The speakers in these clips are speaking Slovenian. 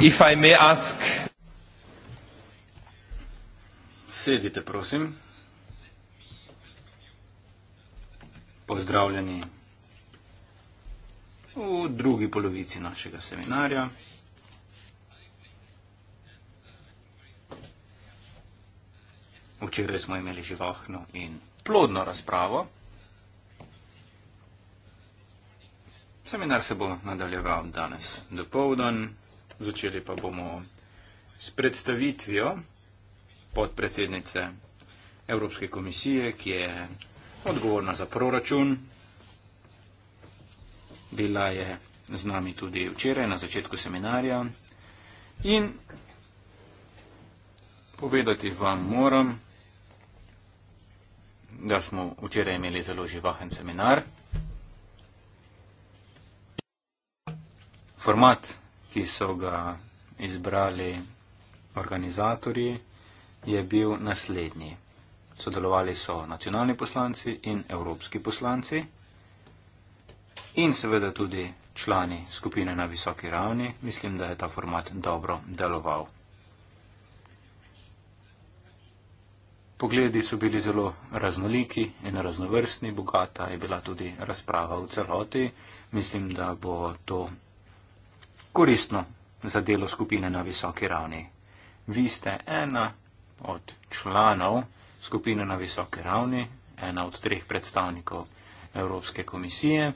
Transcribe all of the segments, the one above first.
If I may ask. Sedite, prosim. Pozdravljeni v drugi polovici našega seminarja. Včeraj smo imeli živahno in plodno razpravo. Seminar se bo nadaljeval danes do povdan. Začeli pa bomo s predstavitvijo podpredsednice Evropske komisije, ki je odgovorna za proračun. Bila je z nami tudi včeraj na začetku seminarja. In povedati vam moram, da smo včeraj imeli zelo živahen seminar. Format ki so ga izbrali organizatorji, je bil naslednji. Sodelovali so nacionalni poslanci in evropski poslanci in seveda tudi člani skupine na visoki ravni. Mislim, da je ta format dobro deloval. Pogledi so bili zelo raznoliki in raznovrstni, bogata je bila tudi razprava v celoti. Mislim, da bo to koristno za delo skupine na visoki ravni. Vi ste ena od članov skupine na visoki ravni, ena od treh predstavnikov Evropske komisije.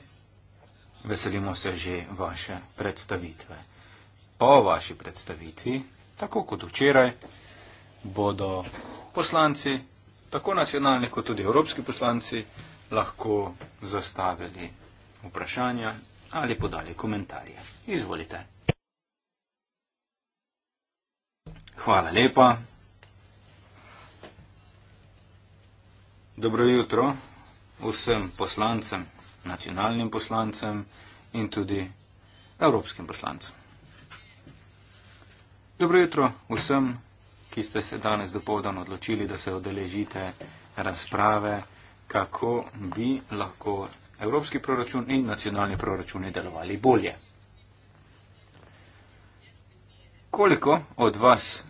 Veselimo se že vaše predstavitve. Po vaši predstavitvi, tako kot včeraj, bodo poslanci, tako nacionalni kot tudi evropski poslanci, lahko zastavili vprašanja ali podali komentarje. Izvolite. Hvala lepa. Dobro jutro vsem poslancem, nacionalnim poslancem in tudi evropskim poslancem. Dobro jutro vsem, ki ste se danes dopoldan odločili, da se odeležite razprave, kako bi lahko evropski proračun in nacionalni proračuni delovali bolje. Koliko od vas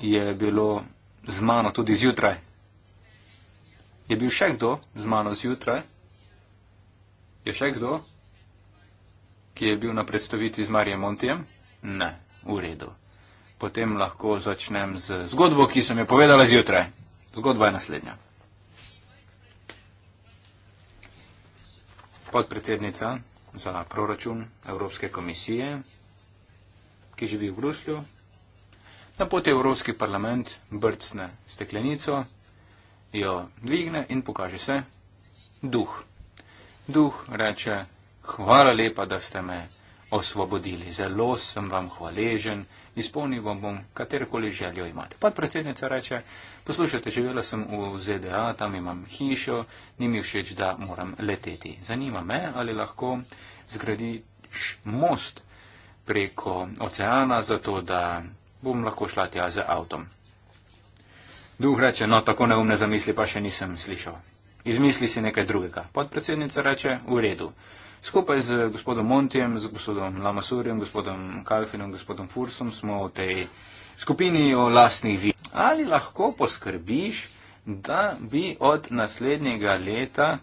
je bilo z mano tudi zjutraj? Je bil še kdo z mano zjutraj? Je še kdo, ki je bil na predstavitvi z Marijem Montijem? Ne, v redu. Potem lahko začnem z zgodbo, ki sem jo povedala zjutraj. Zgodba je naslednja. podpredsednica za proračun Evropske komisije, ki živi v Bruslju. Na poti Evropski parlament brcne steklenico, jo dvigne in pokaže se duh. Duh reče, hvala lepa, da ste me osvobodili. Zelo sem vam hvaležen izpolnil vam bom katerokoli željo imate. Podpredsednica reče, poslušajte, živela sem v ZDA, tam imam hišo, ni mi všeč, da moram leteti. Zanima me, ali lahko zgradiš most preko oceana, zato da bom lahko šla tja z avtom. Duh reče, no tako neumne zamisli pa še nisem slišal. Izmisli si nekaj drugega. Podpredsednica reče, v redu. Skupaj z gospodom Montijem, z gospodom Lamasurjem, gospodom Kalfinom, gospodom Fursom smo v tej skupini o lastnih virih. Ali lahko poskrbiš, da bi od naslednjega leta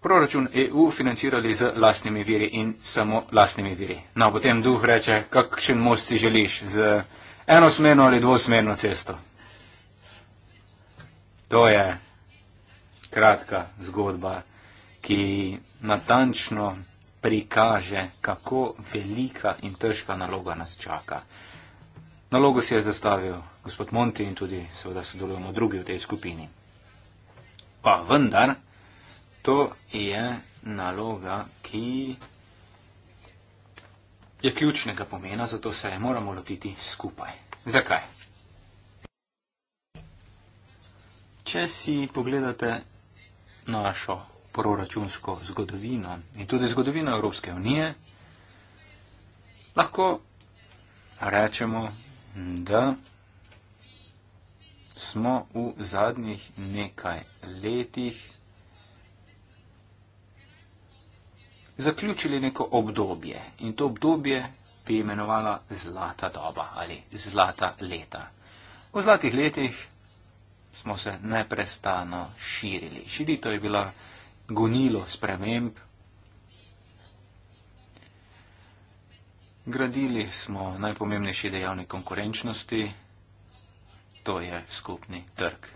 proračun EU financirali z lastnimi viri in samo lastnimi viri? No, potem duh reče, kakšen most si želiš z enosmerno ali dvosmerno cesto. To je kratka zgodba ki natančno prikaže, kako velika in težka naloga nas čaka. Nalogo si je zastavil gospod Monti in tudi seveda sodelujemo drugi v tej skupini. Pa vendar, to je naloga, ki je ključnega pomena, zato se je moramo lotiti skupaj. Zakaj? Če si pogledate našo proračunsko zgodovino in tudi zgodovino Evropske unije, lahko rečemo, da smo v zadnjih nekaj letih zaključili neko obdobje in to obdobje bi imenovala zlata doba ali zlata leta. V zlatih letih smo se neprestano širili. Širitev je bila gonilo sprememb. Gradili smo najpomembnejši dejavnik konkurenčnosti, to je skupni trg.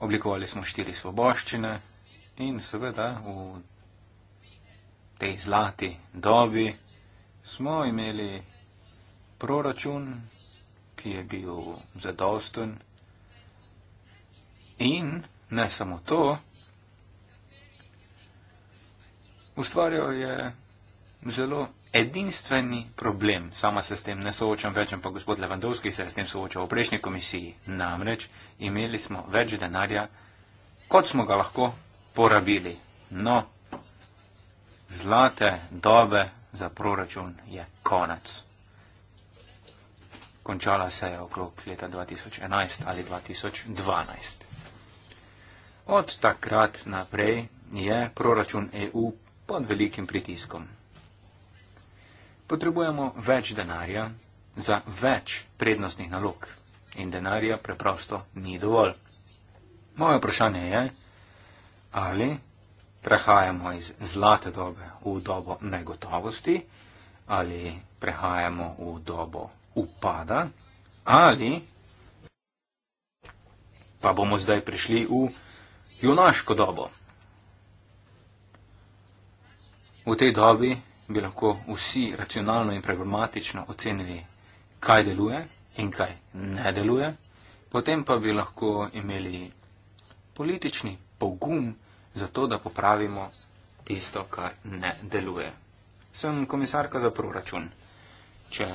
Oblikovali smo štiri svoboščine in seveda v tej zlati dobi smo imeli proračun, ki je bil zadosten in ne samo to, ustvarjajo je zelo edinstveni problem. Sama se s tem ne soočam več, ampak gospod Levandovski se je s tem soočal v prejšnji komisiji. Namreč imeli smo več denarja, kot smo ga lahko porabili. No, zlate dobe za proračun je konec. Končala se je okrog leta 2011 ali 2012. Od takrat naprej je proračun EU pod velikim pritiskom. Potrebujemo več denarja za več prednostnih nalog in denarja preprosto ni dovolj. Moje vprašanje je, ali prehajamo iz zlate dobe v dobo negotovosti, ali prehajamo v dobo upada, ali pa bomo zdaj prišli v junaško dobo. V tej dobi bi lahko vsi racionalno in pragmatično ocenili, kaj deluje in kaj ne deluje, potem pa bi lahko imeli politični pogum za to, da popravimo tisto, kar ne deluje. Sem komisarka za proračun. Če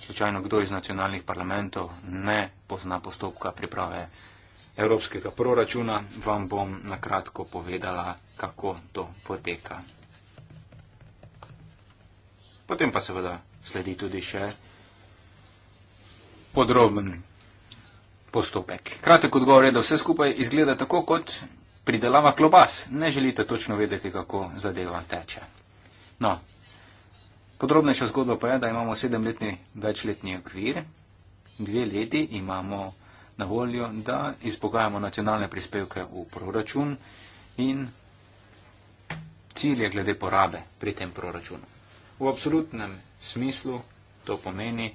slučajno kdo iz nacionalnih parlamentov ne pozna postopka priprave evropskega proračuna, vam bom na kratko povedala, kako to poteka. Potem pa seveda sledi tudi še podroben postopek. Kratek odgovor je, da vse skupaj izgleda tako, kot pridelava klobas. Ne želite točno vedeti, kako zadeva teče. No, podrobnejša zgodba pa je, da imamo sedemletni večletni okvir, dve leti imamo na voljo, da izpogajamo nacionalne prispevke v proračun in cilje glede porabe pri tem proračunu. V absolutnem smislu to pomeni,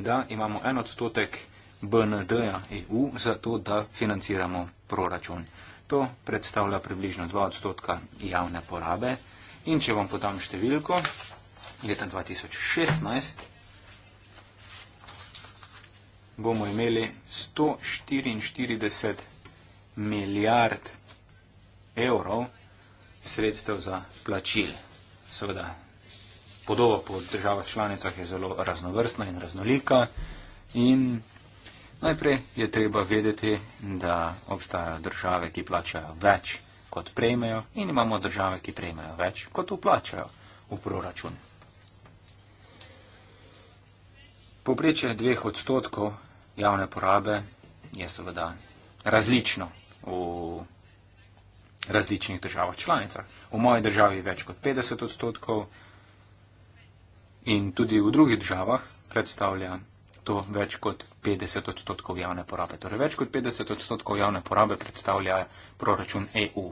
da imamo en odstotek BND-ja EU za to, da financiramo proračun. To predstavlja približno 2 odstotka javne porabe in če vam podam številko, leta 2016 bomo imeli 144 milijard evrov sredstev za plačil. Seveda, podoba po državah članicah je zelo raznovrstna in raznolika. In najprej je treba vedeti, da obstajajo države, ki plačajo več, kot prejmejo, in imamo države, ki prejmejo več, kot uplačajo v proračun. Poprečje dveh odstotkov javne porabe je seveda različno v različnih državah članicah. V moji državi več kot 50 odstotkov, in tudi v drugih državah predstavlja to več kot 50 odstotkov javne porabe. Torej več kot 50 odstotkov javne porabe predstavlja proračun EU.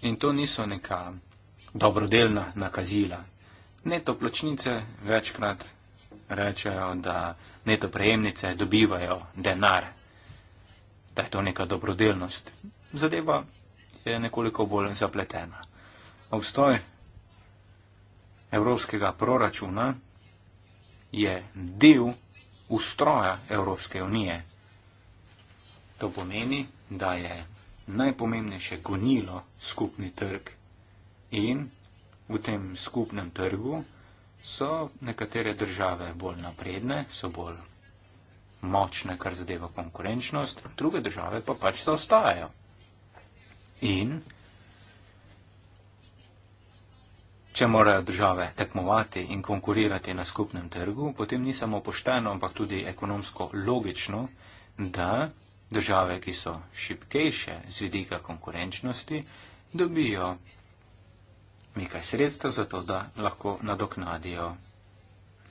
In to niso neka dobrodelna nakazila. Neto plačnice večkrat rečejo, da neto prejemnice dobivajo denar, da je to neka dobrodelnost. Zadeva je nekoliko bolj zapletena obstoj evropskega proračuna je del ustroja Evropske unije. To pomeni, da je najpomembnejše gonilo skupni trg in v tem skupnem trgu so nekatere države bolj napredne, so bolj močne, kar zadeva konkurenčnost, druge države pa pač zaostajajo. In Če morajo države tekmovati in konkurirati na skupnem trgu, potem ni samo pošteno, ampak tudi ekonomsko logično, da države, ki so šipkejše z vidika konkurenčnosti, dobijo nekaj sredstev za to, da lahko nadoknadijo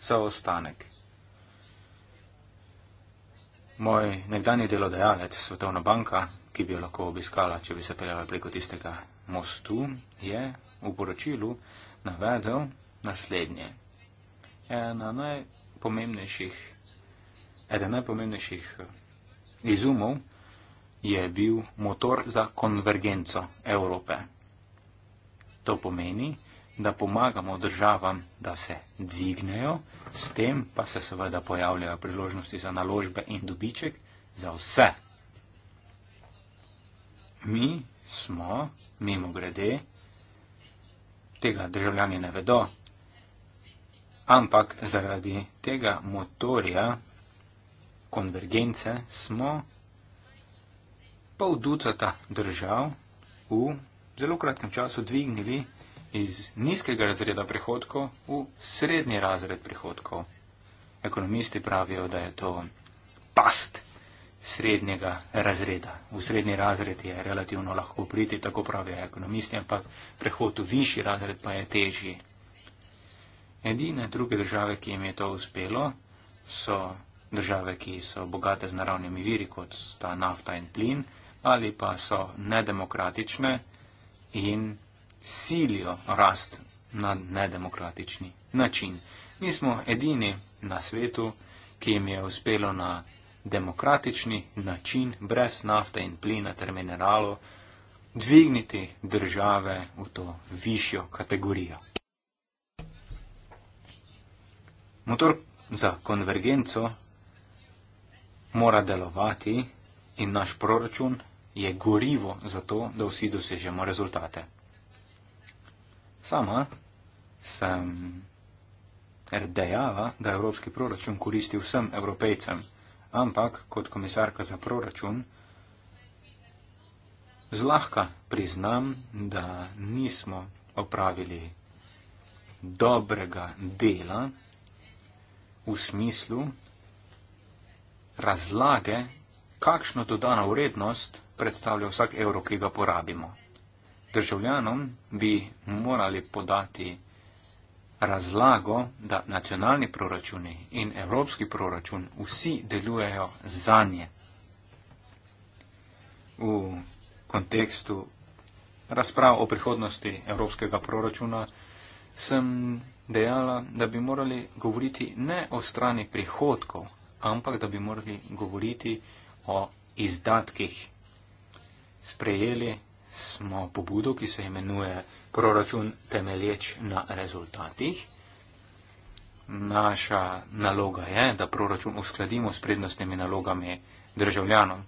zaostanek. Moj nekdani delodajalec Svetovna banka, ki bi jo lahko obiskala, če bi se peljala preko tistega mostu, je v poročilu, navedel naslednje. Ena najpomembnejših, eden najpomembnejših eh, izumov je bil motor za konvergenco Evrope. To pomeni, da pomagamo državam, da se dvignejo, s tem pa se seveda pojavljajo priložnosti za naložbe in dobiček za vse. Mi smo, mimo grede, tega državljani ne vedo, ampak zaradi tega motorja konvergence smo pol ducata držav v zelo kratkem času dvignili iz nizkega razreda prihodkov v srednji razred prihodkov. Ekonomisti pravijo, da je to past srednjega razreda. V srednji razred je relativno lahko priti, tako pravijo ekonomisti, ampak prehod v višji razred pa je težji. Edine druge države, ki jim je to uspelo, so države, ki so bogate z naravnimi viri, kot sta nafta in plin, ali pa so nedemokratične in silijo rast na nedemokratični način. Mi smo edini na svetu, ki jim je uspelo na demokratični način brez nafte in plina ter mineralov dvigniti države v to višjo kategorijo. Motor za konvergenco mora delovati in naš proračun je gorivo za to, da vsi dosežemo rezultate. Sama sem dejala, da evropski proračun koristi vsem evropejcem ampak kot komisarka za proračun zlahka priznam, da nismo opravili dobrega dela v smislu razlage, kakšno dodano vrednost predstavlja vsak evro, ki ga porabimo. Državljanom bi morali podati razlago, da nacionalni proračuni in evropski proračun vsi delujejo za nje v kontekstu razprav o prihodnosti evropskega proračuna sem dejala, da bi morali govoriti ne o strani prihodkov, ampak da bi morali govoriti o izdatkih. Sprejeli smo pobudo, ki se imenuje proračun temelječ na rezultatih. Naša naloga je, da proračun uskladimo s prednostnimi nalogami državljanom.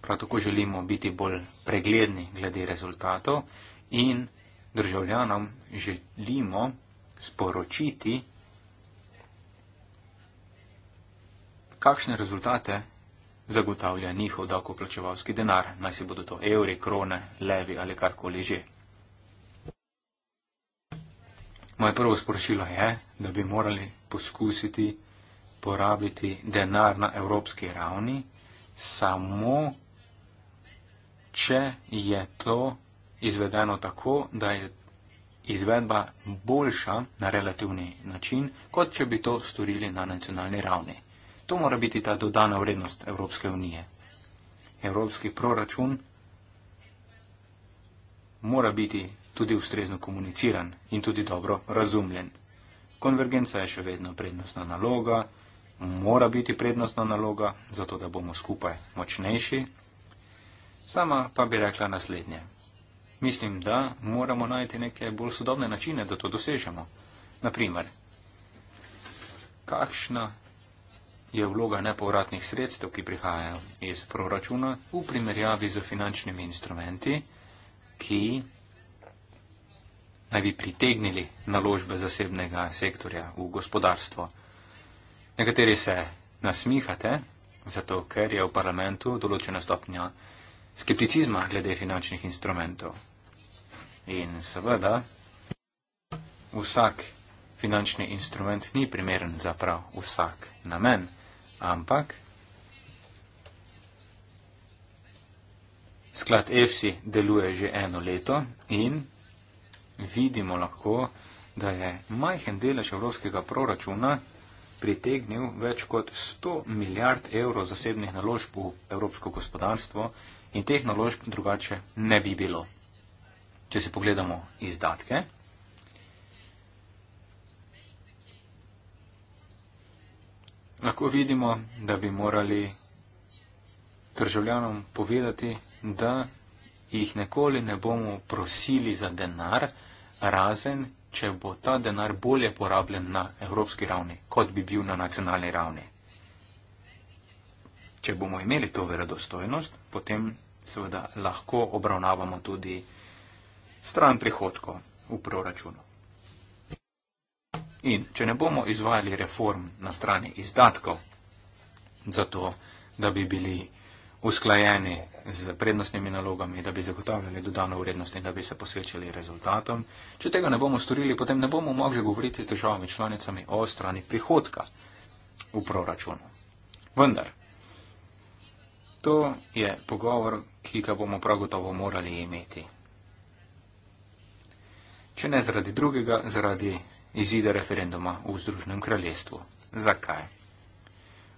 Prav tako želimo biti bolj pregledni glede rezultatov in državljanom želimo sporočiti, kakšne rezultate zagotavlja njihov davkoplačevalski denar, naj si bodo to evri, krone, levi ali karkoli že. Moje prvo sporočilo je, da bi morali poskusiti porabiti denar na evropski ravni, samo če je to izvedeno tako, da je izvedba boljša na relativni način, kot če bi to storili na nacionalni ravni. To mora biti ta dodana vrednost Evropske unije. Evropski proračun mora biti tudi ustrezno komuniciran in tudi dobro razumljen. Konvergenca je še vedno prednostna naloga, mora biti prednostna naloga, zato da bomo skupaj močnejši. Sama pa bi rekla naslednje. Mislim, da moramo najti neke bolj sodobne načine, da to dosežemo. Naprimer, kakšna je vloga nepovratnih sredstev, ki prihajajo iz proračuna v primerjavi z finančnimi instrumenti, ki naj bi pritegnili naložbe zasebnega sektorja v gospodarstvo. Nekateri se nasmihate, zato ker je v parlamentu določena stopnja skepticizma glede finančnih instrumentov. In seveda, vsak finančni instrument ni primeren za prav vsak namen, ampak sklad EFSI deluje že eno leto in vidimo lahko, da je majhen delež evropskega proračuna pritegnil več kot 100 milijard evrov zasebnih naložb v evropsko gospodarstvo in teh naložb drugače ne bi bilo. Če si pogledamo izdatke, lahko vidimo, da bi morali državljanom povedati, da jih nekoli ne bomo prosili za denar, razen, če bo ta denar bolje porabljen na evropski ravni, kot bi bil na nacionalni ravni. Če bomo imeli to verodostojnost, potem seveda lahko obravnavamo tudi stran prihodkov v proračunu. In če ne bomo izvajali reform na strani izdatkov, zato da bi bili usklajeni z prednostnimi nalogami, da bi zagotavljali dodano vrednost in da bi se posvečali rezultatom. Če tega ne bomo storili, potem ne bomo mogli govoriti z državami članicami o strani prihodka v proračunu. Vendar, to je pogovor, ki ga bomo prav gotovo morali imeti. Če ne zaradi drugega, zaradi izide referenduma v Združenem kraljestvu. Zakaj?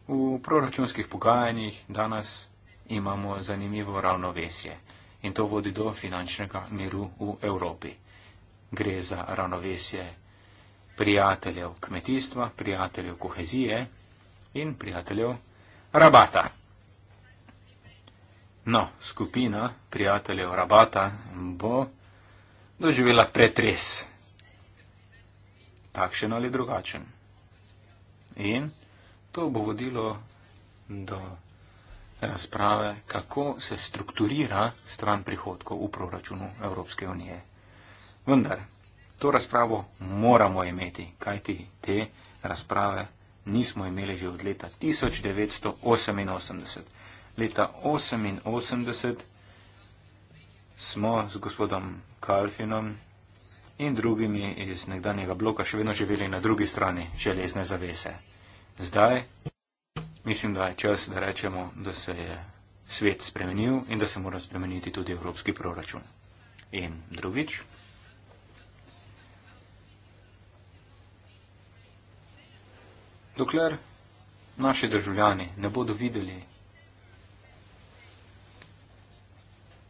V proračunskih pogajanjih danes imamo zanimivo ravnovesje in to vodi do finančnega miru v Evropi. Gre za ravnovesje prijateljev kmetijstva, prijateljev kohezije in prijateljev rabata. No, skupina prijateljev rabata bo doživela pretres, takšen ali drugačen. In to bo vodilo do razprave, kako se strukturira stran prihodkov v proračunu Evropske unije. Vendar, to razpravo moramo imeti, kajti te razprave nismo imeli že od leta 1988. Leta 1988 smo z gospodom Kalfinom in drugimi iz nekdanjega bloka še vedno živeli na drugi strani železne zavese. Zdaj. Mislim, da je čas, da rečemo, da se je svet spremenil in da se mora spremeniti tudi evropski proračun. In drugič. Dokler naši državljani ne bodo videli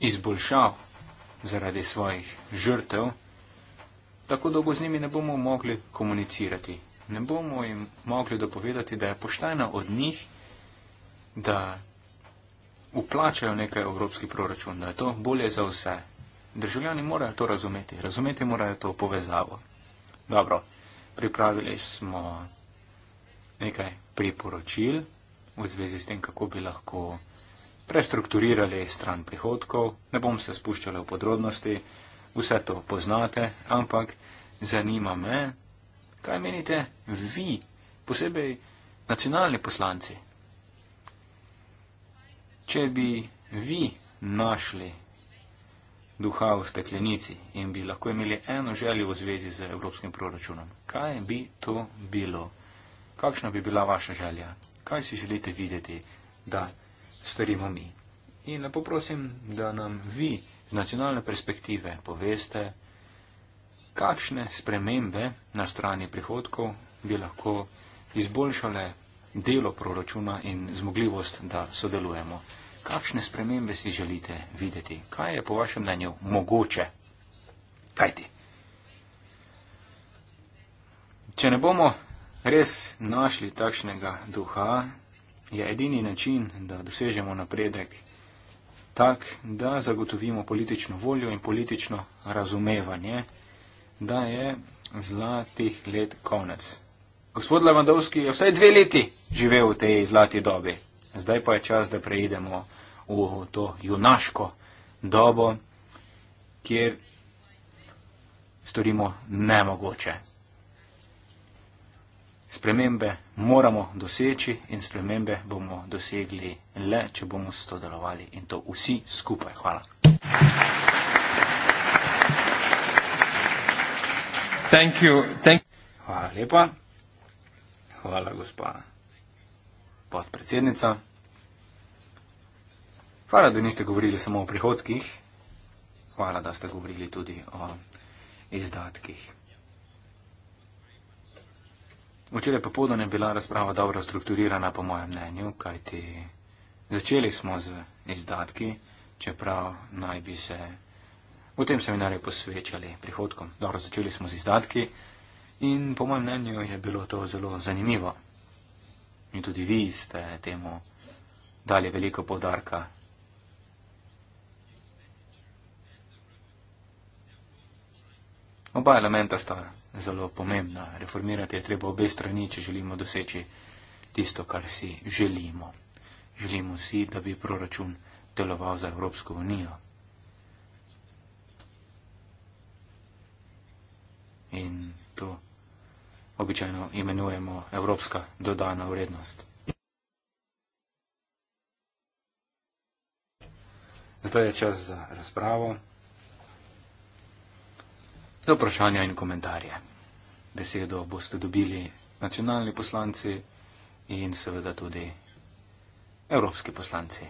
izboljšav zaradi svojih žrtev, tako dolgo z njimi ne bomo mogli komunicirati ne bomo jim mogli dopovedati, da je poštena od njih, da uplačajo nekaj evropski proračun, da je to bolje za vse. Državljani morajo to razumeti, razumeti morajo to povezavo. Dobro, pripravili smo nekaj priporočil v zvezi s tem, kako bi lahko prestrukturirali stran prihodkov. Ne bom se spuščal v podrobnosti, vse to poznate, ampak zanima me, Kaj menite vi, posebej nacionalni poslanci? Če bi vi našli duha v steklenici in bi lahko imeli eno željo v zvezi z evropskim proračunom, kaj bi to bilo? Kakšna bi bila vaša želja? Kaj si želite videti, da storimo mi? In lepo prosim, da nam vi z nacionalne perspektive poveste, kakšne spremembe na strani prihodkov bi lahko izboljšale delo proračuna in zmogljivost, da sodelujemo. Kakšne spremembe si želite videti? Kaj je po vašem mnenju mogoče? Kaj ti? Če ne bomo res našli takšnega duha, je edini način, da dosežemo napredek tak, da zagotovimo politično voljo in politično razumevanje da je zlatih let konec. Gospod Levandovski je vsaj dve leti živel v tej zlati dobi. Zdaj pa je čas, da preidemo v to junaško dobo, kjer storimo nemogoče. Spremembe moramo doseči in spremembe bomo dosegli le, če bomo sodelovali in to vsi skupaj. Hvala. Thank you. Thank you. Thank Hvala lepa. Hvala, gospa podpredsednica. Hvala, da niste govorili samo o prihodkih. Hvala, da ste govorili tudi o izdatkih. Včeraj popoldne je bila razprava dobro strukturirana, po mojem mnenju, kajti začeli smo z izdatki, čeprav naj bi se v tem seminarju posvečali prihodkom. Dobro, začeli smo z izdatki in po mojem mnenju je bilo to zelo zanimivo. In tudi vi ste temu dali veliko podarka. Oba elementa sta zelo pomembna. Reformirati je treba obe strani, če želimo doseči tisto, kar si želimo. Želimo si, da bi proračun deloval za Evropsko unijo. in to običajno imenujemo evropska dodana vrednost. Zdaj je čas za razpravo, za vprašanja in komentarje. Besedo boste dobili nacionalni poslanci in seveda tudi evropski poslanci.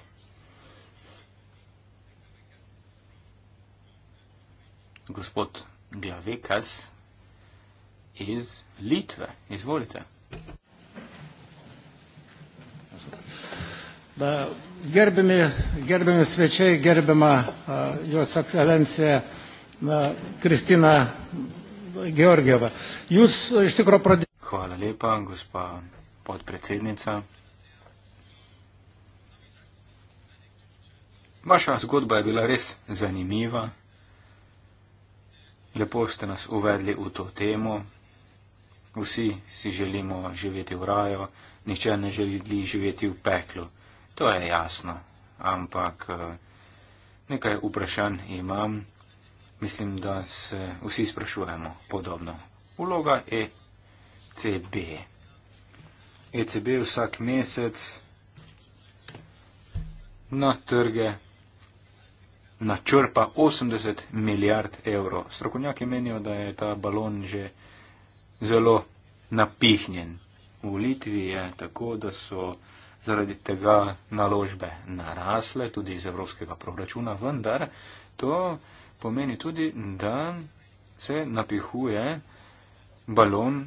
Gospod Glavekas, iz Litve. Izvolite. Gerbimi, gerbimi svečiai, gerbima uh, jos ekscelencija uh, Kristina Georgieva. Jūs iš tikro pradėjote. Hvala lepa, gospa podpredsednica. Vaša zgodba je bila res zanimiva. Lepo ste nas uvedli v to temo. Vsi si želimo živeti v raju, nihče ne želi živeti v peklu. To je jasno. Ampak eh, nekaj vprašanj imam. Mislim, da se vsi sprašujemo podobno. Uloga ECB. ECB vsak mesec na trge načrpa 80 milijard evrov. Strokovnjaki menijo, da je ta balon že zelo napihnjen. V Litvi je tako, da so zaradi tega naložbe narasle tudi iz evropskega proračuna, vendar to pomeni tudi, da se napihuje balon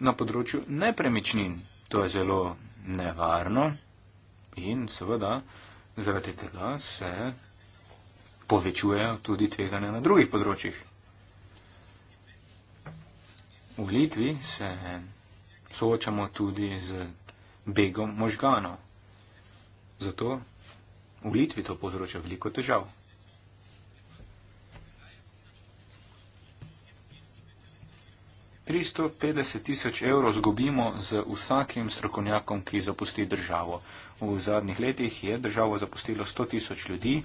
na področju nepremičnin. To je zelo nevarno in seveda zaradi tega se povečujejo tudi tveganja na drugih področjih. V Litvi se soočamo tudi z begom možganov. Zato v Litvi to povzroča veliko težav. Tristo petdeset tisoč evrov zgubimo z vsakim strokovnjakom, ki zapusti državo. V zadnjih letih je državo zapustilo sto tisoč ljudi.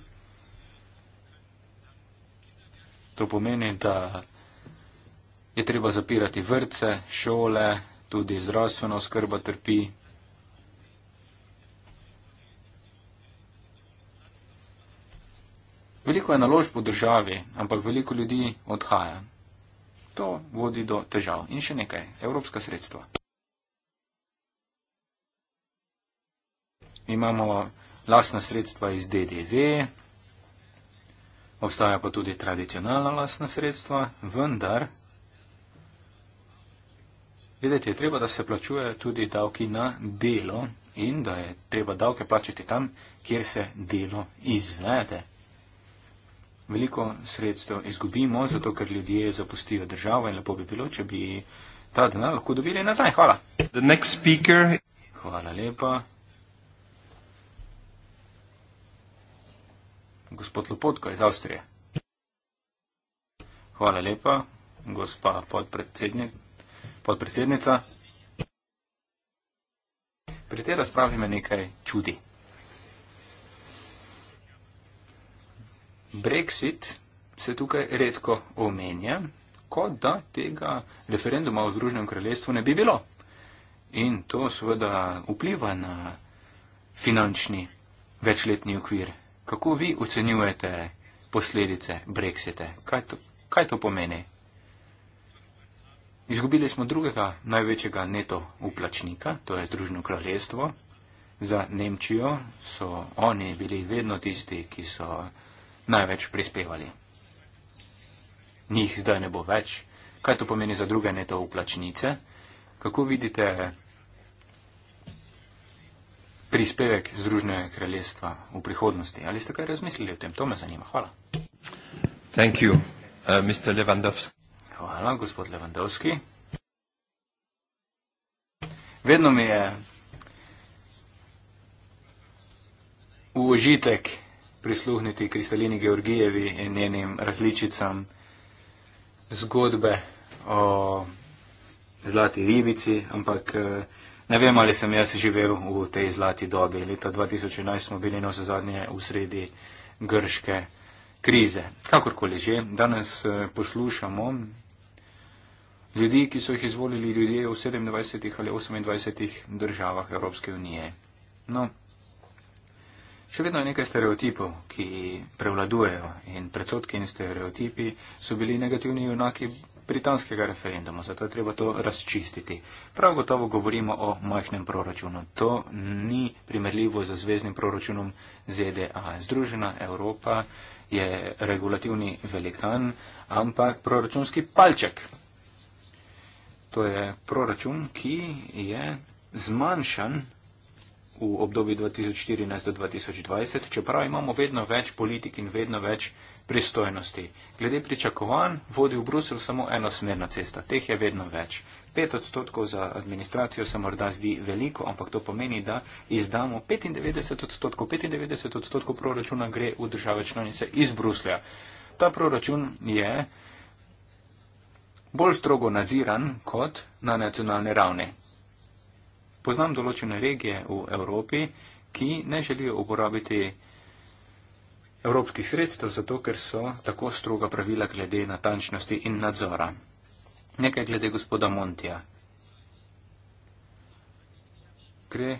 To pomeni, da je treba zapirati vrtce, šole, tudi zdravstveno oskrba trpi. Veliko je naložb v državi, ampak veliko ljudi odhaja. To vodi do težav. In še nekaj, evropska sredstva. Imamo lasna sredstva iz DDV, obstaja pa tudi tradicionalna lasna sredstva, vendar Vedeti je treba, da se plačuje tudi davki na delo in da je treba davke plačati tam, kjer se delo izvede. Veliko sredstev izgubimo, zato ker ljudje zapustijo državo in lepo bi bilo, če bi ta denar lahko dobili nazaj. Hvala. Hvala lepa. Gospod Lopotko iz Avstrije. Hvala lepa, gospa podpredsednik podpredsednica. Pri tej razpravi me nekaj čudi. Brexit se tukaj redko omenja, kot da tega referenduma v Združenem kraljestvu ne bi bilo. In to seveda vpliva na finančni večletni okvir. Kako vi ocenjujete posledice Brexita? Kaj, kaj to pomeni Izgubili smo drugega največjega neto uplačnika, to je Združeno kraljestvo. Za Nemčijo so oni bili vedno tisti, ki so največ prispevali. Njih zdaj ne bo več. Kaj to pomeni za druge neto uplačnice? Kako vidite prispevek Združene kraljestva v prihodnosti? Ali ste kaj razmislili o tem? To me zanima. Hvala. Thank you, uh, Mr. Lewandowski. Hvala, gospod Levandovski. Vedno mi je v užitek prisluhniti Kristalini Georgijevi in njenim različicam zgodbe o zlati ribici, ampak eh, ne vem, ali sem jaz živel v tej zlati dobi. Leta 2011 smo bili na zadnje v sredi grške krize. Kakorkoli že, danes eh, poslušamo ljudi, ki so jih izvolili ljudje v 27 ali 28 državah Evropske unije. No, še vedno je nekaj stereotipov, ki prevladujejo in predsotki in stereotipi so bili negativni junaki britanskega referenduma, zato je treba to razčistiti. Prav gotovo govorimo o majhnem proračunu. To ni primerljivo z zvezdnim proračunom ZDA. Združena Evropa je regulativni velikan, ampak proračunski palček to je proračun, ki je zmanjšan v obdobju 2014 do 2020, čeprav imamo vedno več politik in vedno več pristojnosti. Glede pričakovanj vodi v Bruselj samo enosmerna cesta, teh je vedno več. Pet odstotkov za administracijo se morda zdi veliko, ampak to pomeni, da izdamo 95 odstotkov, 95 odstotkov proračuna gre v države članice iz Bruslja. Ta proračun je bolj strogo naziran kot na nacionalni ravni. Poznam določene regije v Evropi, ki ne želijo uporabiti evropskih sredstev, zato ker so tako stroga pravila glede natančnosti in nadzora. Nekaj glede gospoda Montija. Gre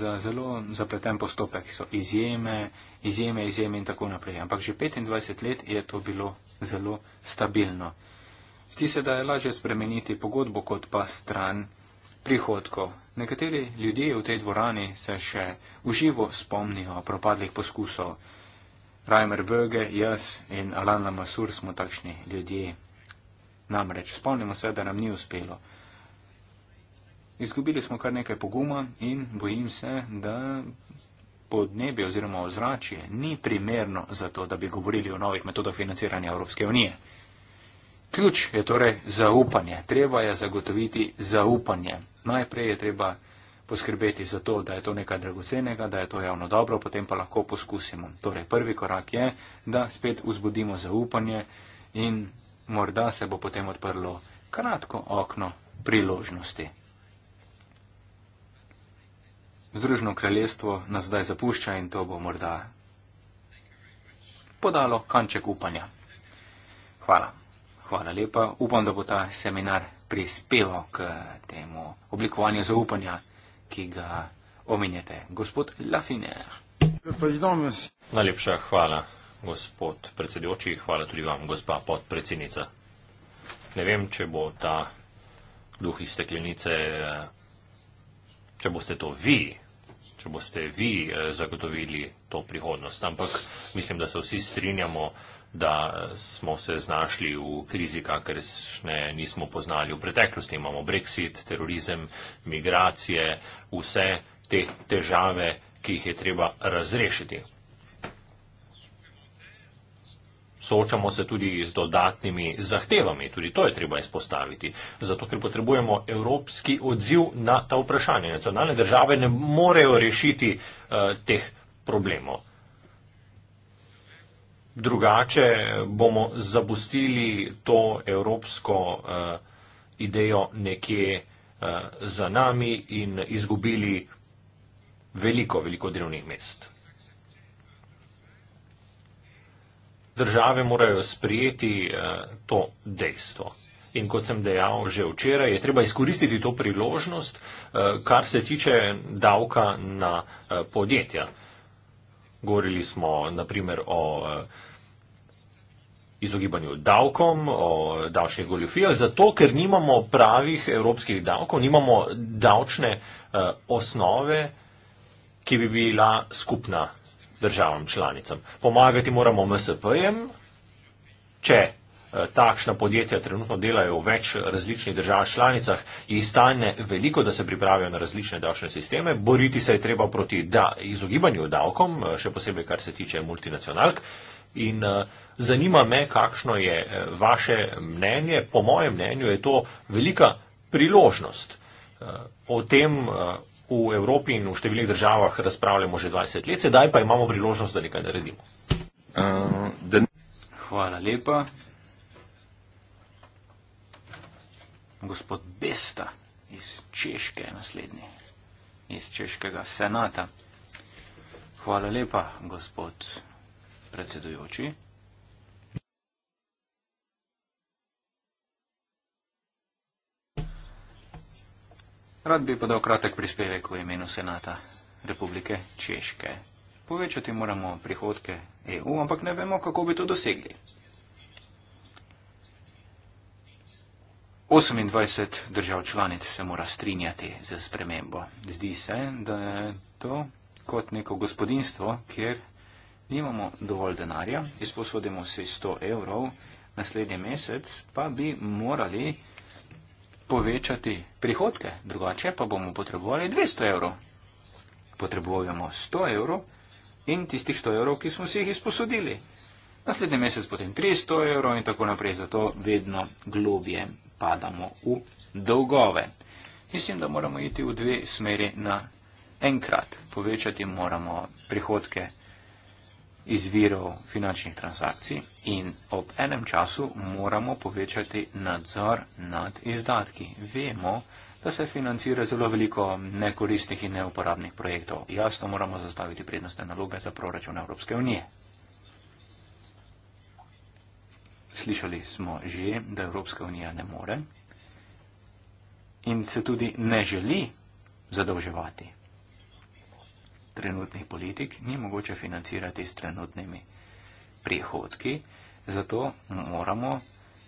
za zelo zapleten postopek, so izjeme, izjeme, izjeme in tako naprej. Ampak že 25 let je to bilo zelo stabilno. Zdi se, da je lažje spremeniti pogodbo kot pa stran prihodkov. Nekateri ljudje v tej dvorani se še uživo spomnijo propadlih poskusov. Reimer Böge, jaz in Alan Lamasur smo takšni ljudje. Namreč spomnimo se, da nam ni uspelo. Izgubili smo kar nekaj poguma in bojim se, da podnebje oziroma ozračje ni primerno za to, da bi govorili o novih metodah financiranja Evropske unije. Ključ je torej zaupanje. Treba je zagotoviti zaupanje. Najprej je treba poskrbeti za to, da je to nekaj dragocenega, da je to javno dobro, potem pa lahko poskusimo. Torej, prvi korak je, da spet vzbudimo zaupanje in morda se bo potem odprlo kratko okno priložnosti. Združno kraljestvo nas zdaj zapušča in to bo morda podalo kanček upanja. Hvala. Hvala lepa. Upam, da bo ta seminar prispeval k temu oblikovanju zaupanja, ki ga omenjate. Gospod Lafine. Najlepša hvala, gospod predsedujoči. Hvala tudi vam, gospa podpredsednica. Ne vem, če bo ta duh iz steklenice, če boste to vi, če boste vi eh, zagotovili to prihodnost. Ampak mislim, da se vsi strinjamo, da smo se znašli v krizi, kakor še nismo poznali v preteklosti. Imamo brexit, terorizem, migracije, vse te težave, ki jih je treba razrešiti. Soočamo se tudi z dodatnimi zahtevami, tudi to je treba izpostaviti, zato ker potrebujemo evropski odziv na ta vprašanja. Nacionalne države ne morejo rešiti uh, teh problemov drugače bomo zapustili to evropsko uh, idejo nekje uh, za nami in izgubili veliko, veliko delovnih mest. Države morajo sprijeti uh, eh, to dejstvo. In kot sem dejal že včeraj, je treba izkoristiti to priložnost, uh, kar se tiče davka na uh, podjetja. Uh, Govorili smo naprimer o eh, izogibanju davkom, o davčnih goljofijah, zato ker nimamo pravih evropskih davkov, nimamo davčne eh, osnove, ki bi bila skupna državam članicam. Pomagati moramo MSP-jem, če Eh, takšna podjetja trenutno delajo v več različnih držav članicah, jih stane veliko, da se pripravijo na različne davčne sisteme. Boriti se je treba proti da, izogibanju davkom, eh, še posebej kar se tiče multinacionalk. In eh, zanima me, kakšno je vaše mnenje. Po mojem mnenju je to velika priložnost. O tem v Evropi in v številnih državah razpravljamo že 20 let, sedaj pa imamo priložnost, da nekaj naredimo. Hvala lepa. gospod Besta iz Češke, naslednji iz Češkega senata. Hvala lepa, gospod predsedujoči. Rad bi podal kratek prispevek v imenu Senata Republike Češke. Povečati moramo prihodke EU, ampak ne vemo, kako bi to dosegli. 28 držav članic se mora strinjati za spremembo. Zdi se, da je to kot neko gospodinstvo, kjer nimamo dovolj denarja, izposodimo si 100 evrov, naslednji mesec pa bi morali povečati prihodke, drugače pa bomo potrebovali 200 evrov. Potrebujemo 100 evrov in tistih 100 evrov, ki smo si jih izposodili naslednji mesec potem 300 evrov in tako naprej, zato vedno globje padamo v dolgove. Mislim, da moramo iti v dve smeri na enkrat. Povečati moramo prihodke iz virov finančnih transakcij in ob enem času moramo povečati nadzor nad izdatki. Vemo, da se financira zelo veliko nekoristnih in neuporabnih projektov. Jasno moramo zastaviti prednostne naloge za proračun Evropske unije. Slišali smo že, da Evropska unija ne more in se tudi ne želi zadolževati. Trenutnih politik ni mogoče financirati s trenutnimi prihodki, zato moramo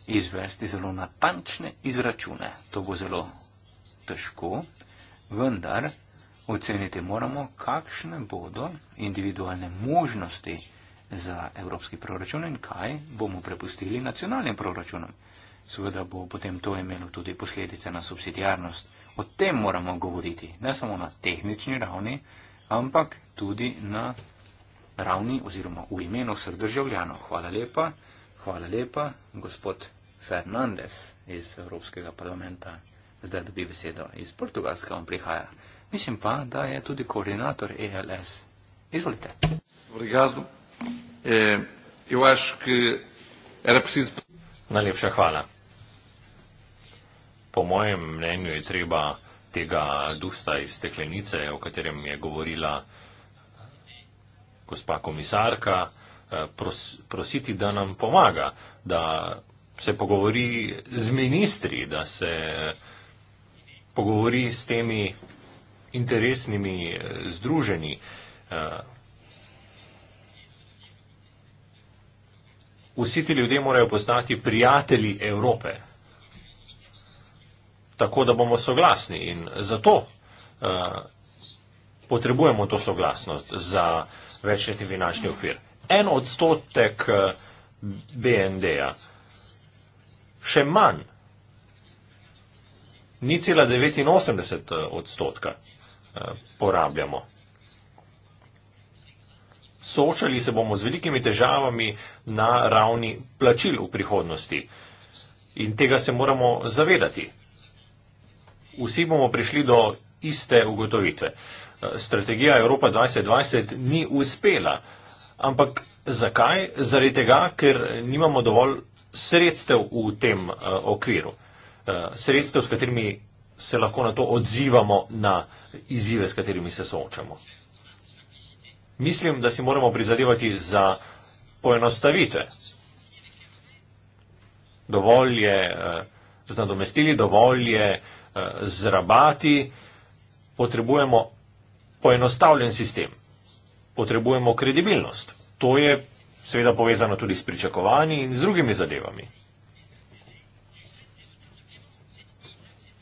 izvesti zelo natančne izračune. To bo zelo težko, vendar oceniti moramo, kakšne bodo individualne možnosti, za evropski proračun in kaj bomo prepustili nacionalnim proračunom. Seveda bo potem to imelo tudi posledice na subsidijarnost. O tem moramo govoriti, ne samo na tehnični ravni, ampak tudi na ravni oziroma v imenu vseh državljanov. Hvala lepa, hvala lepa, gospod Fernandez iz Evropskega parlamenta zdaj dobi besedo. Iz Portugalska on prihaja. Mislim pa, da je tudi koordinator ELS. Izvolite. Obrigado. Eh, eu acho que era preciso. Najlepša hvala. Po mojem mnenju je treba tega dusta iz steklenice, o katerem je govorila gospa komisarka, eh, pros, prositi, da nam pomaga, da se pogovori z ministri, da se pogovori s temi interesnimi eh, združeni. vsi ti ljudje morajo postati prijatelji Evrope. Tako da bomo soglasni in zato uh, potrebujemo to soglasnost za večletni finančni okvir. En odstotek eh, BND-ja, še manj, ni cela 89 eh, odstotka uh, porabljamo soočali se bomo z velikimi težavami na ravni plačil v prihodnosti. In tega se moramo zavedati. Vsi bomo prišli do iste ugotovitve. Strategija Evropa 2020 ni uspela. Ampak zakaj? Zaradi tega, ker nimamo dovolj sredstev v tem eh, okviru. Eh, sredstev, s katerimi se lahko na to odzivamo na izzive, s katerimi se soočamo. Mislim, da si moramo prizadevati za poenostavitve. Dovolj je eh, z nadomestili, dovolj je eh, z rabati, potrebujemo poenostavljen sistem, potrebujemo kredibilnost. To je seveda povezano tudi s pričakovanji in z drugimi zadevami.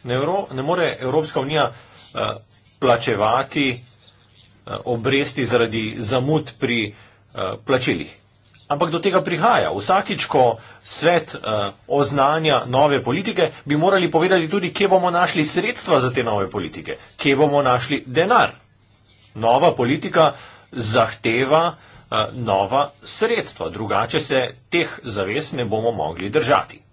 Ne, Evro, ne more Evropska unija eh, plačevati Eh, obresti zaradi zamud pri eh, plačilih. Ampak do tega prihaja. Vsakič, ko svet eh, oznanja nove politike, bi morali povedati tudi, kje bomo našli sredstva za te nove politike, kje bomo našli denar. Nova politika zahteva nova sredstva, drugače se teh zaves ne bomo mogli držati.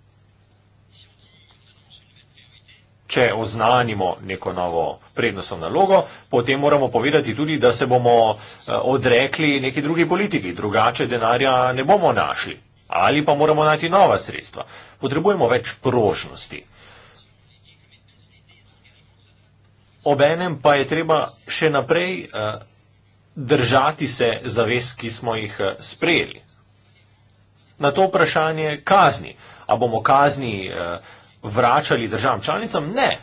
Če oznanimo neko novo prednostno nalogo, potem moramo povedati tudi, da se bomo eh, odrekli neki drugi politiki, drugače denarja ne bomo našli ali pa moramo najti nova sredstva. Potrebujemo več prožnosti. Obenem pa je treba še naprej eh, držati se zavez, ki smo jih eh, sprejeli. Na to vprašanje kazni. A bomo kazni vračali državam članicam, ne.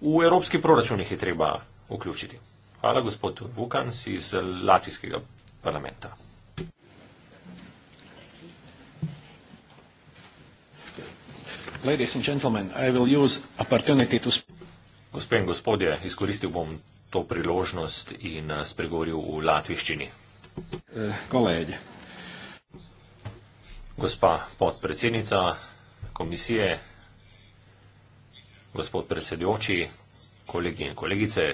V evropski proračun jih je treba vključiti. Hvala, gospod Vukans iz Latvijskega parlamenta. Gospe in gospodje, izkoristil bom to priložnost in eh, spregovoril v latviščini. Eh, kolegi. Gospa podpredsednica komisije, Gospod predsedujoči, kolegi in kolegice,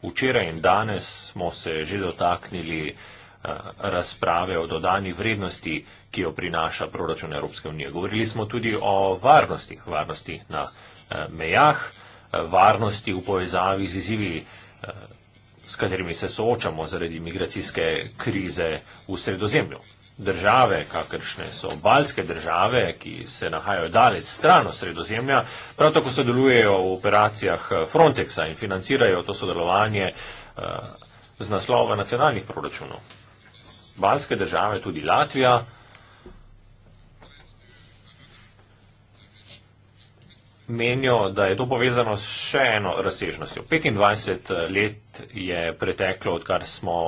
včeraj in danes smo se že dotaknili eh, razprave o dodani vrednosti, ki jo prinaša proračun Evropske unije. Govorili smo tudi o varnosti, varnosti na eh, mejah, eh, varnosti v povezavi z izzivi, s katerimi se soočamo zaradi migracijske krize v sredozemlju države, kakršne so balske države, ki se nahajajo daleč stran od sredozemlja, prav tako sodelujejo v operacijah eh, Frontexa in financirajo to sodelovanje eh, z naslova nacionalnih proračunov. Balske države, tudi Latvija, menijo, da je to povezano s še eno razsežnostjo. 25 eh, let je preteklo, odkar smo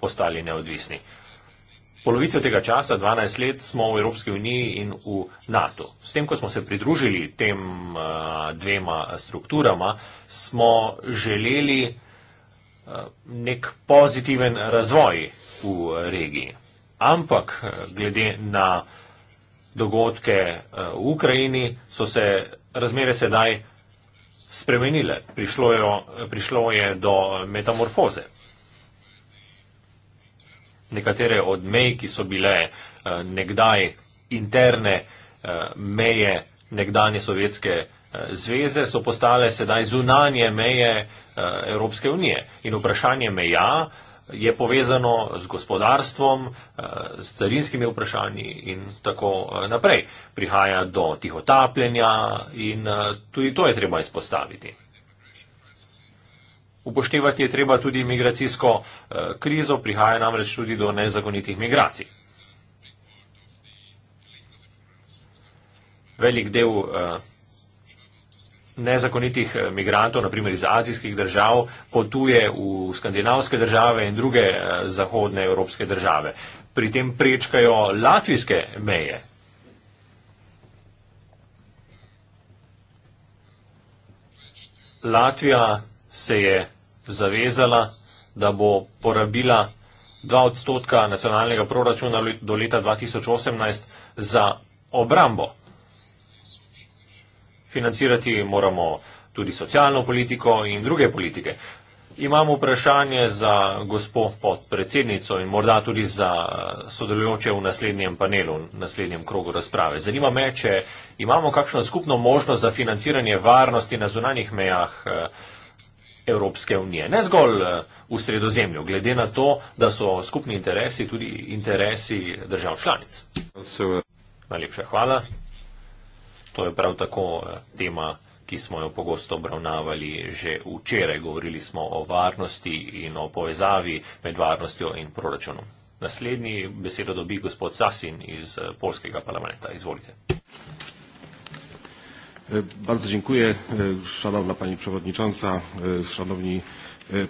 postali neodvisni. Polovico tega časa, 12 let, smo v Evropski uniji in v NATO. S tem, ko smo se pridružili tem uh, dvema strukturama, smo želeli uh, nek pozitiven razvoj v regiji. Ampak eh, glede na dogodke uh, v Ukrajini so se razmere sedaj spremenile. Prišlo je, prišlo je do metamorfoze nekatere od mej, ki so bile eh, nekdaj interne eh, meje nekdanje Sovjetske eh, zveze, so postale sedaj zunanje meje Evropske unije. In vprašanje meja je povezano z gospodarstvom, s carinskimi vprašanji in tako naprej. Prihaja do tihotapljenja in tudi to je treba izpostaviti. Upoštevati je treba tudi migracijsko eh, krizo, prihaja namreč tudi do nezakonitih migracij. Velik del eh, nezakonitih eh, migrantov, naprimer iz azijskih držav, potuje v skandinavske države in druge zahodne evropske države. Pri tem prečkajo latvijske meje. Latvija se je zavezala, da bo porabila 2 odstotka nacionalnega proračuna do leta 2018 za obrambo. Financirati moramo tudi socialno politiko in druge politike. Imamo vprašanje za gospod podpredsednico in morda tudi za sodelujoče v naslednjem panelu, v naslednjem krogu razprave. Zanima me, če imamo kakšno skupno možnost za financiranje varnosti na zunanjih mejah eh, Evropske unije. Ne zgolj eh, v sredozemlju, glede na to, da so skupni interesi tudi interesi držav članic. Najlepša hvala. To je prav tako eh, tema, ki smo jo pogosto obravnavali že včeraj. Govorili smo o varnosti in o povezavi med varnostjo in proračunom. Naslednji besedo dobi gospod Sasin iz eh, Polskega parlamenta. Izvolite. E, bardzo dziękuję, e, Szanowna Pani Przewodnicząca, e, Szanowni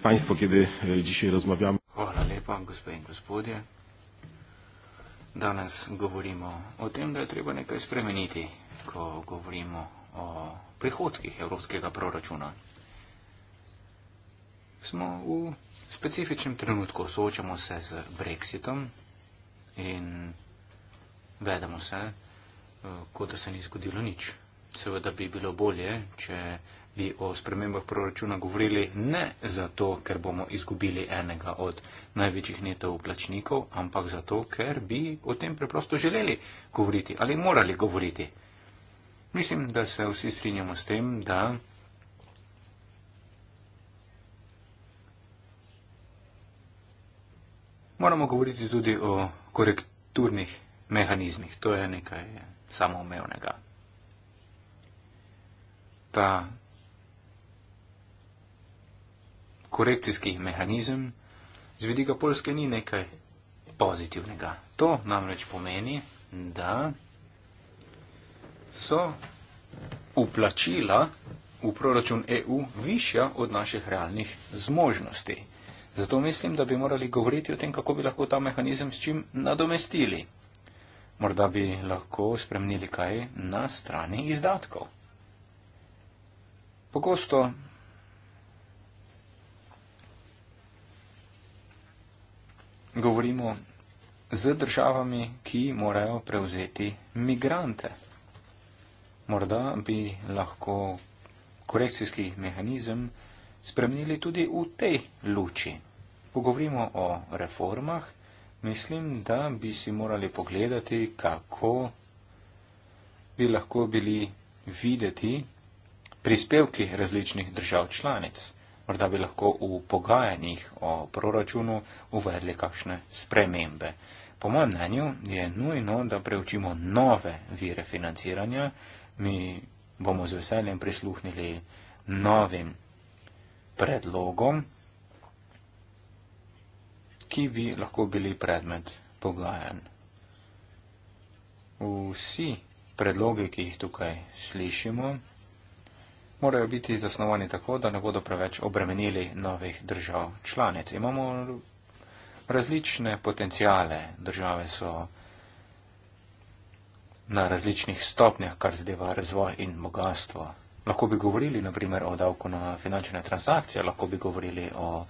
Państwo, kiedy dzisiaj rozmawiamy. Hvala lepa, gospe in gospodje. Danes govorimo o tem, da je treba nekaj spremeniti, ko govorimo o prihodkih evropskega proračuna. Smo v specifičnem trenutku, soočamo se z Brexitom in vedemo se, kot da se ni zgodilo nič. Seveda bi bilo bolje, če bi o spremembah proračuna govorili ne zato, ker bomo izgubili enega od največjih neto uplačnikov, ampak zato, ker bi o tem preprosto želeli govoriti ali morali govoriti. Mislim, da se vsi strinjamo s tem, da moramo govoriti tudi o korekturnih mehanizmih. To je nekaj samoumevnega ta korekcijski mehanizem z vidika Polske ni nekaj pozitivnega. To namreč pomeni, da so uplačila v proračun EU višja od naših realnih zmožnosti. Zato mislim, da bi morali govoriti o tem, kako bi lahko ta mehanizem s čim nadomestili. Morda bi lahko spremnili kaj na strani izdatkov. Pogosto govorimo z državami, ki morajo prevzeti migrante. Morda bi lahko korekcijski mehanizem spremenili tudi v tej luči. Pogovorimo o reformah, mislim, da bi si morali pogledati, kako bi lahko bili videti prispevki različnih držav članic. Morda bi lahko v pogajanjih o proračunu uvedli kakšne spremembe. Po mojem mnenju je nujno, da preučimo nove vire financiranja. Mi bomo z veseljem prisluhnili novim predlogom, ki bi lahko bili predmet pogajanj. Vsi predloge, ki jih tukaj slišimo, morajo biti zasnovani tako, da ne bodo preveč obremenili novih držav članic. Imamo različne potencijale, države so na različnih stopnjah, kar zadeva razvoj in bogatstvo. Lahko bi govorili, naprimer, o davku na finančne transakcije, lahko bi govorili o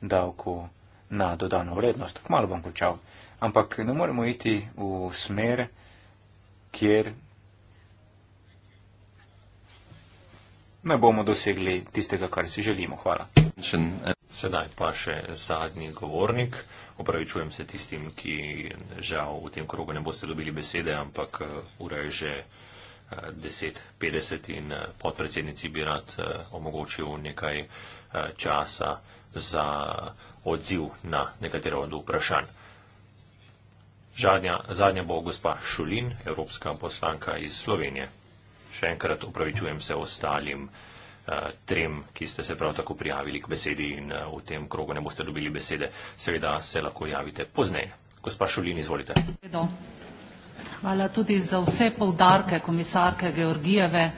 davku na dodano vrednost, tako malo bom končal. Ampak ne moremo iti v smer, kjer ne bomo dosegli tistega, kar si želimo. Hvala. Sedaj pa še zadnji govornik. Opravičujem se tistim, ki žal v tem krogu ne boste dobili besede, ampak eh, ura je že 10.50 eh, in eh, podpredsednici bi rad omogočil nekaj časa za odziv na nekatere od vprašanj. Zadnja, zadnja bo gospa Šulin, evropska poslanka iz Slovenije še enkrat upravičujem se ostalim uh, trem, ki ste se prav tako prijavili k besedi in uh, v tem krogu ne boste dobili besede. Seveda se lahko javite pozneje. Gospa Šulin, izvolite. Hvala tudi za vse povdarke komisarke Georgijeve.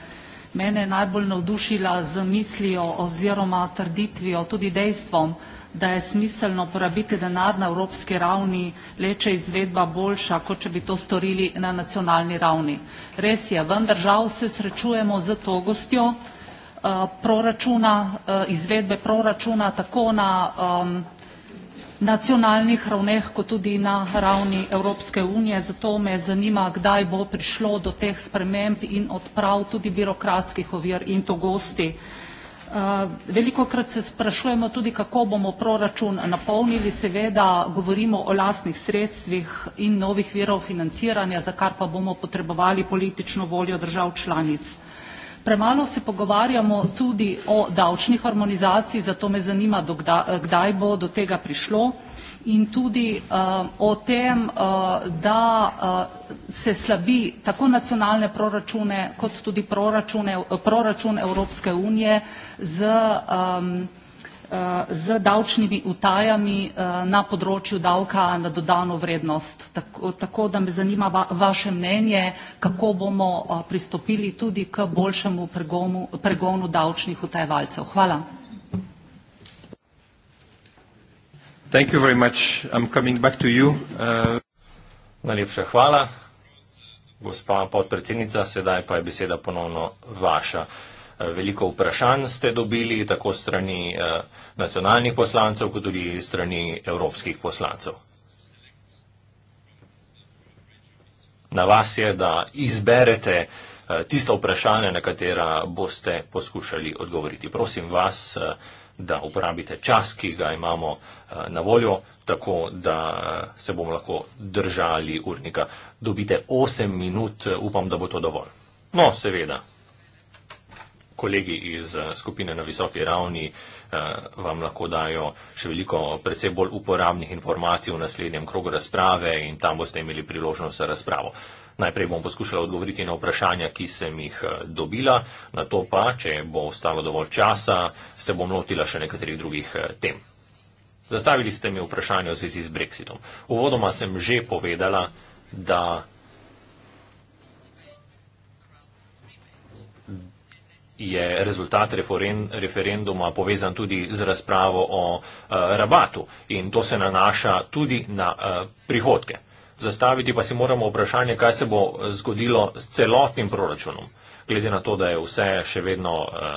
Mene je najbolj navdušila z mislijo oziroma trditvijo, tudi dejstvom, da je smiselno porabiti denar na evropski ravni, le če je izvedba boljša, kot če bi to storili na nacionalni ravni. Res je, vendar žal se srečujemo z togostjo eh, proračuna, eh, izvedbe proračuna tako na nacionalnih ravneh kot tudi na ravni Evropske unije, zato me zanima, kdaj bo prišlo do teh sprememb in odprav tudi birokratskih ovir in togosti. Eh, Veliko krat se sprašujemo tudi, kako bomo proračun napolnili, seveda govorimo o lastnih sredstvih in novih virov financiranja, za kar pa bomo potrebovali politično voljo držav članic. Premalo se pogovarjamo tudi o davčni harmonizaciji, zato me zanima, kdaj bo do tega prišlo in tudi uh, o tem, uh, eh, da uh, se slabi tako nacionalne proračune kot tudi proračun Evropske unije z, um, uh, z davčnimi utajami uh, na področju davka na dodano vrednost. Tako, tako da me zanima va, vaše mnenje, kako bomo uh, pristopili tudi k boljšemu pregonu, pregonu davčnih utajevalcev. Hvala. Thank you very much. I'm coming back to you. Uh, Najlepša hvala, gospa podpredsednica, sedaj pa je beseda ponovno vaša. Uh, veliko vprašanj ste dobili, tako strani uh, nacionalnih poslancev, kot tudi strani evropskih poslancev. Na vas je, da izberete tisto vprašanje, na katera boste poskušali odgovoriti. Prosim vas, da da uporabite čas, ki ga imamo eh, na voljo, tako da eh, se bomo lahko držali urnika. Dobite 8 minut, eh, upam, da bo to dovolj. No, seveda, kolegi iz skupine na visoki ravni vam lahko dajo še veliko predvsej bolj uporabnih informacij v naslednjem krogu razprave in tam boste imeli priložnost za razpravo. Najprej bom poskušala odgovoriti na vprašanja, ki sem jih eh, dobila, na to pa, če bo ostalo dovolj časa, se bom lotila še nekaterih drugih eh, tem. Zastavili ste mi vprašanje v zvezi z Brexitom. Uvodoma sem že povedala, da. je rezultat referenduma povezan tudi z razpravo o uh, rabatu in to se nanaša tudi na uh, prihodke. Zastaviti pa si moramo vprašanje, kaj se bo zgodilo s celotnim proračunom, glede na to, da je vse še vedno eh,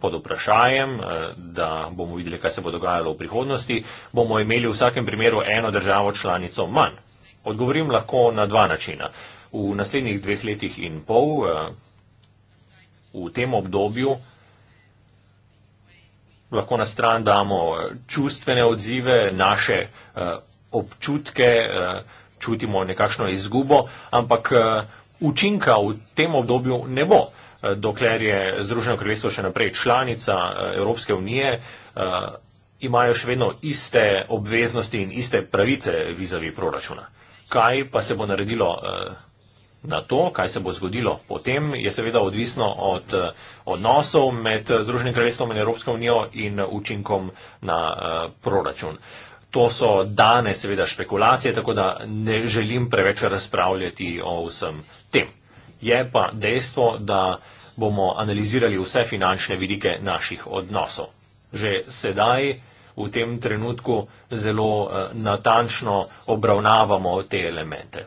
pod vprašanjem, eh, da bomo videli, kaj se bo dogajalo v prihodnosti, bomo imeli v vsakem primeru eno državo članico manj. Odgovorim lahko na dva načina. V naslednjih dveh letih in pol, eh, v tem obdobju, lahko na stran damo čustvene odzive, naše občutke, občutke, čutimo nekakšno izgubo, ampak eh, učinka v tem obdobju ne bo, eh, dokler je Združeno kraljestvo še naprej članica eh, Evropske unije, imajo še vedno iste obveznosti in iste pravice vizavi proračuna. Kaj pa se bo naredilo na to, kaj se bo zgodilo potem, je seveda odvisno od odnosov med Združenim kraljestvom in Evropsko unijo in učinkom na proračun. To so dane, seveda, špekulacije, tako da ne želim preveč razpravljati o vsem tem. Je pa dejstvo, da bomo analizirali vse finančne vidike naših odnosov. Že sedaj, v tem trenutku, zelo eh, natančno obravnavamo te elemente.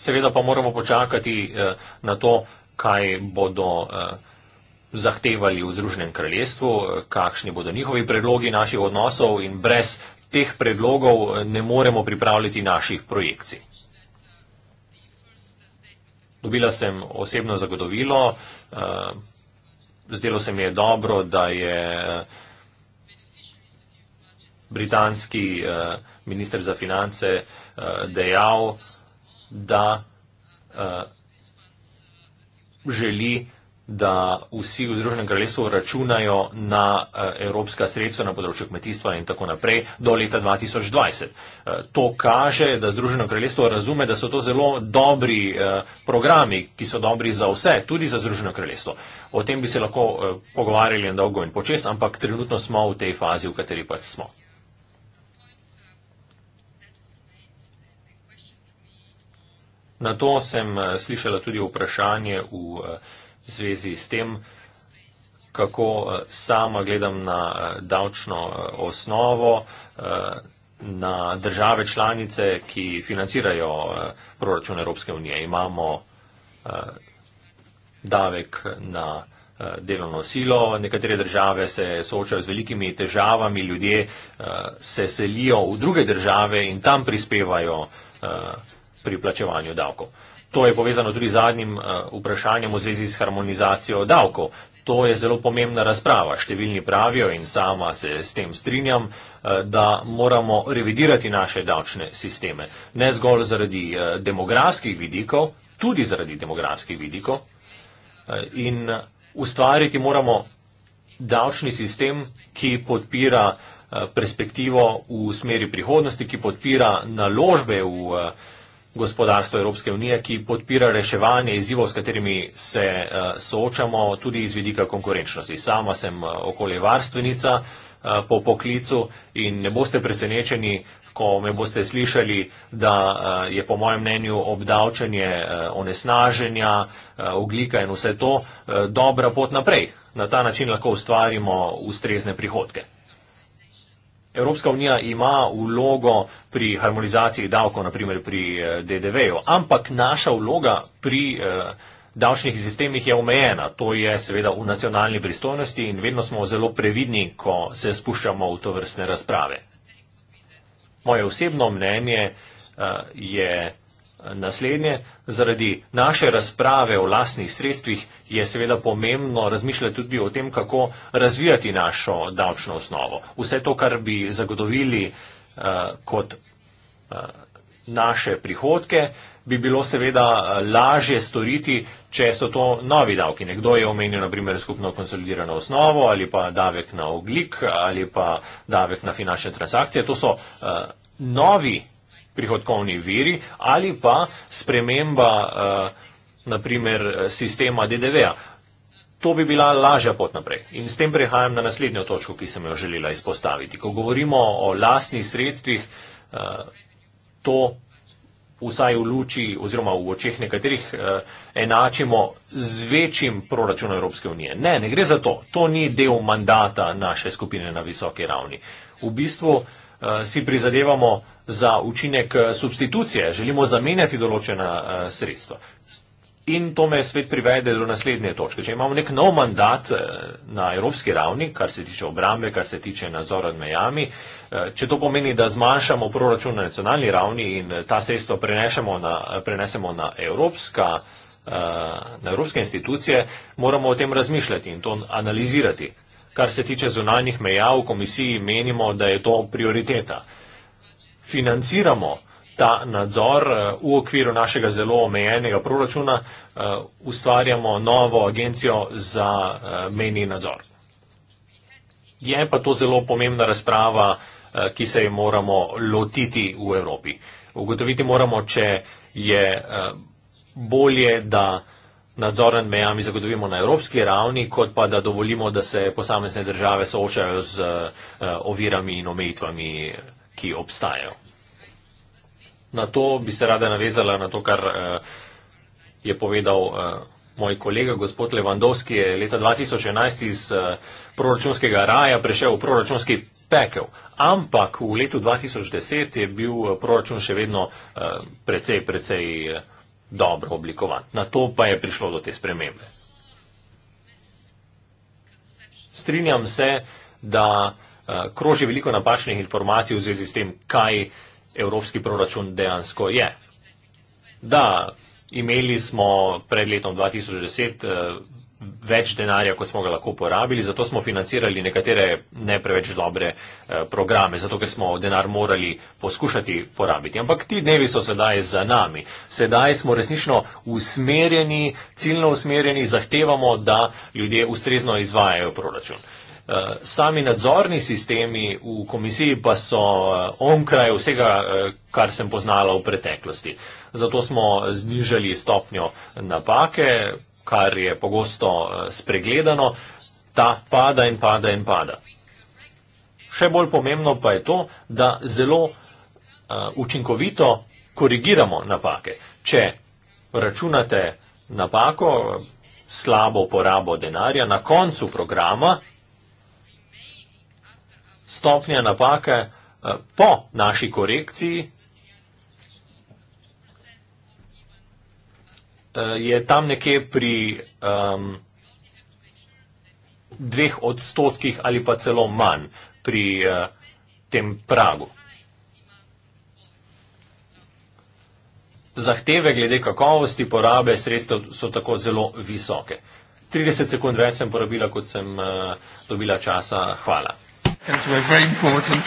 Seveda pa moramo počakati eh, na to, kaj bodo. Eh, zahtevali v Združenem kraljestvu, kakšni bodo njihovi predlogi naših odnosov in brez teh predlogov ne moremo pripravljati naših projekcij. Dobila sem osebno zagotovilo, eh, zdelo se mi je dobro, da je eh, britanski eh, minister za finance dejal, da želi vsega, da vsi v Združenem kraljestvu računajo na eh, evropska sredstva na področju kmetijstva in tako naprej do leta 2020. Eh, to kaže, da Združeno kraljestvo razume, da so to zelo dobri eh, programi, ki so dobri za vse, tudi za Združeno kraljestvo. O tem bi se lahko pogovarjali in dolgo in počes, ampak trenutno smo v tej fazi, v kateri pač smo. Na to sem slišala tudi vprašanje v zvezi s tem, kako eh, sama gledam na eh, davčno eh, osnovo, na države članice, ki financirajo proračun Evropske unije. Imamo davek na delovno silo. Nekatere države se soočajo z velikimi težavami, ljudje se selijo v druge države in tam prispevajo pri plačevanju davkov. To je povezano tudi z zadnjim eh, vprašanjem v zvezi s harmonizacijo davkov. To je zelo pomembna razprava. Številni pravijo in sama se s tem strinjam, eh, da moramo revidirati naše davčne sisteme. Ne zgolj zaradi eh, demografskih vidikov, tudi zaradi demografskih vidikov. In ustvariti moramo davčni sistem, ki podpira perspektivo v smeri prihodnosti, ki podpira naložbe v prihodnosti gospodarstvo Evropske unije, ki podpira reševanje izzivov, s katerimi se uh, soočamo tudi iz vidika konkurenčnosti. Sama sem eh, okoljevarstvenica uh, po poklicu in ne boste presenečeni, ko me boste slišali, da uh, je po mojem mnenju obdavčanje uh, onesnaženja, uh, oglika in vse to uh, dobra pot naprej. Na ta način lahko ustvarimo ustrezne prihodke. Evropska unija ima vlogo pri harmonizaciji davkov, naprimer pri eh, DDV-ju, ampak naša vloga pri eh, davčnih sistemih je omejena. To je seveda v nacionalni pristojnosti in vedno smo zelo previdni, ko se spuščamo v to vrstne razprave. Moje osebno mnenje eh, je naslednje. Zaradi naše razprave o lastnih sredstvih je seveda pomembno razmišljati tudi o tem, kako razvijati našo davčno osnovo. Vse to, kar bi zagotovili uh, kot uh, naše prihodke, bi bilo seveda eh, lažje storiti, če so to novi davki. Nekdo je omenil naprimer skupno konsolidirano osnovo ali pa davek na oglik ali pa davek na finančne transakcije. To so uh, novi davki prihodkovni veri ali pa sprememba eh, naprimer sistema DDV-a. To bi bila lažja pot naprej. In s tem prehajam na naslednjo točko, ki sem jo želela izpostaviti. Ko govorimo o lasnih sredstvih, eh, to vsaj v luči oziroma v očeh nekaterih eh, enačimo z večjim proračunom Evropske unije. Ne, ne gre za to. To ni del mandata naše skupine na visoke ravni. V bistvu uh, Eh, si prizadevamo za učinek eh, substitucije, želimo zamenjati določena eh, sredstva. In to me spet privede do naslednje točke. Če imamo nek nov mandat na evropski ravni, kar se tiče obrambe, kar se tiče nadzora nad mejami, če to pomeni, da zmanjšamo proračun na nacionalni ravni in ta sredstva prenesemo na, prenesemo na, evropska, na evropske institucije, moramo o tem razmišljati in to analizirati. Kar se tiče zunanjih meja, v komisiji menimo, da je to prioriteta. Financiramo ta nadzor eh, v okviru našega zelo omejenega proračuna, eh, ustvarjamo novo agencijo za eh, meni nadzor. Je pa to zelo pomembna razprava, ki se jo moramo lotiti v Evropi. Ugotoviti moramo, če je bolje, da nadzor nad mejami zagotovimo na evropski ravni, kot pa da dovolimo, da se posamezne države soočajo z eh, eh, ovirami in omejitvami, ki obstajajo. Na to bi se rada navezala na to, kar eh, je povedal moj kolega, gospod Levandovski, je leta 2011 iz proračunskega raja prešel v proračunski pekel. Ampak v letu 2010 je bil proračun še vedno precej, precej dobro oblikovan. Na to pa je prišlo do te spremembe. Strinjam se, da eh, kroži veliko napačnih informacij v zvezi s tem, kaj evropski proračun dejansko je. Da, imeli smo pred letom 2010 več denarja, kot smo ga lahko porabili, zato smo financirali nekatere ne preveč dobre eh, programe, zato ker smo denar morali poskušati porabiti. Ampak ti dnevi so sedaj za nami. Sedaj smo resnično usmerjeni, ciljno usmerjeni, zahtevamo, da ljudje ustrezno izvajajo proračun. Eh, sami nadzorni sistemi v komisiji pa so eh, onkraj vsega, kar sem poznala v preteklosti. Zato smo znižali stopnjo napake, kar je pogosto eh, spregledano, ta pada in pada in pada. Še bolj pomembno pa je to, da zelo eh, učinkovito korigiramo napake. Če računate napako, slabo porabo denarja, na koncu programa stopnja napake eh, po naši korekciji uh, je tam nekje pri um, dveh odstotkih ali pa celo manj pri uh, tem pragu. Zahteve glede kakovosti porabe sredstev so tako zelo visoke. 30 sekund več sem porabila, kot sem uh, dobila časa. Hvala. Uh,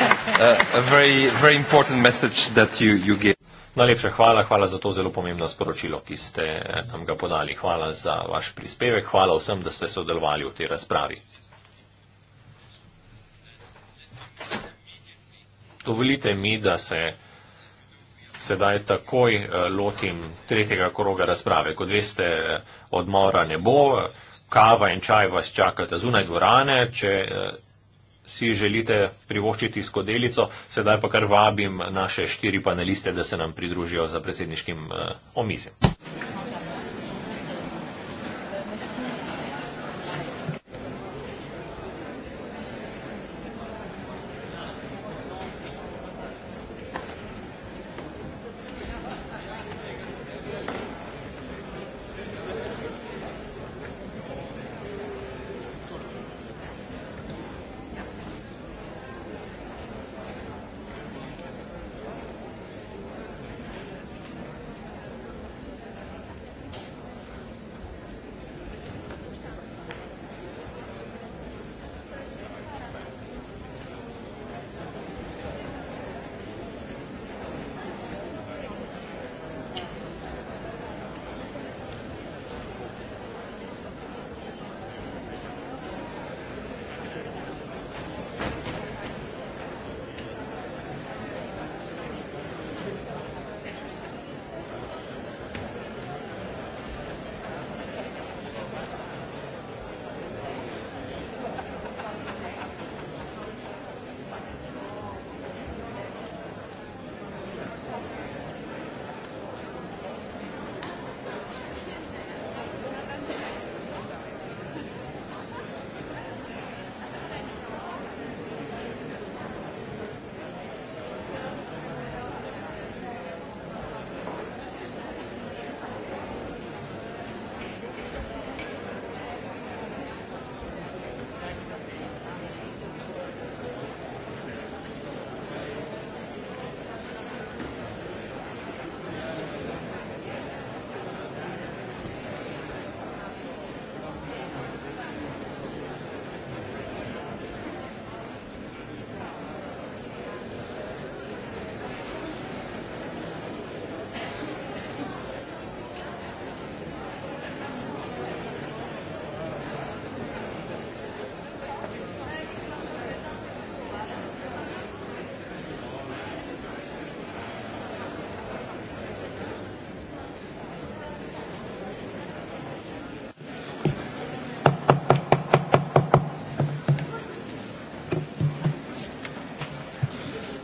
a very, very important message that you, you give. Najlepša hvala, hvala za to zelo pomembno sporočilo, ki ste eh, nam ga podali. Hvala za vaš prispevek, hvala vsem, da ste sodelovali v tej razpravi. Dovolite mi, da se sedaj takoj eh, lotim tretjega kroga razprave. Kot veste, eh, odmora ne bo, kava in čaj vas čakata zunaj dvorane. Če si želite privoščiti skodelico, sedaj pa kar vabim naše štiri paneliste, da se nam pridružijo za predsedniškim eh, omizjem.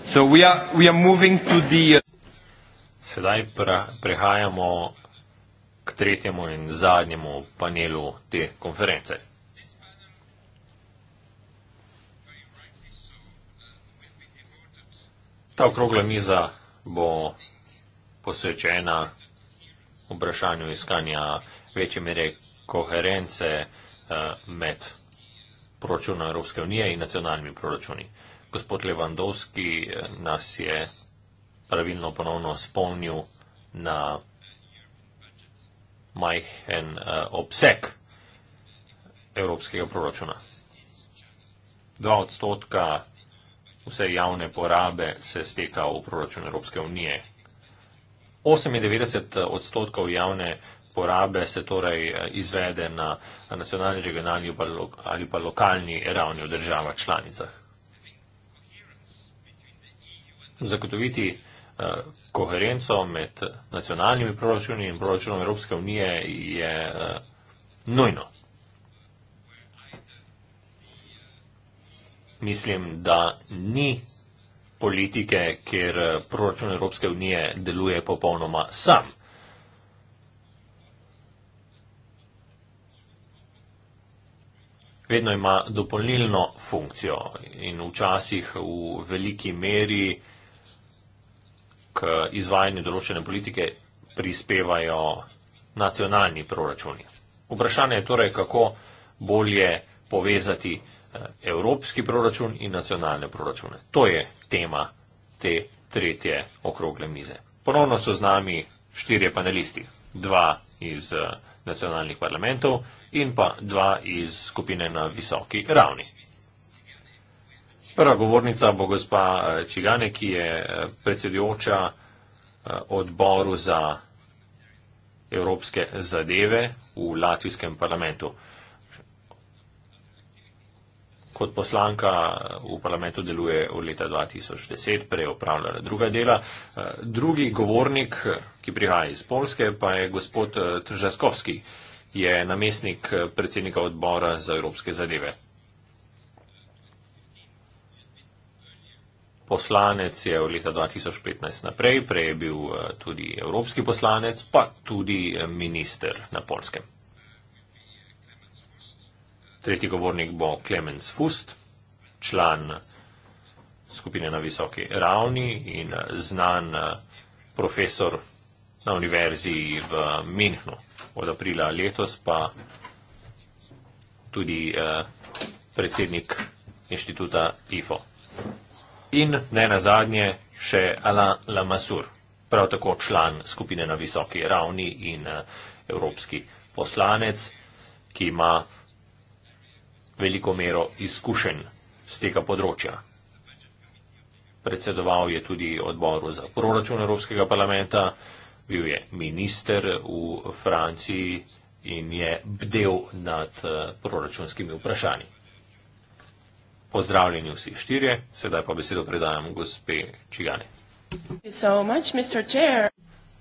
Uh, Sedaj prehajamo k tretjemu in zadnjemu panelu te konference. Ta okrogla miza bo posvečena vprašanju iskanja večje mere koherence eh, med proračunom Evropske unije in nacionalnimi proračuni gospod Levandovski eh, nas je pravilno ponovno spomnil na majhen eh, obseg evropskega proračuna. Dva odstotka vse javne porabe se steka v proračun Evropske unije. 98 eh, odstotkov javne porabe se torej izvede na nacionalni, regionalni ali pa lokalni ravni v državah članicah zagotoviti eh, koherenco med nacionalnimi proračuni in proračunom Evropske unije je eh, nujno. Mislim, da ni politike, kjer eh, proračun Evropske unije deluje popolnoma sam. Vedno ima dopolnilno funkcijo in včasih v veliki meri izvajanju določene politike prispevajo nacionalni proračuni. Vprašanje je torej, kako bolje povezati eh, evropski proračun in nacionalne proračune. To je tema te tretje okrogle mize. Ponovno so z nami štirje panelisti, dva iz eh, nacionalnih parlamentov in pa dva iz skupine na visoki ravni. Prva govornica bo gospa eh, Čigane, ki je eh, predsedujoča eh, odboru za evropske zadeve v Latvijskem parlamentu. Kot poslanka v parlamentu deluje od leta 2010, prej opravljala druga dela. Drugi govornik, ki prihaja iz Polske, pa je gospod Tržaskovski, je namestnik predsednika odbora za evropske zadeve. poslanec je od leta 2015 naprej, prej je bil eh, tudi evropski poslanec, pa tudi eh, minister na polskem. Tretji govornik bo Clemens Fust, član eh, skupine na visoki ravni in znan profesor na univerzi v Minhnu. Od aprila letos pa tudi predsednik inštituta IFO in ne nazadnje še Alain Lamassur, prav tako član skupine na visoki ravni in eh, evropski poslanec, ki ima veliko mero izkušenj z tega področja. Predsedoval je tudi odboru za proračun Evropskega parlamenta, bil je minister v Franciji in je bdel nad eh, proračunskimi vprašanji pozdravljeni vsi štirje, sedaj pa besedo predajam gospe Čigani. So much,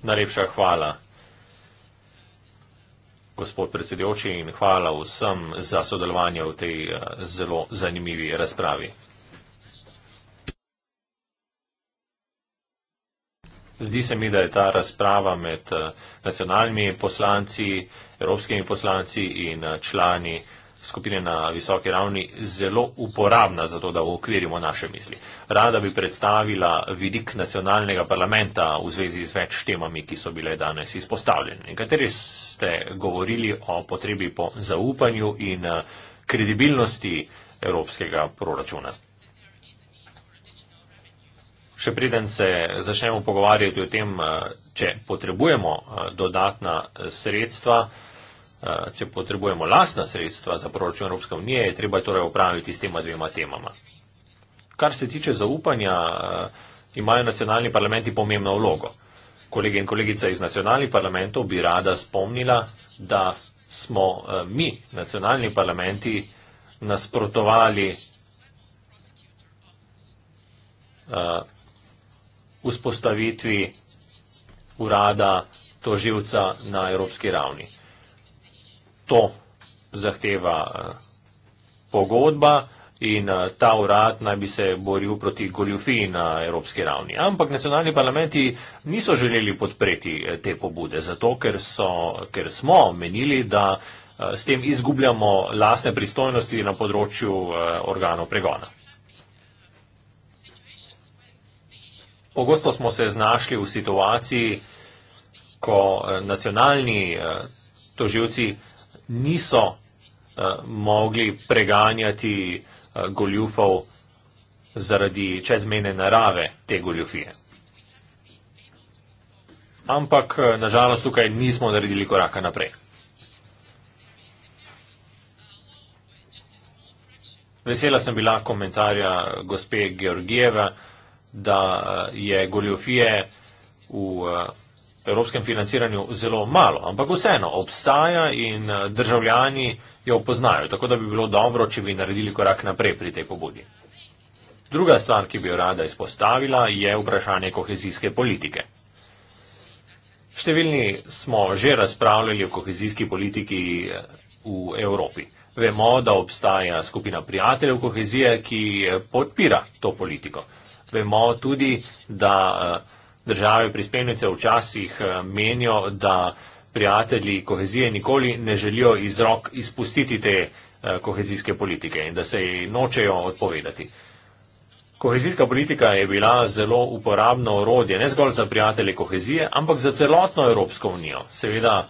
Najlepša hvala, gospod predsedujoči, in hvala vsem za sodelovanje v tej eh, zelo zanimivi razpravi. Zdi se mi, da je ta razprava med eh, nacionalnimi poslanci, evropskimi poslanci in eh, člani skupine na visoki ravni zelo uporabna za to, da okvirimo naše misli. Rada bi predstavila vidik nacionalnega parlamenta v zvezi z več temami, ki so bile danes izpostavljene. Nekateri ste govorili o potrebi po zaupanju in eh, kredibilnosti evropskega proračuna. Še preden se začnemo pogovarjati o tem, eh, če potrebujemo eh, dodatna sredstva, Eh, če potrebujemo lasna sredstva za proračun Evropske unije, je treba torej upraviti s tema dvema temama. Kar se tiče zaupanja, eh, imajo nacionalni parlamenti pomembno vlogo. Kolegi in kolegica iz nacionalnih parlamentov bi rada spomnila, da smo eh, mi, nacionalni parlamenti, nasprotovali uh, vzpostavitvi urada toživca na evropski ravni to zahteva eh, pogodba in eh, ta urad naj bi se boril proti goljufiji na evropski ravni. Ampak nacionalni parlamenti niso želeli podpreti eh, te pobude, zato ker, so, ker smo menili, da s tem izgubljamo lastne pristojnosti na področju organov pregona. Pogosto smo se znašli v situaciji, ko nacionalni toživci niso uh, mogli preganjati uh, goljufov zaradi čezmene narave te goljufije. Ampak, eh, nažalost, tukaj nismo naredili koraka naprej. Vesela sem bila komentarja gospe Georgijeva, da je goljofije v evropskem financiranju zelo malo, ampak vseeno obstaja in eh, državljani jo poznajo, tako da bi bilo dobro, če bi naredili korak naprej pri tej pobudi. Druga stvar, ki bi jo rada izpostavila, je vprašanje kohezijske politike. Številni smo že razpravljali o kohezijski politiki eh, v Evropi. Vemo, da obstaja skupina prijateljev kohezije, ki eh, podpira to politiko. Vemo tudi, da države prispevnice včasih eh, menijo, da prijatelji kohezije nikoli ne želijo iz rok izpustiti te eh, kohezijske politike in da se ji nočejo odpovedati. Kohezijska politika je bila zelo uporabno orodje ne zgolj za prijatelje kohezije, ampak za celotno Evropsko unijo. Seveda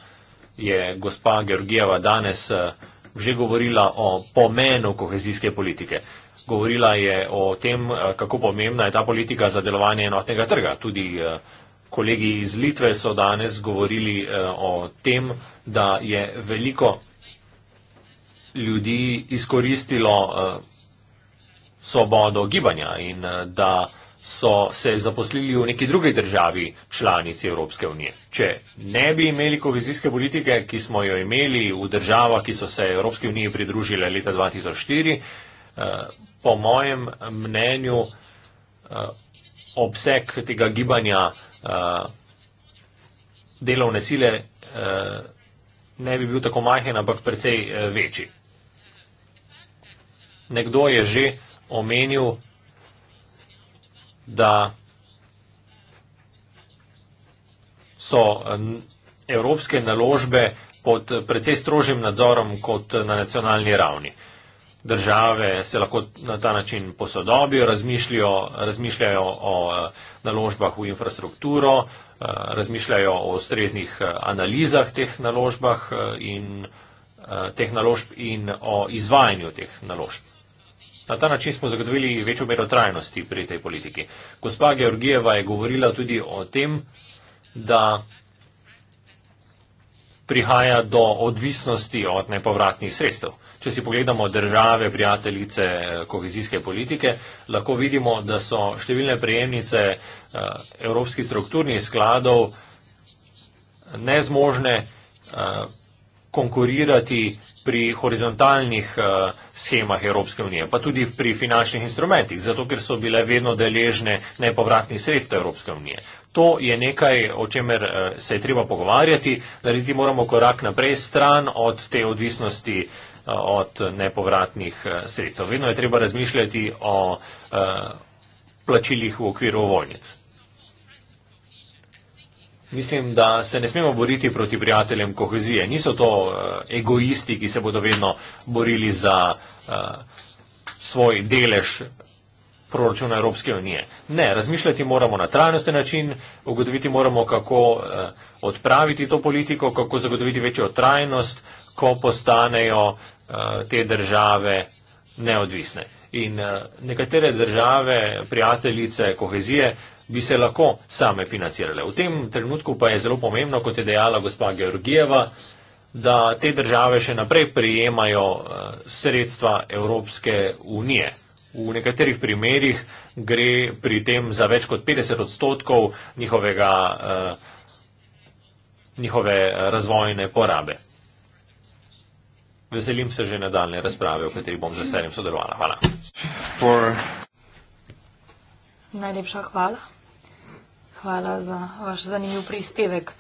je gospa Georgijeva danes eh, že govorila o pomenu kohezijske politike. Govorila je o tem, eh, kako pomembna je ta politika za delovanje enotnega trga. Tudi eh, kolegi iz Litve so danes govorili eh, o tem, da je veliko ljudi izkoristilo svobodo gibanja in da so se zaposlili v neki drugi državi članici Evropske unije. Če ne bi imeli kovizijske politike, ki smo jo imeli v državah, ki so se Evropske unije pridružile leta 2004, po mojem mnenju eh, obseg tega gibanja eh, delovne sile eh, ne bi bil tako majhen, ampak precej večji. Nekdo je že omenil, da so evropske naložbe pod precej strožjim nadzorom kot na nacionalni ravni države se lahko na ta način posodobijo, razmišljajo, razmišljajo o eh, naložbah v infrastrukturo, eh, razmišljajo o ustreznih eh, analizah teh naložbah in teh naložb in o izvajanju teh naložb. Na ta način smo zagotovili večjo mero trajnosti pri tej politiki. Gospa Georgijeva je govorila tudi o tem, da prihaja do odvisnosti od nepovratnih sredstev. Če si pogledamo države, prijateljice eh, kohezijske politike, lahko vidimo, da so številne prejemnice eh, evropskih strukturnih skladov nezmožne eh, konkurirati pri horizontalnih schemah Evropske unije, pa tudi pri finančnih instrumentih, zato ker so bile vedno deležne nepovratnih sredstev Evropske unije. To je nekaj, o čemer eh, se je treba pogovarjati, narediti moramo korak naprej stran od te odvisnosti eh, od nepovratnih eh, sredstev. Vedno je treba razmišljati o plačilih v okviru vojnic. Mislim, da se ne smemo boriti proti prijateljem kohezije. Niso to egoisti, ki se bodo vedno borili za svoj delež proračuna Evropske unije. Ne, razmišljati moramo na trajnosten način, ugotoviti moramo, kako uh, odpraviti to politiko, kako zagotoviti večjo trajnost, ko postanejo uh, te države neodvisne. In uh, nekatere države, prijateljice kohezije, bi se lahko same financirale. V tem trenutku pa je zelo pomembno, kot je dejala gospa Georgijeva, da te države še naprej prijemajo uh, sredstva Evropske unije. V nekaterih primerjih gre pri tem za več kot 50 odstotkov njihovega, eh, njihove eh, razvojne porabe. Veselim se že nadaljne razprave, v kateri bom z veseljem sodelovala. Hvala. For... Najlepša hvala. Hvala za vaš zanimiv prispevek.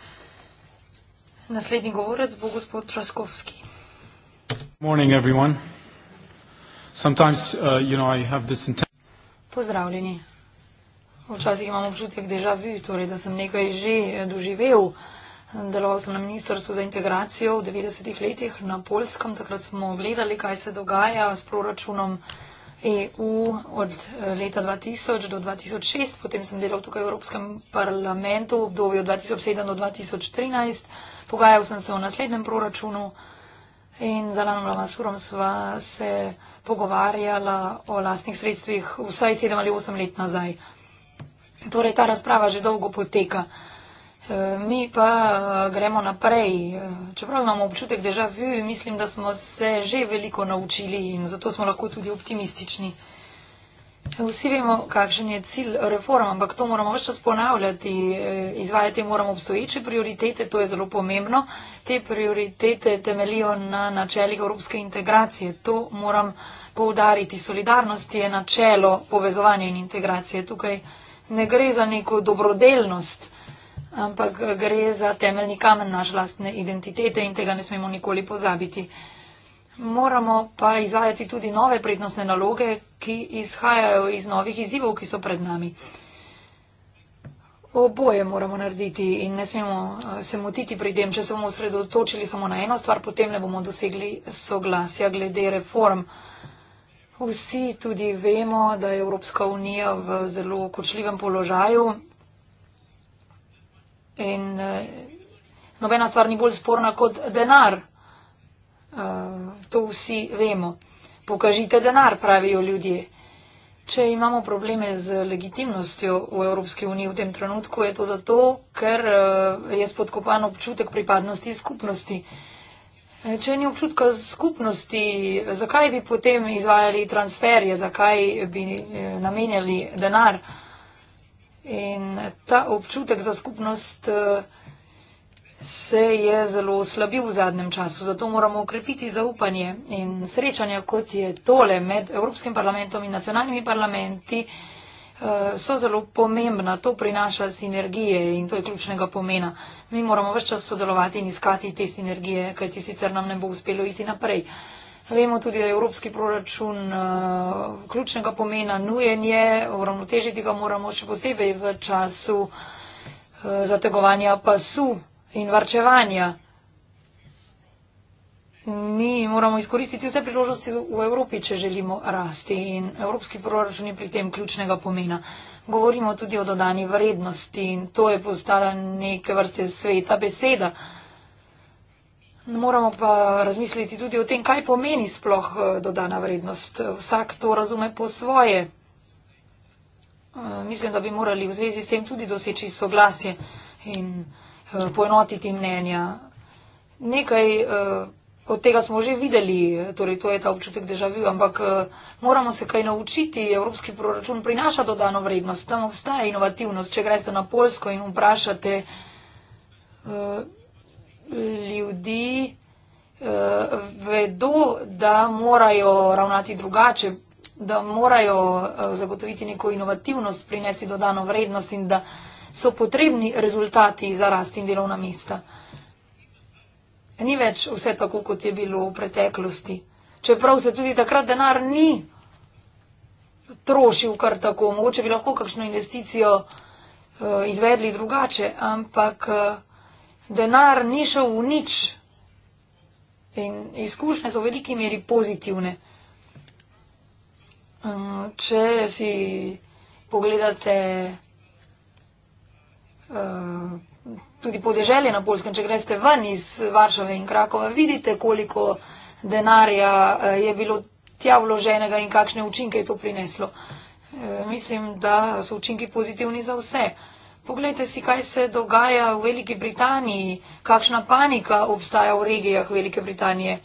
Naslednji govorec bo gospod Traskovski. Morning, everyone. Sometimes, uh, you know, I have this intent. Pozdravljeni. Včasih imam občutek deja vu, torej, da sem nekaj že eh, doživel. Deloval sem na Ministrstvu za integracijo v 90-ih letih na Polskem. Takrat smo gledali, kaj se dogaja s proračunom EU od eh, leta 2000 do 2006. Potem sem delal tukaj v Evropskem parlamentu v obdobju 2007 do 2013. Pogajal sem se o naslednjem proračunu in z Alanom Lamasurom sva se pogovarjala o lastnih sredstvih vsaj sedem ali osem let nazaj. Torej, ta razprava že dolgo poteka. E, mi pa e, gremo naprej. E, čeprav imamo občutek deja vu, mislim, da smo se že veliko naučili in zato smo lahko tudi optimistični. Ja, vsi vemo, kakšen je cilj reform, ampak to moramo več čas ponavljati. Eh, izvajati moramo obstoječe prioritete, to je zelo pomembno. Te prioritete temelijo na načelih evropske integracije. To moram poudariti. Solidarnost je načelo povezovanja in integracije. Tukaj ne gre za neko dobrodelnost, ampak gre za temeljni kamen naše lastne identitete in tega ne smemo nikoli pozabiti. Moramo pa izvajati tudi nove prednostne naloge, ki izhajajo iz novih izzivov, ki so pred nami. Oboje moramo narediti in ne smemo eh, se motiti pri tem, če se bomo osredotočili samo na eno stvar, potem ne bomo dosegli soglasja glede reform. Vsi tudi vemo, da je Evropska unija v zelo kočljivem položaju in eh, nobena stvar ni bolj sporna kot denar to vsi vemo. Pokažite denar, pravijo ljudje. Če imamo probleme z legitimnostjo v Evropski uniji v tem trenutku, je to zato, ker e, je spodkopan občutek pripadnosti skupnosti. E, če ni občutka skupnosti, zakaj bi potem izvajali transferje, zakaj bi e, namenjali denar? In ta občutek za skupnost. Uh, se je zelo slabil v zadnjem času. Zato moramo ukrepiti zaupanje in srečanja, kot je tole med Evropskim parlamentom in nacionalnimi parlamenti, eh, so zelo pomembna. To prinaša sinergije in to je ključnega pomena. Mi moramo vse čas sodelovati in iskati te sinergije, kajti sicer nam ne bo uspelo iti naprej. Vemo tudi, da je evropski proračun uh, ključnega pomena, nujen je, uravnotežiti ga moramo še posebej v času uh, zategovanja pasu in varčevanja. Mi moramo izkoristiti vse priložnosti v Evropi, če želimo rasti in evropski proračun je pri tem ključnega pomena. Govorimo tudi o dodani vrednosti in to je postala neke vrste sveta beseda. Moramo pa razmisliti tudi o tem, kaj pomeni sploh eh, dodana vrednost. Vsak to razume po svoje. Eh, mislim, da bi morali v zvezi s tem tudi doseči soglasje in soglasje. Eh, poenotiti mnenja. Nekaj uh, od tega smo že videli, torej to je ta občutek državi, ampak uh, moramo se kaj naučiti. Evropski proračun prinaša dodano vrednost, tam obstaja inovativnost. Če greste na Polsko in vprašate uh, ljudi, uh, vedo, da morajo ravnati drugače, da morajo uh, zagotoviti neko inovativnost, prinesti dodano vrednost in da so potrebni rezultati za rast in delovna mesta. Ni več vse tako, kot je bilo v preteklosti. Čeprav se tudi takrat denar ni trošil kar tako, mogoče bi lahko kakšno investicijo uh, izvedli drugače, ampak uh, denar ni šel v nič. In izkušnje so v veliki meri pozitivne. Um, če si pogledate Eh, tudi podeželje na Polskem. Če greste ven iz Varšave in Krakova, vidite, koliko denarja eh, je bilo tja vloženega in kakšne učinke je to prineslo. Eh, mislim, da so učinki pozitivni za vse. Poglejte si, kaj se dogaja v Veliki Britaniji, kakšna panika obstaja v regijah Velike Britanije.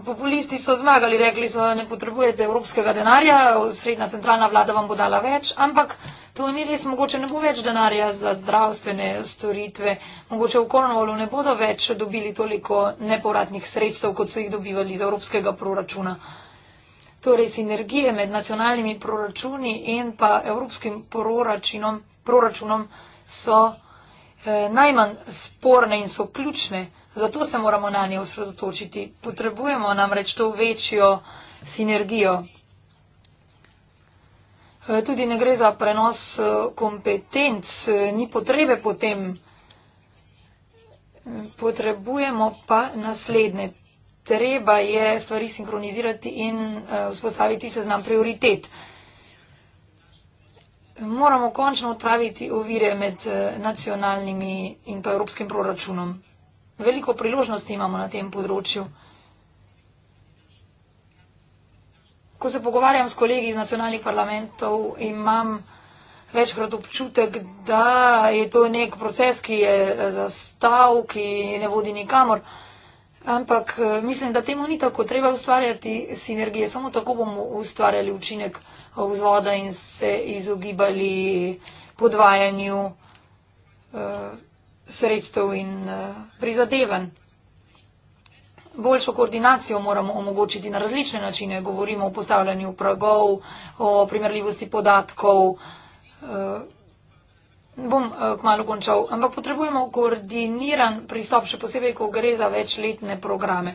Populisti so zmagali, rekli so, da ne potrebujete evropskega denarja, srednja centralna vlada vam bo dala več, ampak to ni res, mogoče ne bo več denarja za zdravstvene storitve, mogoče v Kornovolu ne bodo več dobili toliko neporatnih sredstev, kot so jih dobivali iz evropskega proračuna. Torej, sinergije med nacionalnimi proračuni in pa evropskim proračunom so eh, najmanj sporne in so ključne. Zato se moramo na nje osredotočiti. Potrebujemo namreč to večjo sinergijo. Eh, tudi ne gre za prenos eh, kompetenc, eh, ni potrebe potem. Potrebujemo pa naslednje. Treba je stvari sinhronizirati in vzpostaviti seznam prioritet. Moramo končno odpraviti ovire med nacionalnimi in pa evropskim proračunom veliko priložnosti imamo na tem področju. Ko se pogovarjam s kolegi iz nacionalnih parlamentov, imam večkrat občutek, da je to nek proces, ki je eh, zastav, ki ne vodi nikamor. Ampak eh, mislim, da temu ni tako. Treba ustvarjati sinergije. Samo tako bomo ustvarjali učinek vzvoda in se izogibali podvajanju. Uh, sredstev in eh, prizadevanj. Boljšo koordinacijo moramo omogočiti na različne načine. Govorimo o postavljanju pragov, o primerljivosti podatkov. Eh, bom eh, kmalo končal, ampak potrebujemo koordiniran pristop, še posebej, ko gre za večletne programe.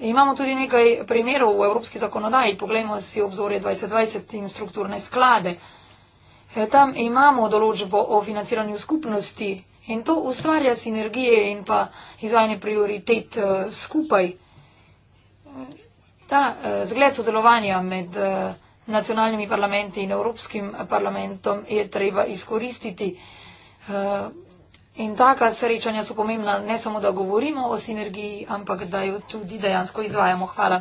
Imamo tudi nekaj primerov v evropski zakonodaji. Poglejmo si obzorje 2020 in strukturne sklade. Eh, tam imamo določbo o financiranju skupnosti in to ustvarja sinergije in pa izvajanje prioritet eh, skupaj. Ta eh, zgled sodelovanja med nacionalnimi parlamenti in Evropskim parlamentom je treba izkoristiti. In taka srečanja so pomembna ne samo, da govorimo o sinergiji, ampak da jo tudi dejansko izvajamo. Hvala.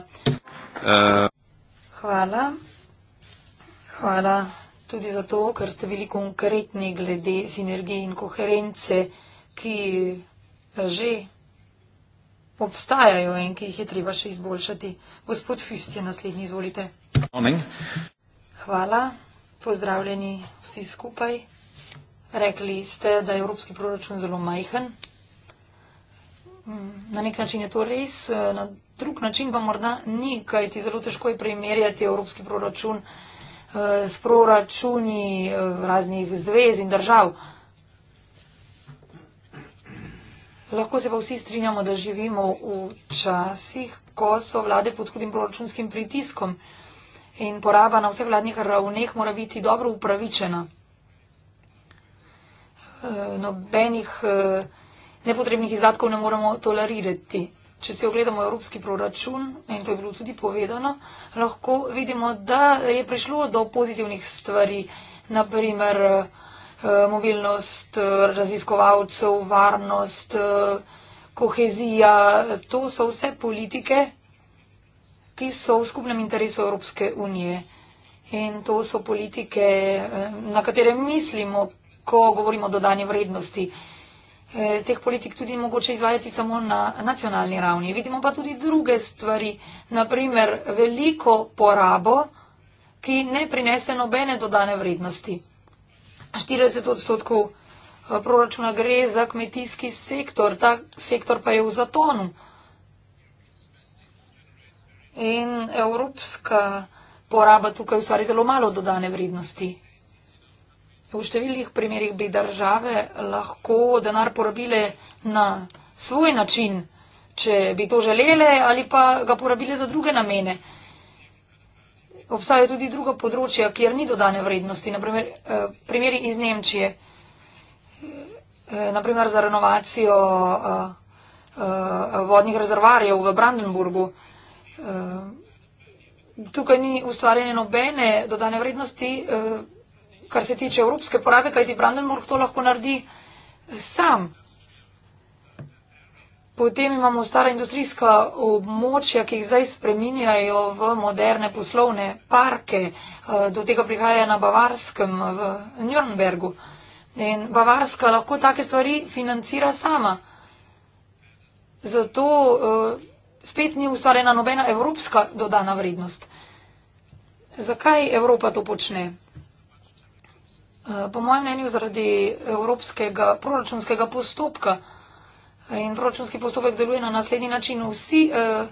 Uh. Hvala. Hvala. Tudi zato, ker ste bili konkretni glede sinergije in koherence, ki eh, že obstajajo in ki jih je treba še izboljšati. Gospod Füst je naslednji, izvolite. Hvala, pozdravljeni vsi skupaj. Rekli ste, da je evropski proračun zelo majhen. Mm, na nek način je to res, eh, na drug način pa morda ni, kajti zelo težko je primerjati evropski proračun. Eh, s proračuni eh, raznih zvez in držav. Lahko se pa vsi strinjamo, da živimo v časih, ko so vlade pod hudim proračunskim pritiskom in poraba na vseh vladnih ravneh mora biti dobro upravičena. Eh, nobenih nepotrebnih izdatkov ne moramo tolerirati če si ogledamo evropski proračun, in to je bilo tudi povedano, lahko vidimo, da je prišlo do pozitivnih stvari, naprimer eh, mobilnost eh, raziskovalcev, varnost, eh, kohezija. To so vse politike, ki so v skupnem interesu Evropske unije. In to so politike, na katere mislimo, ko govorimo o dodanji vrednosti. Eh, teh politik tudi mogoče izvajati samo na nacionalni ravni. Vidimo pa tudi druge stvari, naprimer veliko porabo, ki ne prinese nobene dodane vrednosti. 40 odstotkov eh, proračuna gre za kmetijski sektor, ta sektor pa je v zatonu. In evropska poraba tukaj ustvari zelo malo dodane vrednosti. V številnih primerjih bi države lahko denar porabile na svoj način, če bi to želele ali pa ga porabile za druge namene. Obstajajo tudi druga področja, kjer ni dodane vrednosti, naprimer eh, primeri iz Nemčije, eh, eh, naprimer za renovacijo vodnih rezervarjev v Brandenburgu. Tukaj ni ustvarjene nobene dodane vrednosti kar se tiče evropske porabe, kajti Brandenburg to lahko naredi sam. Potem imamo stara industrijska območja, ki jih zdaj spreminjajo v moderne poslovne parke. Do tega prihaja na Bavarskem v Njurnbergu. In Bavarska lahko take stvari financira sama. Zato eh, spet ni ustvarjena nobena evropska dodana vrednost. Zakaj Evropa to počne? Eh, po mojem mnenju zaradi evropskega proračunskega postopka. In proračunski postopek deluje na naslednji način. Vsi eh,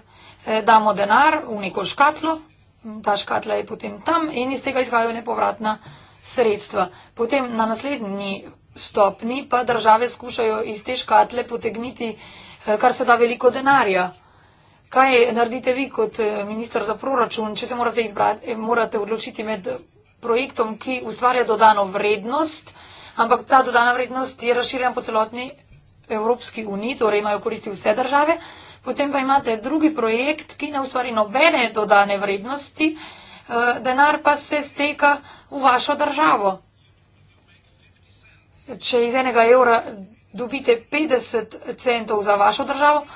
eh, damo denar v neko škatlo, ta škatla je potem tam in iz tega izhajajo nepovratna sredstva. Potem na naslednji stopni pa države skušajo iz te škatle potegniti eh, kar se da veliko denarja. Kaj naredite vi kot eh, minister za proračun, če se morate, izbrati, morate odločiti med projektom, ki ustvarja dodano vrednost, ampak ta dodana vrednost je razširjena po celotni Evropski uniji, torej imajo koristi vse države. Potem pa imate drugi projekt, ki ne ustvari nobene dodane vrednosti, eh, denar pa se steka v vašo državo. Če iz enega evra dobite 50 centov za vašo državo,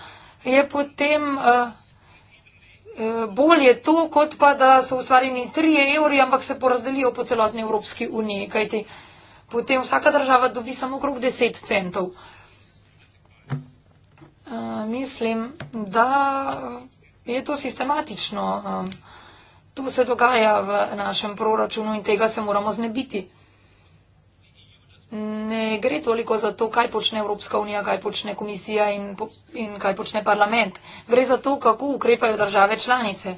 je potem uh, bolje to, kot pa da so ustvarjeni tri evri, ampak se porazdelijo po celotni Evropski uniji, kajti potem vsaka država dobi samo okrog 10 centov. Mislim, da je to sistematično. To se dogaja v našem proračunu in tega se moramo znebiti ne gre toliko za to, kaj počne Evropska unija, kaj počne komisija in, in kaj počne parlament. Gre za to, kako ukrepajo države članice.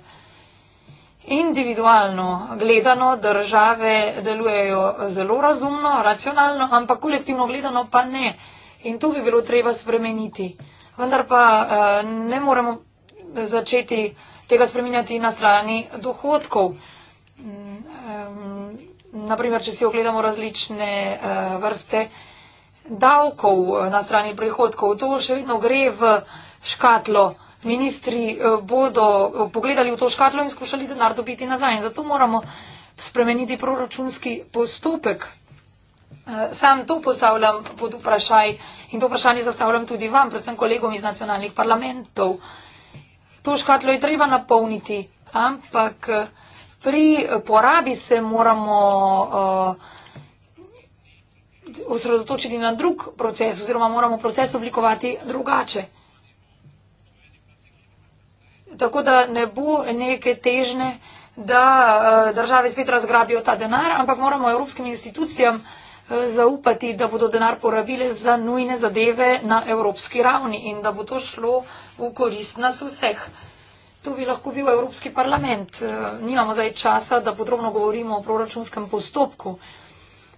Individualno gledano države delujejo zelo razumno, racionalno, ampak kolektivno gledano pa ne. In to bi bilo treba spremeniti. Vendar pa eh, ne moremo začeti tega spreminjati na strani dohodkov naprimer, če si ogledamo različne eh, vrste davkov eh, na strani prihodkov, to še vedno gre v škatlo. Ministri eh, bodo pogledali v to škatlo in skušali denar dobiti nazaj. In zato moramo spremeniti proračunski postopek. Sam to postavljam pod vprašaj in to vprašanje zastavljam tudi vam, predvsem kolegom iz nacionalnih parlamentov. To škatlo je treba napolniti, ampak pri porabi se moramo eh, osredotočiti na drug proces oziroma moramo proces oblikovati drugače. Tako da ne bo neke težne, da eh, države spet razgrabijo ta denar, ampak moramo evropskim institucijam eh, zaupati, da bodo denar porabile za nujne zadeve na evropski ravni in da bo to šlo v korist nas vseh. To bi lahko bil Evropski parlament. Eh, nimamo zdaj časa, da podrobno govorimo o proračunskem postopku.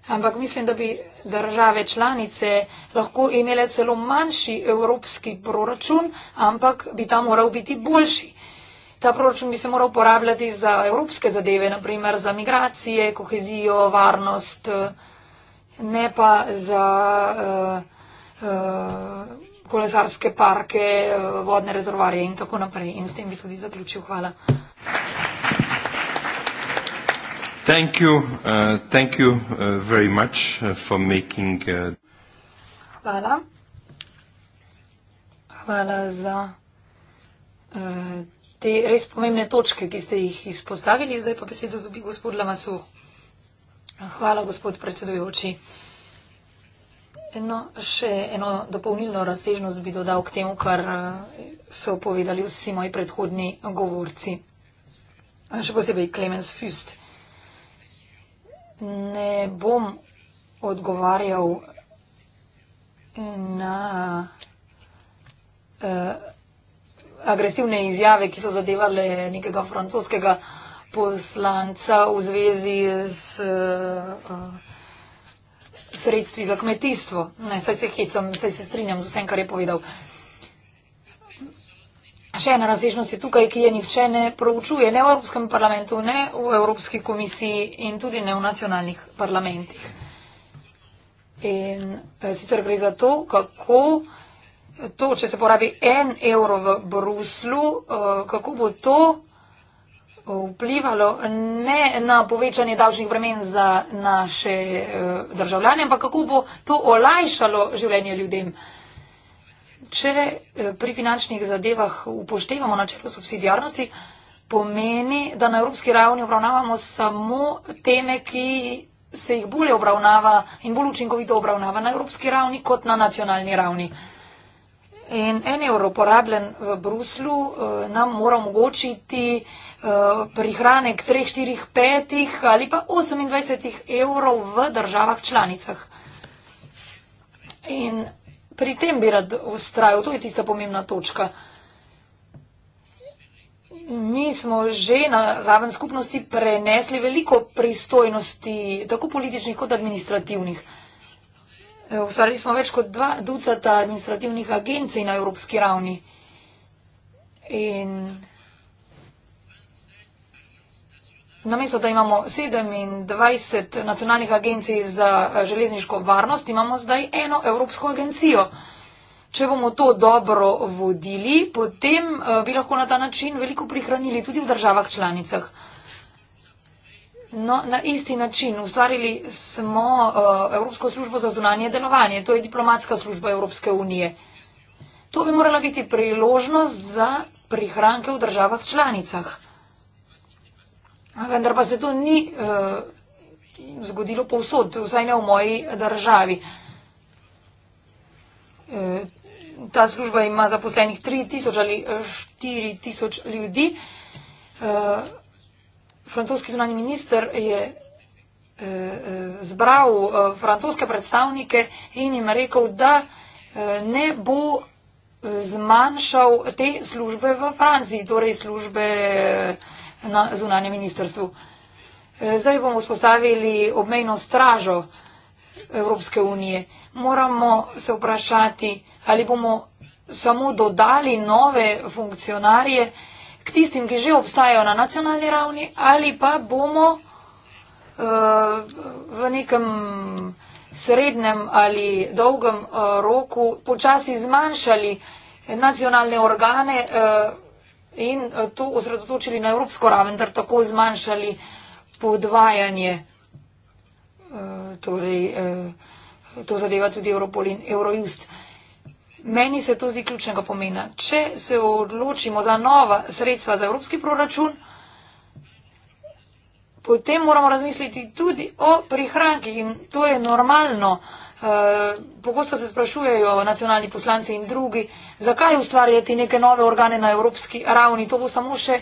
Ampak mislim, da bi države članice lahko imele celo manjši evropski proračun, ampak bi ta moral biti boljši. Ta proračun bi se moral uporabljati za evropske zadeve, naprimer za migracije, kohezijo, varnost, eh, ne pa za. Uh, uh, kolesarske parke, vodne rezervoarje in tako naprej. In s tem bi tudi zaključil. Hvala. Thank you, uh, thank you uh, very much uh, for making. Uh... Hvala. Hvala za uh, te res pomembne točke, ki ste jih izpostavili. Zdaj pa besedo dobi gospod Lamasu. Hvala, gospod predsedujoči. No, še eno dopolnilno razsežnost bi dodal k temu, kar eh, so povedali vsi moji predhodni govorci. Še posebej Clemens Fust. Ne bom odgovarjal na uh, agresivne izjave, ki so zadevale nekega francoskega poslanca v zvezi z. Uh, sredstvi za kmetijstvo. Ne, saj se hecam, saj se strinjam z vsem, kar je povedal. Še ena razrešnost je tukaj, ki je nihče ne proučuje, ne v Evropskem parlamentu, ne v Evropski komisiji in tudi ne v nacionalnih parlamentih. In eh, sicer gre za to, kako to, če se porabi en evro v Bruslu, eh, kako bo to vplivalo ne na povečanje davčnih bremen za naše eh, državljane, ampak kako bo to olajšalo življenje ljudem. Če eh, pri finančnih zadevah upoštevamo načelo subsidijarnosti, pomeni, da na evropski ravni obravnavamo samo teme, ki se jih bolje obravnava in bolj učinkovito obravnava na evropski ravni kot na nacionalni ravni. In en evro porabljen v Bruslu eh, nam mora omogočiti Eh, prihranek 3, 4, 5 ali pa 28 evrov v državah članicah. In pri tem bi rad ustrajal, to je tista pomembna točka. Mi smo že na raven skupnosti prenesli veliko pristojnosti, tako političnih kot administrativnih. Eh, ustvarili smo več kot dva ducata administrativnih agencij na evropski ravni. In Namesto, da imamo 27 nacionalnih agencij za eh, železniško varnost, imamo zdaj eno evropsko agencijo. Če bomo to dobro vodili, potem eh, bi lahko na ta način veliko prihranili tudi v državah članicah. No, na isti način ustvarili smo eh, Evropsko službo za zunanje delovanje, to je diplomatska služba Evropske unije. To bi morala biti priložnost za prihranke v državah članicah. Vendar pa se to ni uh, zgodilo povsod, vsaj ne v moji državi. Eh, ta služba ima zaposlenih 3000 ali 4000 eh, ljudi. Francoski zunani minister je zbral francoske predstavnike in jim rekel, da ne bo zmanjšal te službe v Franciji, torej službe na zunanjem ministrstvu. E, zdaj bomo vzpostavili obmejno stražo Evropske unije. Moramo se vprašati, ali bomo samo dodali nove funkcionarje k tistim, ki že obstajajo na nacionalni ravni, ali pa bomo uh, v nekem srednjem ali dolgem uh, roku počasi zmanjšali nacionalne organe. Uh, in eh, to osredotočili na evropsko raven, ter tako zmanjšali podvajanje. Eh, torej, eh, to zadeva tudi Europol in Eurojust. Meni se to zdi ključnega pomena. Če se odločimo za nova sredstva za evropski proračun, potem moramo razmisliti tudi o prihrankih in to je normalno. Eh, pogosto se sprašujejo nacionalni poslanci in drugi, zakaj ustvarjati neke nove organe na evropski ravni. To bo samo še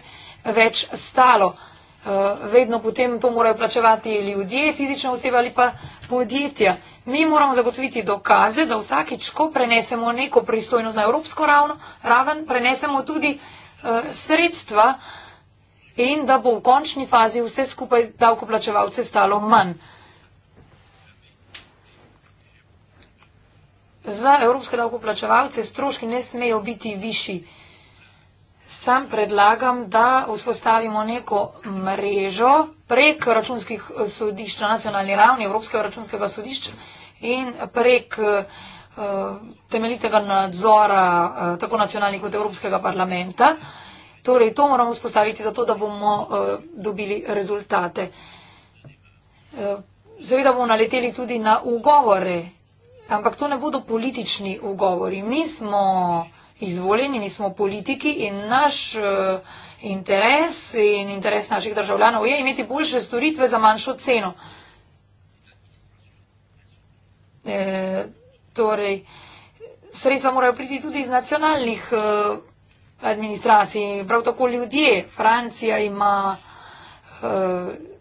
več stalo. Eh, vedno potem to morajo plačevati ljudje, fizične osebe ali pa podjetja. Mi moramo zagotoviti dokaze, da vsakič, ko prenesemo neko pristojnost na evropsko ravno, raven, prenesemo tudi eh, sredstva in da bo v končni fazi vse skupaj davkoplačevalce stalo manj. za evropske davkoplačevalce stroški ne smejo biti višji. Sam predlagam, da vzpostavimo neko mrežo prek računskih eh, sodišč na nacionalni ravni, Evropskega računskega sodišča in prek uh, temeljitega nadzora uh, tako nacionalnih kot Evropskega parlamenta. Torej, to moramo vzpostaviti zato, da bomo uh, dobili rezultate. Uh, seveda bomo naleteli tudi na ugovore Ampak to ne bodo politični ugovori. Mi smo izvoljeni, mi smo politiki in naš eh, interes in interes naših državljanov je imeti boljše storitve za manjšo ceno. E, torej, sredstva morajo priti tudi iz nacionalnih eh, administracij, prav tako ljudje. Francija ima. E,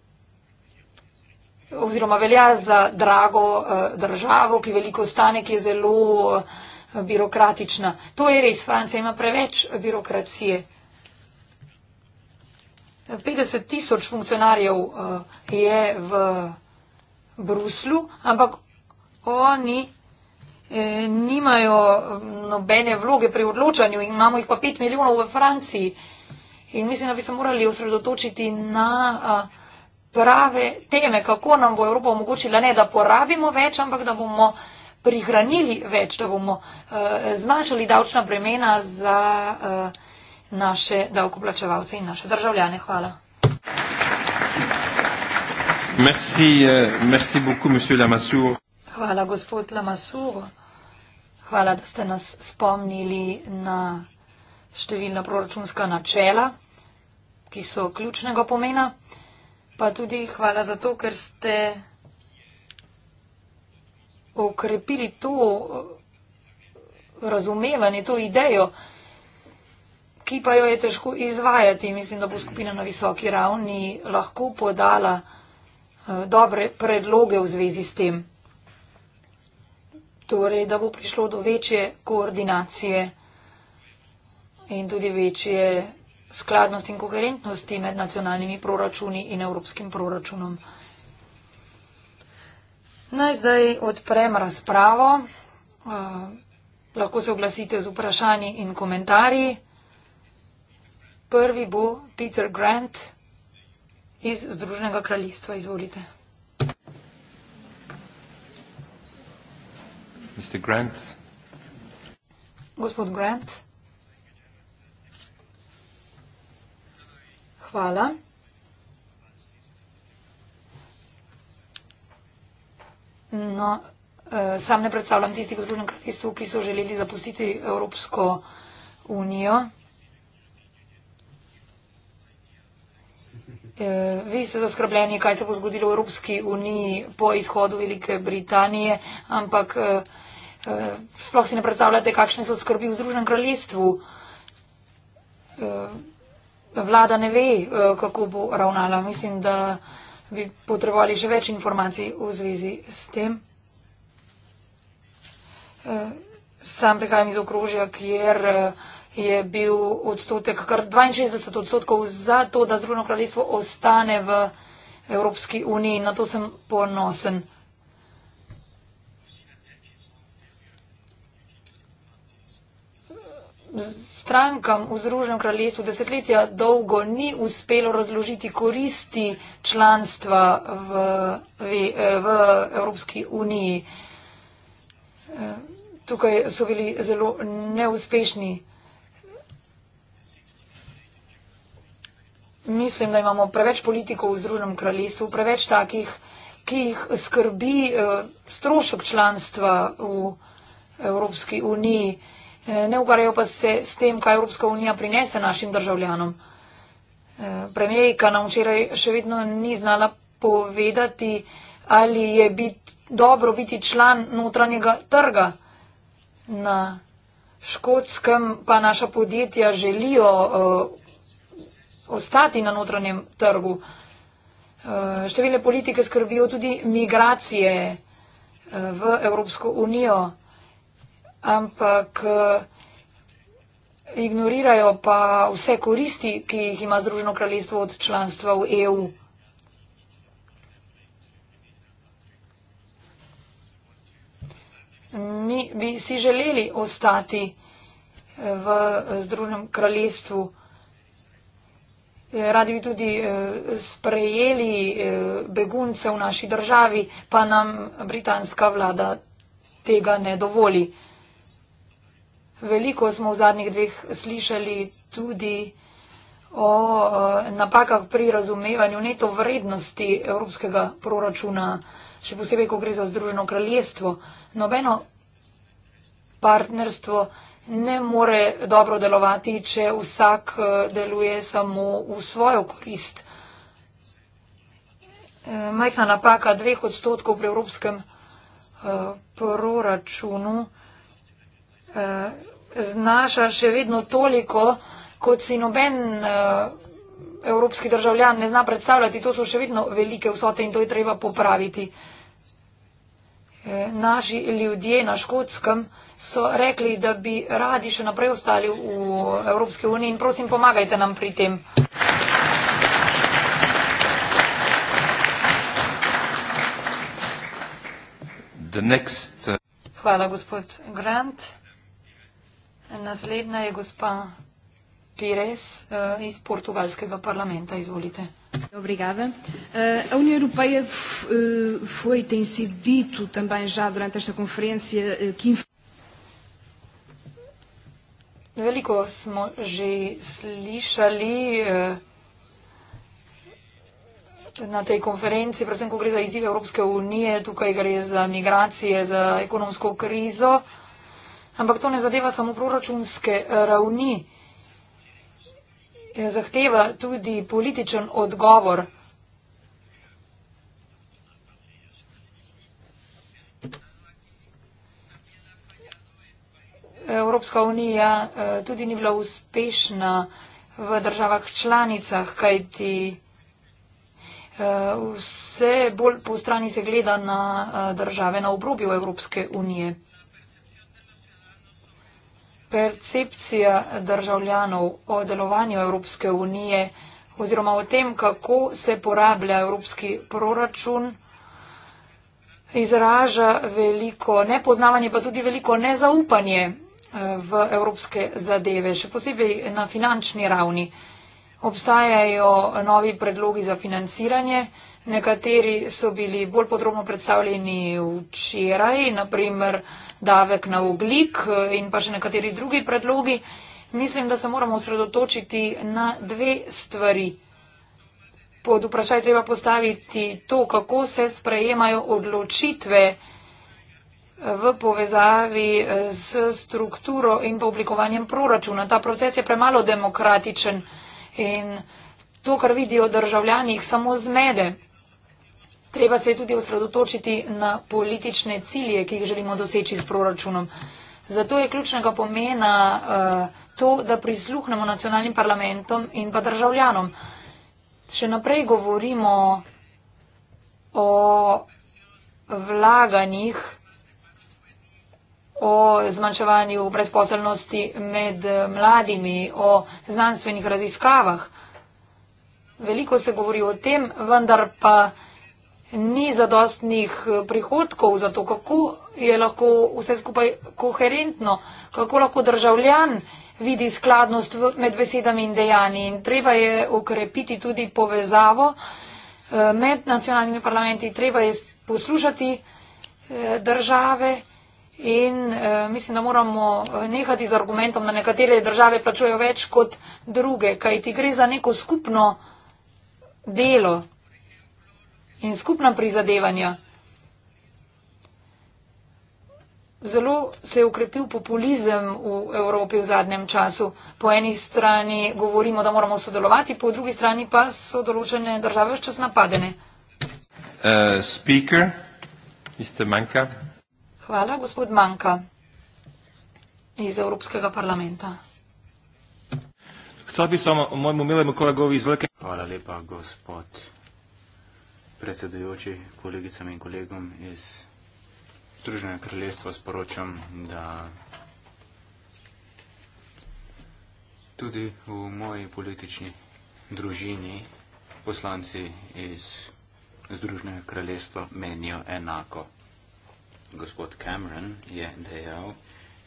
oziroma velja za drago eh, državo, ki veliko stane, ki je zelo eh, birokratična. To je res, Francija ima preveč birokracije. 50 tisoč funkcionarjev eh, je v Bruslu, ampak oni nimajo mm, nobene vloge pri odločanju in imamo jih pa 5 milijonov v Franciji. In mislim, da bi se morali osredotočiti na. Uh, prave teme, kako nam bo Evropa omogočila ne, da porabimo več, ampak da bomo prihranili več, da bomo uh, zmanjšali davčna bremena za uh, naše davkoplačevalce in naše državljane. Hvala. Merci, eh, merci beaucoup, hvala, gospod Lamassur. Hvala, da ste nas spomnili na številna proračunska načela, ki so ključnega pomena. Pa tudi hvala za to, ker ste okrepili to razumevanje, to idejo, ki pa jo je težko izvajati. Mislim, da bo skupina na visoki ravni lahko podala eh, dobre predloge v zvezi s tem. Torej, da bo prišlo do večje koordinacije in tudi večje skladnost in koherentnosti med nacionalnimi proračuni in evropskim proračunom. Naj zdaj odprem razpravo. Uh, lahko se oglasite z vprašanji in komentarji. Prvi bo Peter Grant iz Združenega kraljestva. Izvolite. Mr. Grant. Gospod Grant. Hvala. No, eh, sam ne predstavljam tistih v družnem kraljestvu, ki so želeli zapustiti Evropsko unijo. Eh, vi ste zaskrbljeni, kaj se bo zgodilo v Evropski uniji po izhodu Velike Britanije, ampak eh, sploh si ne predstavljate, kakšne so skrbi v Združenem kraljestvu vlada ne ve, eh, kako bo ravnala. Mislim, da bi potrebovali še več informacij v zvezi s tem. Eh, sam prihajam iz okrožja, kjer eh, je bil odstotek kar 62 odstotkov za to, da Združeno kraljestvo ostane v Evropski uniji. Na to sem ponosen. strankam v Združenem kraljestvu desetletja dolgo ni uspelo razložiti koristi članstva v, v, v Evropski uniji. Eh, tukaj so bili zelo neuspešni. Mislim, da imamo preveč politikov v Združenem kraljestvu, preveč takih, ki jih skrbi eh, strošek članstva v Evropski uniji. Eh, ne ukvarjajo pa se s tem, kaj Evropska unija prinese našim državljanom. Eh, Premijejka nam včeraj še vedno ni znala povedati, ali je bit, dobro biti član notranjega trga na škotskem, pa naša podjetja želijo uh, ostati na notranjem trgu. Uh, številne politike skrbijo tudi migracije uh, v Evropsko unijo ampak eh, ignorirajo pa vse koristi, ki jih ima Združeno kraljestvo od članstva v EU. Mi bi si želeli ostati eh, v Združenem kraljestvu. Eh, radi bi tudi sprejeli begunce v naši državi, pa nam britanska vlada tega ne dovoli. Veliko smo v zadnjih dveh slišali tudi o eh, napakah pri razumevanju neto vrednosti evropskega proračuna, še posebej, ko gre za Združeno kraljestvo. Nobeno partnerstvo ne more dobro delovati, če vsak eh, deluje samo v svojo korist. Eh, majhna napaka dveh odstotkov pri evropskem proračunu znaša še vedno toliko, kot si noben eh, evropski državljan ne zna predstavljati. To so še vedno velike vsote in to je treba popraviti. Eh, naši ljudje na škotskem so rekli, da bi radi še naprej ostali v Evropski uniji in prosim, pomagajte nam pri tem. Next, uh... Hvala, gospod Grant. Naslednja je gospa Pires eh, iz portugalskega parlamenta. Izvolite. Obrigada. Eh, a União Europeia eh, foi, tem sido dito também já durante esta conferência, que. Veliko smo že slišali na tej konferenci, predvsem ko gre za izzive Evropske unije, tukaj gre za migracije, za ekonomsko krizo. Ampak to ne zadeva samo proračunske eh, ravni, eh, zahteva tudi političen odgovor. Evropska unija eh, tudi ni bila uspešna v državah članicah, kajti vse bolj po strani se gleda na države na obrobju Evropske unije percepcija državljanov o delovanju Evropske unije oziroma o tem, kako se porablja evropski proračun, izraža veliko nepoznavanje, pa tudi veliko nezaupanje eh, v evropske zadeve, še posebej na finančni ravni. Obstajajo novi predlogi za financiranje. Nekateri so bili bolj podrobno predstavljeni včeraj, naprimer davek na oglik eh, in pa še nekateri drugi predlogi. Mislim, da se moramo osredotočiti na dve stvari. Pod vprašaj treba postaviti to, kako se sprejemajo odločitve eh, v povezavi eh, s strukturo in pa oblikovanjem proračuna. Ta proces je premalo demokratičen in to, kar vidijo državljani, jih samo zmede. Treba se je tudi osredotočiti na politične cilje, ki jih želimo doseči s proračunom. Zato je ključnega pomena eh, to, da prisluhnemo nacionalnim parlamentom in pa državljanom. Še naprej govorimo o vlaganjih, o zmanjševanju brezposelnosti med eh, mladimi, o znanstvenih raziskavah. Veliko se govori o tem, vendar pa ni zadostnih eh, prihodkov za to, kako je lahko vse skupaj koherentno, kako lahko državljan vidi skladnost med besedami in dejanji. In treba je ukrepiti tudi povezavo eh, med nacionalnimi parlamenti, treba je poslušati eh, države in mislim, da moramo nehati z argumentom, da nekatere države plačujejo več kot druge, kajti gre za neko skupno delo in skupna prizadevanja. Zelo se je ukrepil populizem v Evropi v zadnjem času. Po eni strani govorimo, da moramo sodelovati, po drugi strani pa so določene države v čas napadene. Uh, speaker, Manka. Hvala, gospod Manka iz Evropskega parlamenta. Hvala lepa, gospod predsedujoči, kolegicam in kolegom iz Združenega kraljestva sporočam, da tudi v moji politični družini poslanci iz Združenega kraljestva menijo enako. Gospod Cameron je dejal,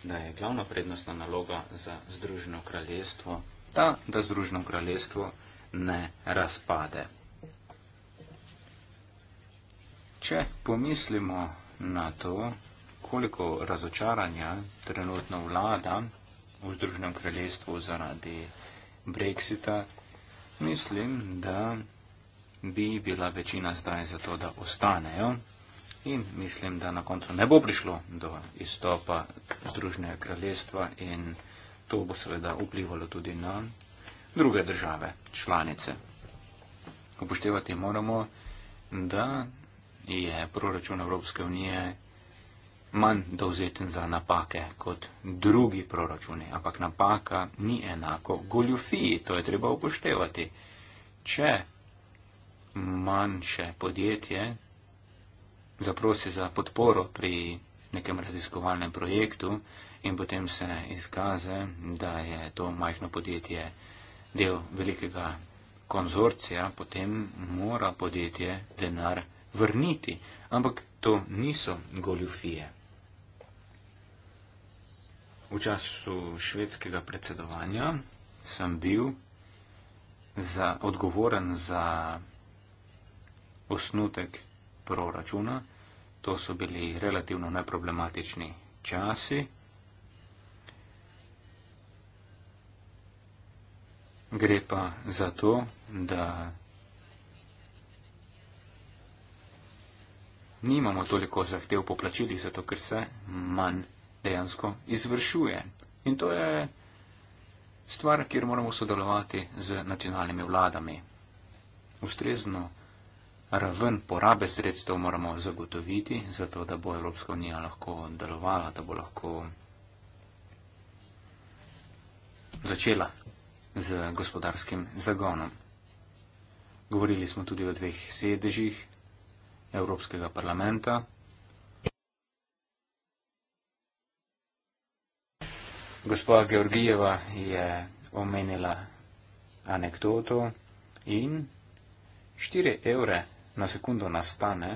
da je glavna prednostna naloga za Združeno kraljestvo ta, da Združeno kraljestvo ne razpade. Če pomislimo na to, koliko razočaranja trenutno vlada v Združenem kraljestvu zaradi Brexita, mislim, da bi bila večina zdaj za to, da ostanejo. In mislim, da na koncu ne bo prišlo do izstopa Združenega kraljestva in to bo seveda vplivalo tudi na druge države, članice. Upoštevati moramo, da je proračun Evropske unije manj dovzeten za napake kot drugi proračuni. Ampak napaka ni enako goljufiji, to je treba upoštevati. Če manjše podjetje zaprosi za podporo pri nekem raziskovalnem projektu in potem se izkaze, da je to majhno podjetje del velikega konzorcija, potem mora podjetje denar vrniti, ampak to niso goljufije. V času švedskega predsedovanja sem bil za, odgovoren za osnutek proračuna. To so bili relativno neproblematični časi. Gre pa za to, da nimamo toliko zahtev po plačilih, zato ker se manj dejansko izvršuje. In to je stvar, kjer moramo sodelovati z nacionalnimi vladami. Ustrezno raven porabe sredstev moramo zagotoviti, zato da bo Evropska unija lahko delovala, da bo lahko začela z gospodarskim zagonom. Govorili smo tudi o dveh sedežih Evropskega parlamenta. Gospa Georgijeva je omenila anekdoto in 4 evre na sekundo nastane,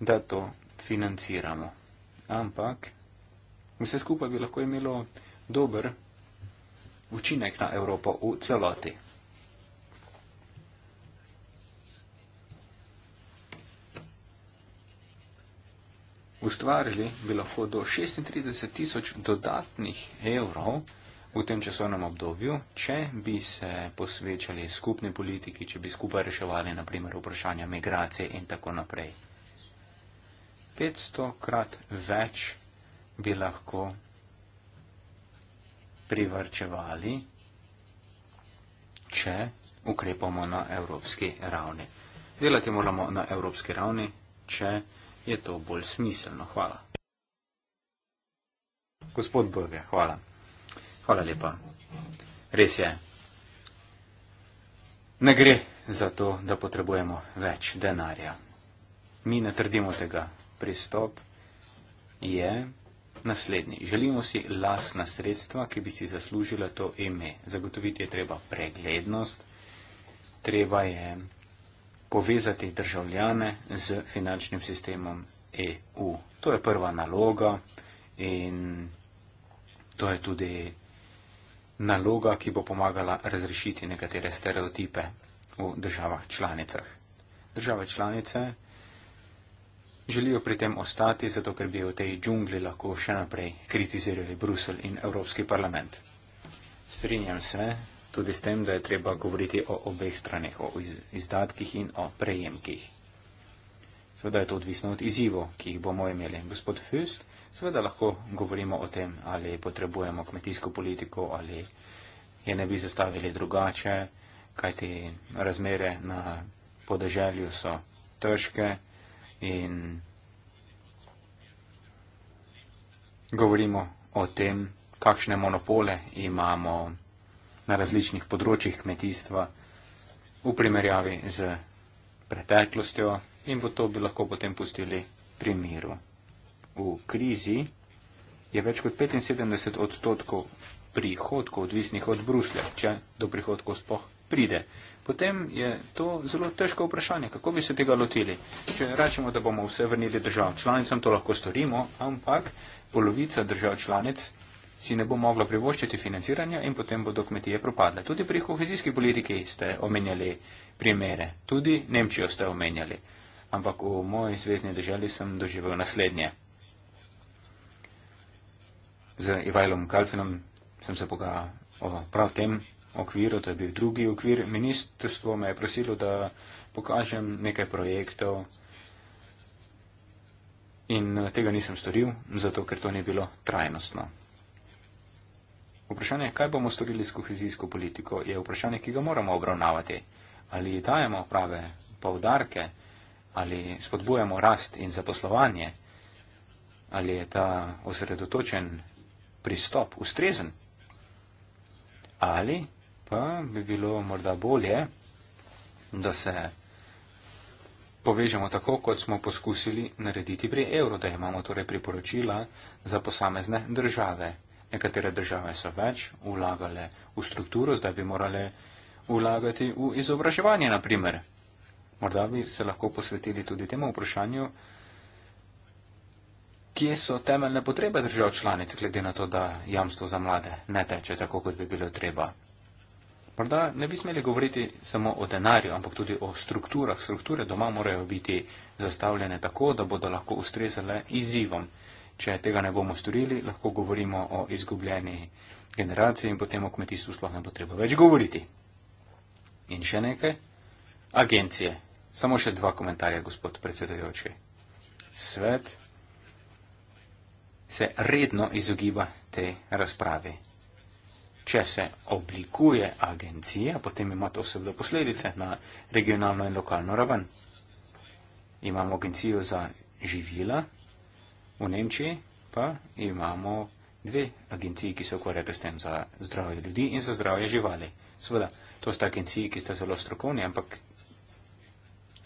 da to financiramo. Ampak vse skupaj bi lahko imelo dober učinek na Evropo v celoti. ustvarili bi lahko do 36 tisoč dodatnih evrov v tem časovnem obdobju, če bi se posvečali skupni politiki, če bi skupaj reševali naprimer vprašanja migracije in tako naprej. 500 krat več bi lahko privrčevali, če ukrepamo na evropski ravni. Delati moramo na evropski ravni, če je to bolj smiselno. Hvala. Gospod Brge, hvala. Hvala lepa. Res je. Ne gre za to, da potrebujemo več denarja. Mi ne trdimo tega. Pristop je naslednji. Želimo si lasna sredstva, ki bi si zaslužila to ime. Zagotoviti je treba preglednost, treba je povezati državljane z finančnim sistemom EU. To je prva naloga in to je tudi naloga, ki bo pomagala razrešiti nekatere stereotipe v državah članicah. Države članice želijo pri tem ostati, zato ker bi v tej džungli lahko še naprej kritizirali Brusel in Evropski parlament. Strinjam se, tudi s tem, da je treba govoriti o obeh stranih, o izdatkih in o prejemkih. Seveda je to odvisno od izzivov, ki jih bomo imeli. Gospod Füst, seveda lahko govorimo o tem, ali potrebujemo kmetijsko politiko, ali je ne bi zastavili drugače, kajti razmere na podeželju so težke in govorimo o tem, kakšne monopole imamo na različnih področjih kmetijstva v primerjavi z preteklostjo in v to bi lahko potem pustili pri miru. V krizi je več kot 75 odstotkov prihodkov odvisnih od Bruslja, če do prihodkov spoh pride. Potem je to zelo težko vprašanje, kako bi se tega lotili. Če rečemo, da bomo vse vrnili državam članicam, to lahko storimo, ampak polovica držav članic si ne bo moglo privoščiti financiranja in potem bodo kmetije propadle. Tudi pri kohezijski politiki ste omenjali primere, tudi Nemčijo ste omenjali, ampak v moji zvezdni državi sem doživel naslednje. Z Ivajlom Kalfinom sem se pogajal o prav tem okviru, to je bil drugi okvir. Ministrstvo me je prosilo, da pokažem nekaj projektov in tega nisem storil, zato ker to ni bilo trajnostno. Vprašanje, kaj bomo storili s kohezijsko politiko, je vprašanje, ki ga moramo obravnavati. Ali dajemo prave povdarke, ali spodbujamo rast in zaposlovanje, ali je ta osredotočen pristop ustrezen, ali pa bi bilo morda bolje, da se povežemo tako, kot smo poskusili narediti pri evro, da imamo torej priporočila za posamezne države. Nekatere države so več vlagale v strukturo, zdaj bi morale vlagati v izobraževanje, naprimer. Morda bi se lahko posvetili tudi temu vprašanju, kje so temeljne potrebe držav članic, glede na to, da jamstvo za mlade ne teče tako, kot bi bilo treba. Morda ne bi smeli govoriti samo o denarju, ampak tudi o strukturah. Strukture doma morajo biti zastavljene tako, da bodo lahko ustrezale izzivom če tega ne bomo storili, lahko govorimo o izgubljeni generaciji in potem o kmetijstvu sploh ne bo treba več govoriti. In še nekaj. Agencije. Samo še dva komentarja, gospod predsedujoči. Svet se redno izogiba tej razpravi. Če se oblikuje agencija, potem ima to seveda posledice na regionalno in lokalno raven. Imamo agencijo za živila, V Nemčiji pa imamo dve agenciji, ki se ukvarjata s tem za zdravje ljudi in za zdravje živali. Sveda, to sta agenciji, ki sta zelo strokovni, ampak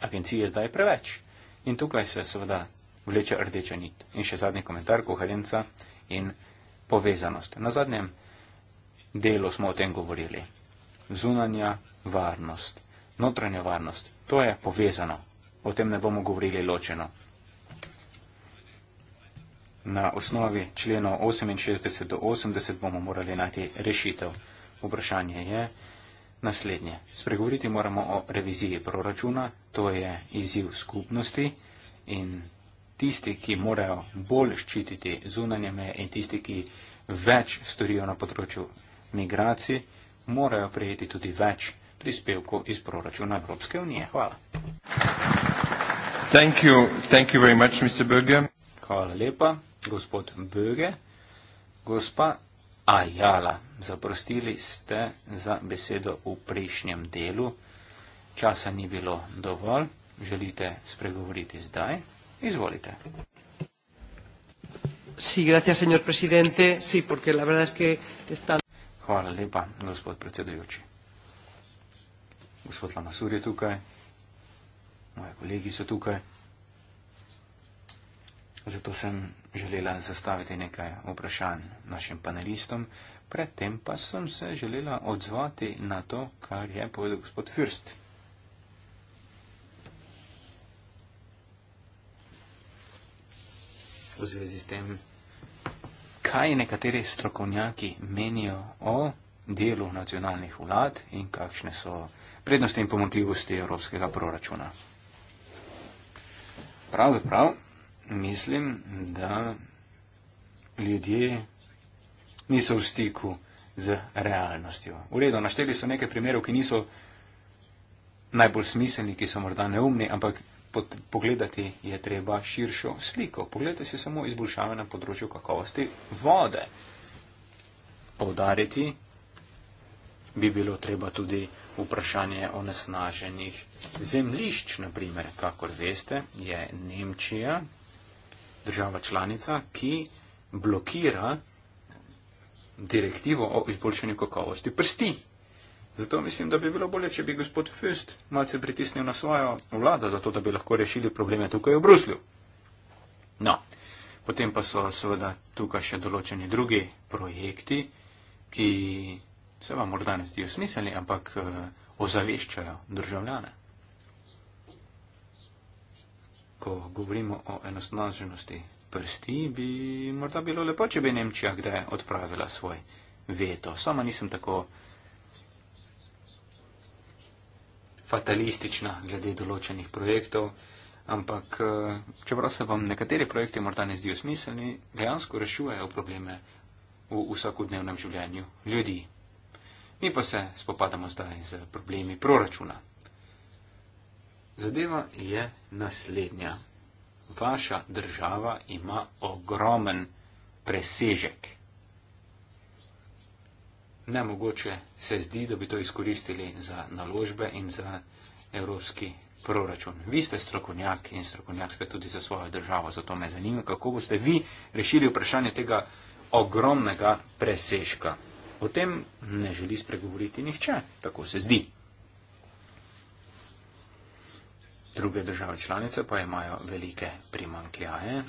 agencije je zdaj preveč. In tukaj se seveda vleče rdeča nit. In še zadnji komentar, koherenca in povezanost. Na zadnjem delu smo o tem govorili. Zunanja varnost, notranja varnost, to je povezano. O tem ne bomo govorili ločeno. Na osnovi členov 68 do 80 bomo morali najti rešitev. Vprašanje je naslednje. Spregovoriti moramo o reviziji proračuna, to je izziv skupnosti in tisti, ki morajo bolj ščititi zunanje meje in tisti, ki več storijo na področju migracij, morajo prejeti tudi več prispevkov iz proračuna Evropske unije. Hvala. Thank you. Thank you very much, Mr. Berger. Hvala lepa, gospod Böge. Gospa Ajala, zaprostili ste za besedo v prejšnjem delu. Časa ni bilo dovolj. Želite spregovoriti zdaj? Izvolite. Sí, gracias, señor presidente. Sí, porque la verdad es que está. Hvala lepa, gospod predsedujoči. Gospod Lamasur je tukaj, moje kolegi so tukaj. Zato sem želela zastaviti nekaj vprašanj našim panelistom. Predtem pa sem se želela odzvati na to, kar je povedal gospod Fürst. V zvezi s tem, kaj nekateri strokovnjaki menijo o delu nacionalnih vlad in kakšne so prednosti in pomotljivosti evropskega proračuna. Pravzaprav. Prav mislim, da ljudje niso v stiku z realnostjo. V redu, našteli so nekaj primerov, ki niso najbolj smiselni, ki so morda neumni, ampak pogledati je treba širšo sliko. Poglejte si samo izboljšave na področju kakovosti vode. Povdariti bi bilo treba tudi vprašanje o nesnaženih zemljišč, naprimer, kakor veste, je Nemčija država članica, ki blokira direktivo o izboljšanju kakovosti prsti. Zato mislim, da bi bilo bolje, če bi gospod Füst malce pritisnil na svojo vlado, zato da bi lahko rešili probleme tukaj v Bruslju. No, potem pa so seveda tukaj še določeni drugi projekti, ki se vam morda ne zdijo smiselni, ampak eh, ozaveščajo državljane ko govorimo o enosnaženosti prsti, bi morda bilo lepo, če bi Nemčija kdaj odpravila svoj veto. Sama nisem tako fatalistična glede določenih projektov, ampak eh, čeprav se vam nekateri projekti morda ne zdijo smiselni, dejansko rešujejo probleme v vsakodnevnem življenju ljudi. Mi pa se spopadamo zdaj z problemi proračuna. Zadeva je naslednja. Vaša država ima ogromen presežek. Nemogoče se zdi, da bi to izkoristili za naložbe in za evropski proračun. Vi ste strokovnjak in strokovnjak ste tudi za svojo državo, zato me zanima, kako boste vi rešili vprašanje tega ogromnega presežka. O tem ne želi spregovoriti nihče, tako se zdi. Druge države članice pa imajo velike primankljaje,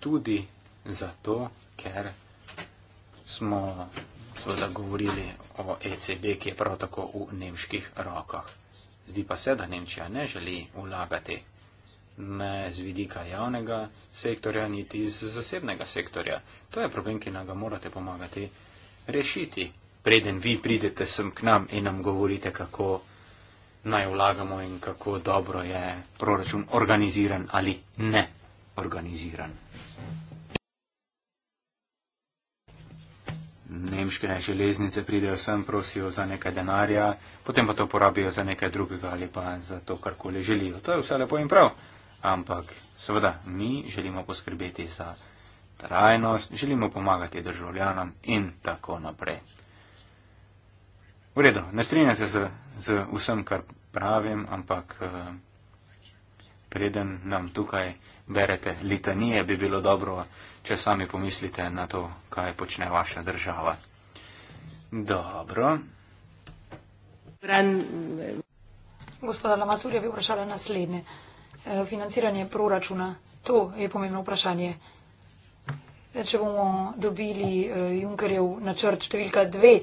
tudi zato, ker smo seveda govorili o ECB, ki je prav tako v nemških rokah. Zdi pa se, da Nemčija ne želi vlagati ne z vidika javnega sektorja, niti iz zasebnega sektorja. To je problem, ki nam ga morate pomagati rešiti. Preden vi pridete sem k nam in nam govorite, kako naj vlagamo in kako dobro je proračun organiziran ali ne organiziran. Nemške železnice pridejo sem, prosijo za nekaj denarja, potem pa to porabijo za nekaj drugega ali pa za to, kar koli želijo. To je vse lepo in prav. Ampak seveda, mi želimo poskrbeti za trajnost, želimo pomagati državljanom in tako naprej. V redu, ne strinjate se z, z vsem, kar pravim, ampak eh, preden nam tukaj berete litanije, bi bilo dobro, če sami pomislite na to, kaj počne vaša država. Dobro. Gospoda Lamasulja bi vprašala naslednje. Eh, financiranje proračuna, to je pomembno vprašanje. Eh, če bomo dobili Junkerjev načrt številka dve,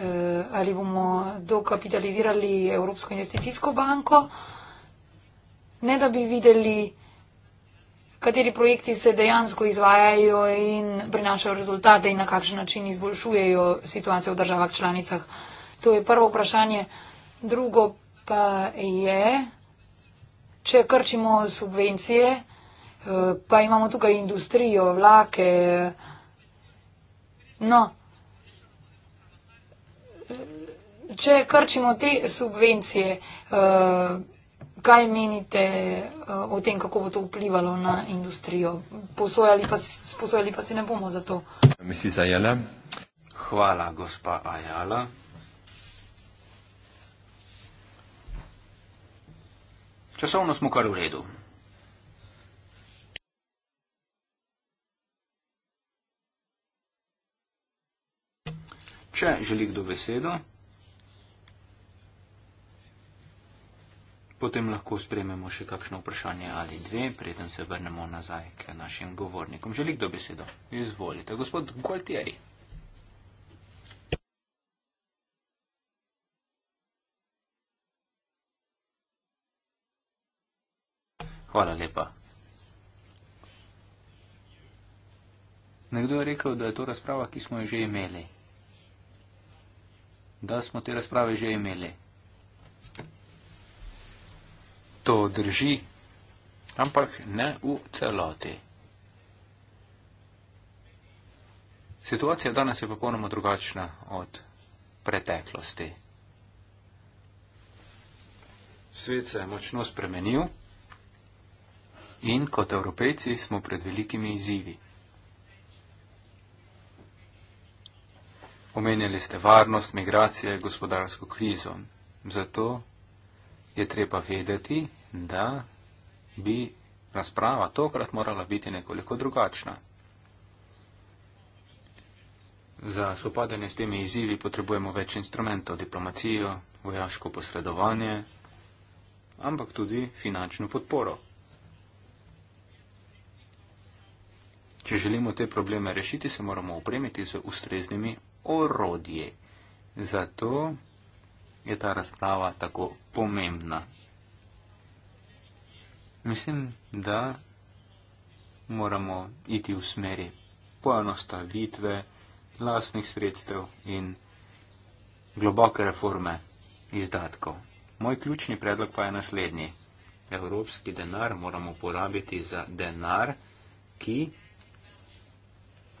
eh, ali bomo dokapitalizirali Evropsko investicijsko banko, ne da bi videli, kateri projekti se dejansko izvajajo in prinašajo rezultate in na kakšen način izboljšujejo situacijo v državah članicah. To je prvo vprašanje. Drugo pa je, če krčimo subvencije, eh, pa imamo tukaj industrijo, vlake. No, če krčimo te subvencije, uh, kaj menite uh, o tem, kako bo to vplivalo na industrijo? Posojali pa, posojali pa se ne bomo za to. Mrs. Ajala. Hvala, gospa Ajala. Časovno smo kar v redu. Če želi kdo besedo. Potem lahko sprememo še kakšno vprašanje ali dve, preden se vrnemo nazaj k našim govornikom. Želi kdo besedo? Izvolite, gospod Gualtieri. Hvala lepa. Nekdo je rekel, da je to razprava, ki smo jo že imeli. Da smo te razprave že imeli to drži, ampak ne v celoti. Situacija danes je popolnoma drugačna od preteklosti. Svet se je močno spremenil in kot evropejci smo pred velikimi izzivi. Omenjali ste varnost, migracije, gospodarsko krizo. Zato je treba vedeti, da bi razprava tokrat morala biti nekoliko drugačna. Za sopadanje s temi izzivi potrebujemo več instrumentov, diplomacijo, vojaško posredovanje, ampak tudi finančno podporo. Če želimo te probleme rešiti, se moramo upremiti z ustreznimi orodje. Zato je ta razprava tako pomembna. Mislim, da moramo iti v smeri poenostavitve lastnih sredstev in globoke reforme izdatkov. Moj ključni predlog pa je naslednji. Evropski denar moramo porabiti za denar, ki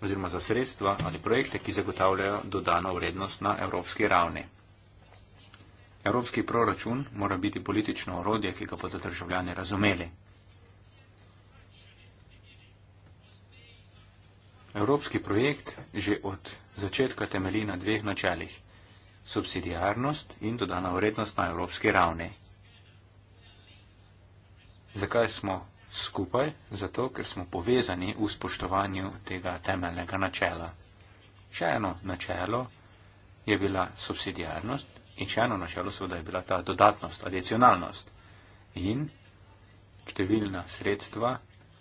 oziroma za sredstva ali projekte, ki zagotavljajo dodano vrednost na evropski ravni. Evropski proračun mora biti politično orodje, ki ga bodo državljani razumeli. Evropski projekt že od začetka temelji na dveh načelih – subsidijarnost in dodana vrednost na evropski ravni. Zakaj smo skupaj? Zato, ker smo povezani v spoštovanju tega temeljnega načela. Še eno načelo je bila subsidijarnost, In še eno načelo seveda je bila ta dodatnost, adicionalnost. In številna sredstva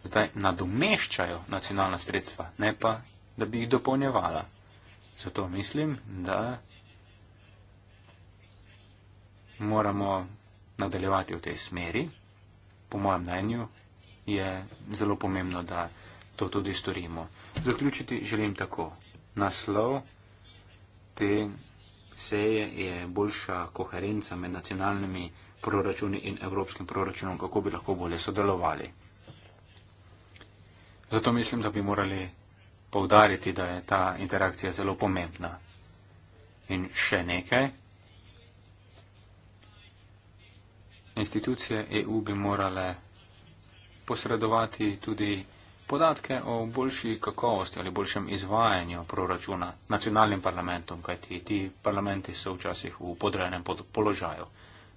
zdaj nadomeščajo nacionalna sredstva, ne pa, da bi jih dopolnjevala. Zato mislim, da moramo nadaljevati v tej smeri. Po mojem mnenju je zelo pomembno, da to tudi storimo. Zaključiti želim tako. Naslov te seje je boljša koherenca med nacionalnimi proračuni in evropskim proračunom, kako bi lahko bolje sodelovali. Zato mislim, da bi morali povdariti, da je ta interakcija zelo pomembna. In še nekaj. Institucije EU bi morale posredovati tudi podatke o boljši kakovosti ali boljšem izvajanju proračuna nacionalnim parlamentom, kajti ti parlamenti so včasih v podrejenem pod položaju.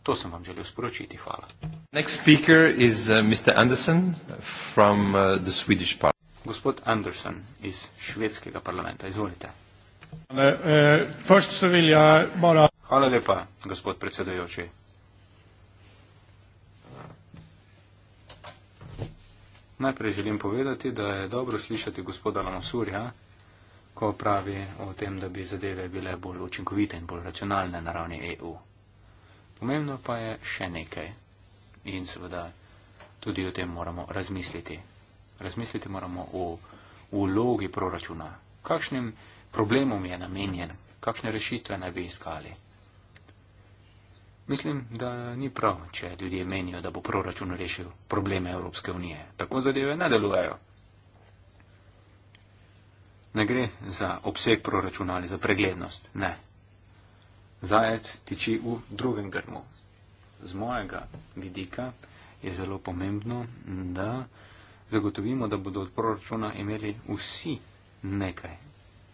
To sem vam želel sporočiti. Hvala. Uh, uh, gospod Anderson iz švedskega parlamenta, izvolite. Uh, Hvala lepa, gospod predsedujoči. Najprej želim povedati, da je dobro slišati gospoda Lamasurja, ko pravi o tem, da bi zadeve bile bolj učinkovite in bolj racionalne na ravni EU. Pomembno pa je še nekaj in seveda tudi o tem moramo razmisliti. Razmisliti moramo o vlogi proračuna, kakšnim problemom je namenjen, kakšne rešitve naj bi iskali. Mislim, da ni prav, če ljudje menijo, da bo proračun rešil probleme Evropske unije. Tako zadeve ne delujejo. Ne gre za obseg proračuna ali za preglednost. Ne. Zajec tiči v drugem grmu. Z mojega vidika je zelo pomembno, da zagotovimo, da bodo od proračuna imeli vsi nekaj.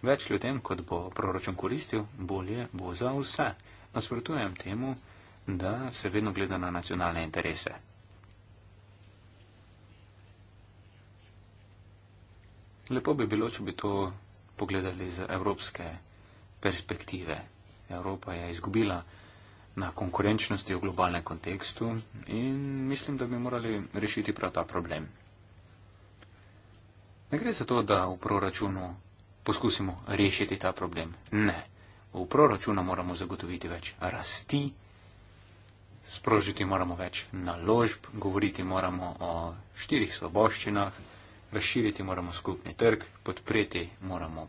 Več ljudem, kot bo proračun koristil, bolje bo za vse. Nasprotujem temu, Da, se vedno gleda na nacionalne interese. Lepo bi bilo, če bi to pogledali z evropske perspektive. Evropa je izgubila na konkurenčnosti v globalnem kontekstu in mislim, da bi morali rešiti prav ta problem. Ne gre za to, da v proračunu poskusimo rešiti ta problem. Ne. V proračuna moramo zagotoviti več rasti sprožiti moramo več naložb, govoriti moramo o štirih svoboščinah, razširiti moramo skupni trg, podpreti moramo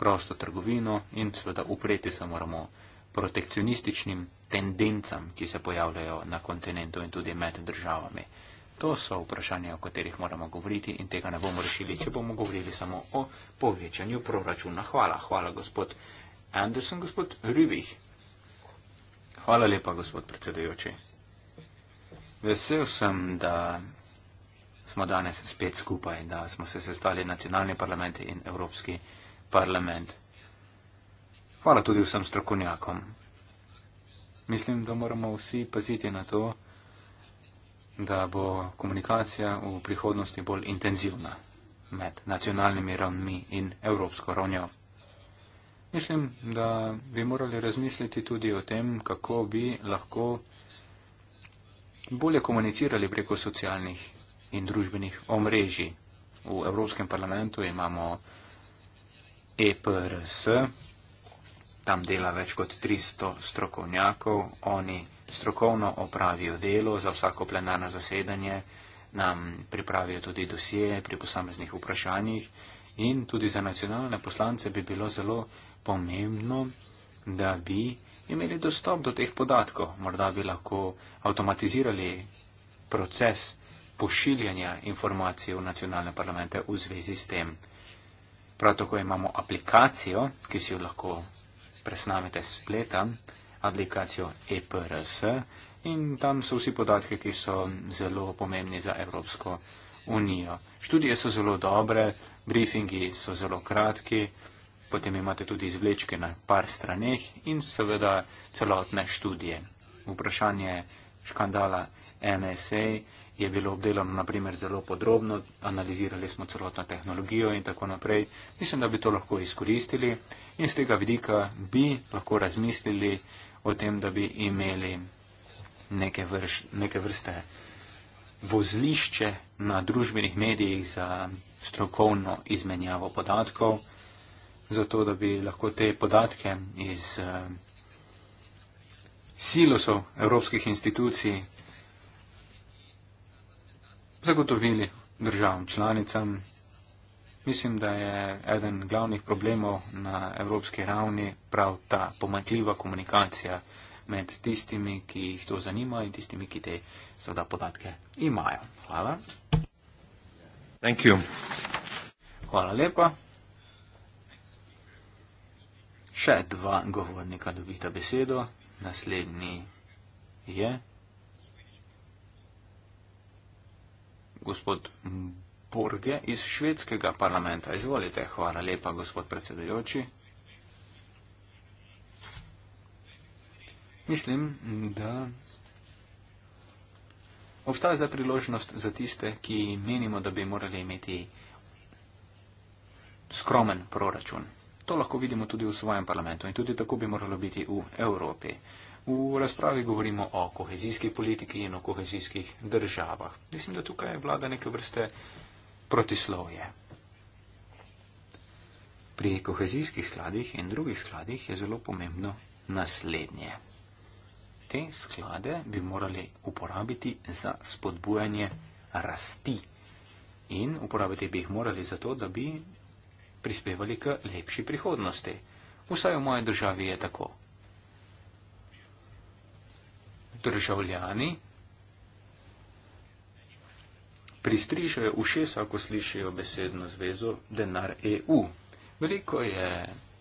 prosto trgovino in seveda upreti se moramo protekcionističnim tendencam, ki se pojavljajo na kontinentu in tudi med državami. To so vprašanja, o katerih moramo govoriti in tega ne bomo rešili, če bomo govorili samo o povečanju proračuna. Hvala, hvala gospod Anderson, gospod Rübih. Hvala lepa, gospod predsedujoči. Vesel sem, da smo danes spet skupaj, da smo se sestali nacionalni parlament in evropski parlament. Hvala tudi vsem strokovnjakom. Mislim, da moramo vsi paziti na to, da bo komunikacija v prihodnosti bolj intenzivna med nacionalnimi ravnmi in evropsko ravnjo. Mislim, da bi morali razmisliti tudi o tem, kako bi lahko bolje komunicirali preko socialnih in družbenih omrežij. V Evropskem parlamentu imamo EPRS, tam dela več kot 300 strokovnjakov, oni strokovno opravijo delo za vsako plenarno zasedanje, nam pripravijo tudi dosije pri posameznih vprašanjih in tudi za nacionalne poslance bi bilo zelo pomembno, da bi imeli dostop do teh podatkov. Morda bi lahko avtomatizirali proces pošiljanja informacij v nacionalne parlamente v zvezi s tem. Prav tako imamo aplikacijo, ki si jo lahko presnamete spleta, aplikacijo EPRS in tam so vsi podatke, ki so zelo pomembni za Evropsko unijo. Študije so zelo dobre, briefingi so zelo kratki potem imate tudi izvlečke na par straneh in seveda celotne študije. Vprašanje škandala NSA je bilo obdelano naprimer zelo podrobno, analizirali smo celotno tehnologijo in tako naprej. Mislim, da bi to lahko izkoristili in z tega vidika bi lahko razmislili o tem, da bi imeli neke, vrš, neke vrste vozlišče na družbenih medijih za strokovno izmenjavo podatkov zato da bi lahko te podatke iz uh, silosov evropskih institucij zagotovili državam članicam. Mislim, da je eden glavnih problemov na evropski ravni prav ta pomakljiva komunikacija med tistimi, ki jih to zanima in tistimi, ki te seveda podatke imajo. Hvala. Thank you. Hvala lepa. Še dva govornika dobita besedo. Naslednji je gospod Borge iz švedskega parlamenta. Izvolite. Hvala lepa, gospod predsedajoči. Mislim, da obstaja zdaj priložnost za tiste, ki menimo, da bi morali imeti skromen proračun. To lahko vidimo tudi v svojem parlamentu in tudi tako bi moralo biti v Evropi. V razpravi govorimo o kohezijski politiki in o kohezijskih državah. Mislim, da tukaj vlada neke vrste protislovje. Pri kohezijskih skladih in drugih skladih je zelo pomembno naslednje. Te sklade bi morali uporabiti za spodbujanje rasti in uporabiti bi jih morali zato, da bi prispevali k lepši prihodnosti. Vsaj v moji državi je tako. Državljani pristrižajo ušesa, ko slišijo besedno zvezo denar EU. Veliko je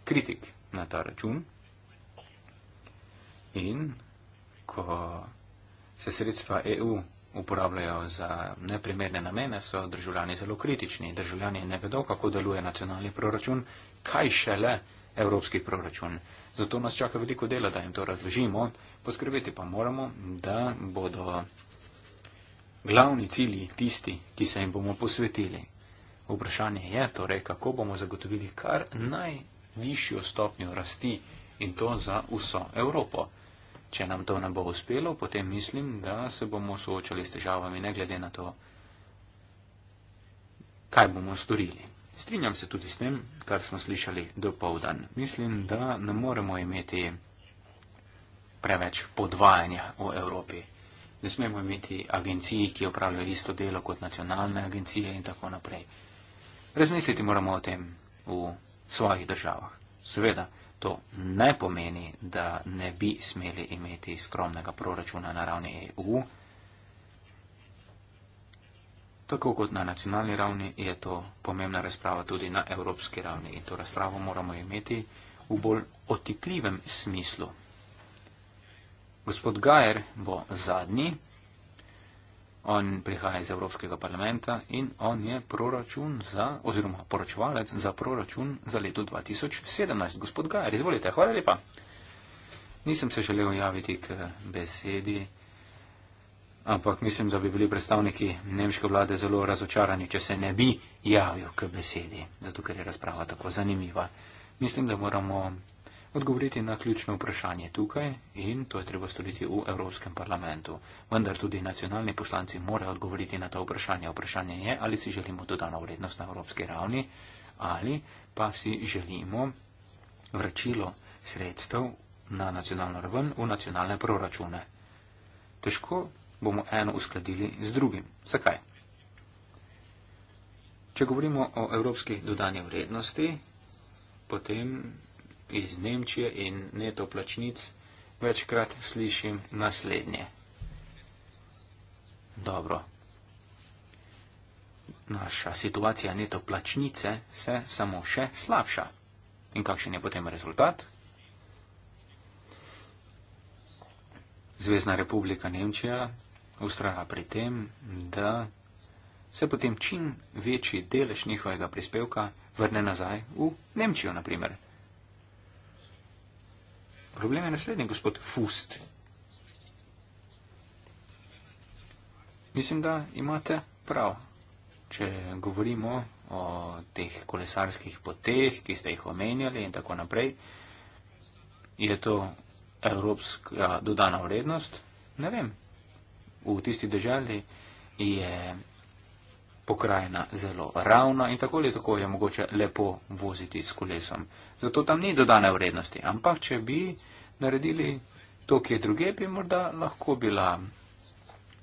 kritik na ta račun in ko se sredstva EU uporabljajo za neprimerne namene, so državljani zelo kritični. Državljani ne vedo, kako deluje nacionalni proračun, kaj šele evropski proračun. Zato nas čaka veliko dela, da jim to razložimo. Poskrbeti pa moramo, da bodo glavni cilji tisti, ki se jim bomo posvetili. Vprašanje je torej, kako bomo zagotovili kar najvišjo stopnjo rasti in to za vso Evropo. Če nam to ne bo uspelo, potem mislim, da se bomo soočali s težavami, ne glede na to, kaj bomo storili. Strinjam se tudi s tem, kar smo slišali do povdan. Mislim, da ne moremo imeti preveč podvajanja v Evropi. Ne smemo imeti agencij, ki opravljajo isto delo kot nacionalne agencije in tako naprej. Razmisliti moramo o tem v svojih državah. Seveda. To ne pomeni, da ne bi smeli imeti skromnega proračuna na ravni EU. Tako kot na nacionalni ravni je to pomembna razprava tudi na evropski ravni in to razpravo moramo imeti v bolj otipljivem smislu. Gospod Gajer bo zadnji. On prihaja iz Evropskega parlamenta in on je proračun za, oziroma poročevalec za proračun za leto 2017. Gospod Gajer, izvolite, hvala lepa. Nisem se želel javiti k besedi, ampak mislim, da bi bili predstavniki nemške vlade zelo razočarani, če se ne bi javil k besedi, zato ker je razprava tako zanimiva. Mislim, da moramo odgovoriti na ključno vprašanje tukaj in to je treba storiti v Evropskem parlamentu. Vendar tudi nacionalni poslanci morajo odgovoriti na to vprašanje. Vprašanje je, ali si želimo dodano vrednost na evropski ravni ali pa si želimo vračilo sredstev na nacionalno raven v nacionalne proračune. Težko bomo eno uskladili z drugim. Zakaj? Če govorimo o evropskih dodanih vrednosti, potem iz Nemčije in neto plačnic večkrat slišim naslednje. Dobro. Naša situacija neto plačnice se samo še slabša. In kakšen je potem rezultat? Zvezdna republika Nemčija ustraja pri tem, da se potem čim večji delež njihovega prispevka vrne nazaj v Nemčijo, naprimer. Problem je naslednji, gospod Fust. Mislim, da imate prav. Če govorimo o teh kolesarskih poteh, ki ste jih omenjali in tako naprej, je to evropska dodana vrednost? Ne vem. V tisti državi je pokrajina zelo ravna in tako ali tako je mogoče lepo voziti s kolesom. Zato tam ni dodane vrednosti. Ampak, če bi naredili to, ki je druge, bi morda lahko bila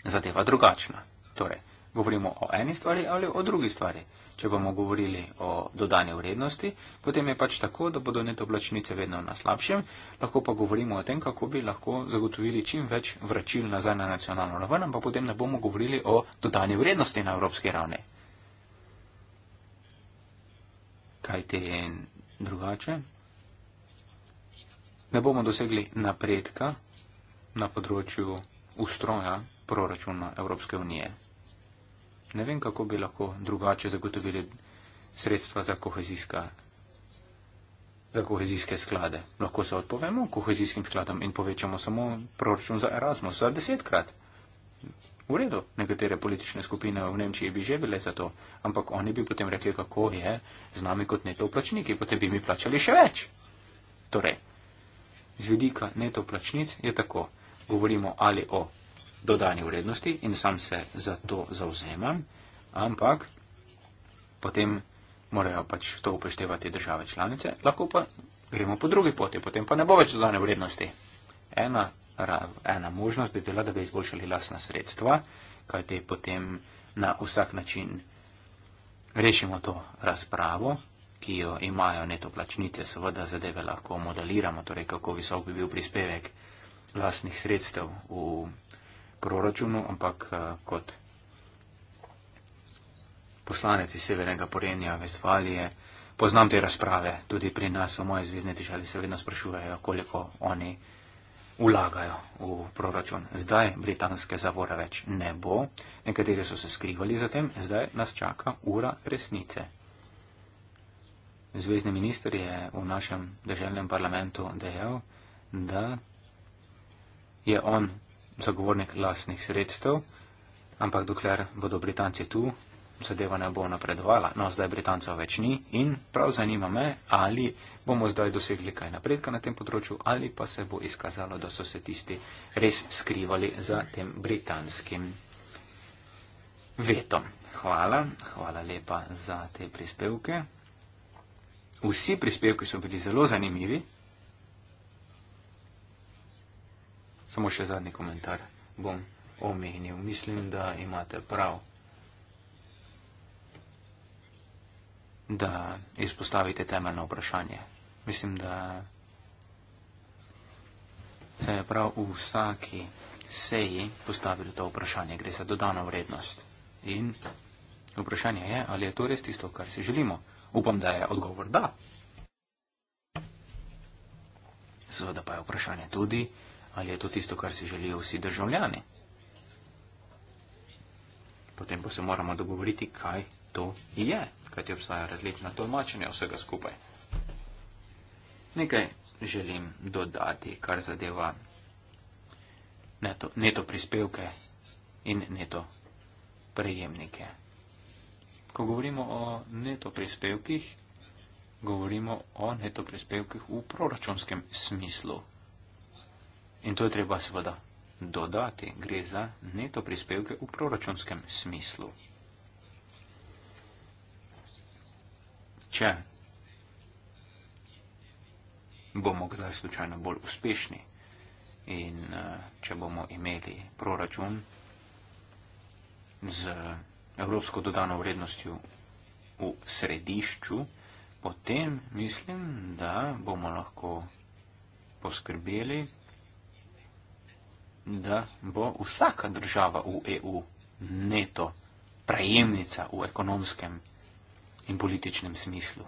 zadeva drugačna. Torej, govorimo o eni stvari ali o drugi stvari če bomo govorili o dodani vrednosti, potem je pač tako, da bodo neto plačnice vedno na slabšem, lahko pa govorimo o tem, kako bi lahko zagotovili čim več vračil nazaj na nacionalno raven, pa potem ne bomo govorili o dodani vrednosti na evropski ravni. Kaj te je drugače? Ne bomo dosegli napredka na področju ustroja proračuna Evropske unije ne vem, kako bi lahko drugače zagotovili sredstva za kohezijska za kohezijske sklade. Lahko se odpovemo kohezijskim skladom in povečamo samo proračun za Erasmus za desetkrat. V redu, nekatere politične skupine v Nemčiji bi že bile za to, ampak oni bi potem rekli, kako je z nami kot neto plačniki, potem bi mi plačali še več. Torej, z vidika neto plačnic je tako. Govorimo ali o dodani vrednosti in sam se za to zauzemam, ampak potem morajo pač to upoštevati države članice, lahko pa gremo po drugi poti, potem pa ne bo več dodane vrednosti. Ena, ena možnost bi bila, da bi izboljšali lasna sredstva, kajte potem na vsak način rešimo to razpravo, ki jo imajo netoplačnice, seveda zadeve lahko modeliramo, torej kako visok bi bil prispevek lastnih sredstev v proračunu, ampak eh, kot poslanec iz Severnega Porenja, Vestfalije, poznam te razprave. Tudi pri nas v moje zvezdne tišali se vedno sprašujejo, koliko oni vlagajo v proračun. Zdaj britanske zavore več ne bo, nekateri so se skrivali za tem, zdaj nas čaka ura resnice. Zvezdni minister je v našem državnem parlamentu dejal, da je on zagovornik lastnih sredstev, ampak dokler bodo Britanci tu, zadeva ne bo napredovala. No, zdaj Britancev več ni in prav zanima me, ali bomo zdaj dosegli kaj napredka na tem področju ali pa se bo izkazalo, da so se tisti res skrivali za tem britanskim vetom. Hvala, hvala lepa za te prispevke. Vsi prispevki so bili zelo zanimivi. Samo še zadnji komentar bom omenil. Mislim, da imate prav, da izpostavite temeljno vprašanje. Mislim, da se je prav v vsaki seji postavilo to vprašanje. Gre za dodano vrednost. In vprašanje je, ali je to res tisto, kar si želimo. Upam, da je odgovor da. Seveda pa je vprašanje tudi, ali je to tisto, kar si želijo vsi državljani. Potem pa se moramo dogovoriti, kaj to je, kajti obstaja različna tolmačenja vsega skupaj. Nekaj želim dodati, kar zadeva neto, neto prispevke in neto prejemnike. Ko govorimo o neto prispevkih, govorimo o neto prispevkih v proračunskem smislu. In to je treba seveda dodati. Gre za neto prispevke v proračunskem smislu. Če bomo kdaj slučajno bolj uspešni in eh, če bomo imeli proračun z evropsko dodano vrednostjo v središču, potem mislim, da bomo lahko poskrbeli da bo vsaka država v EU neto prejemnica v ekonomskem in političnem smislu,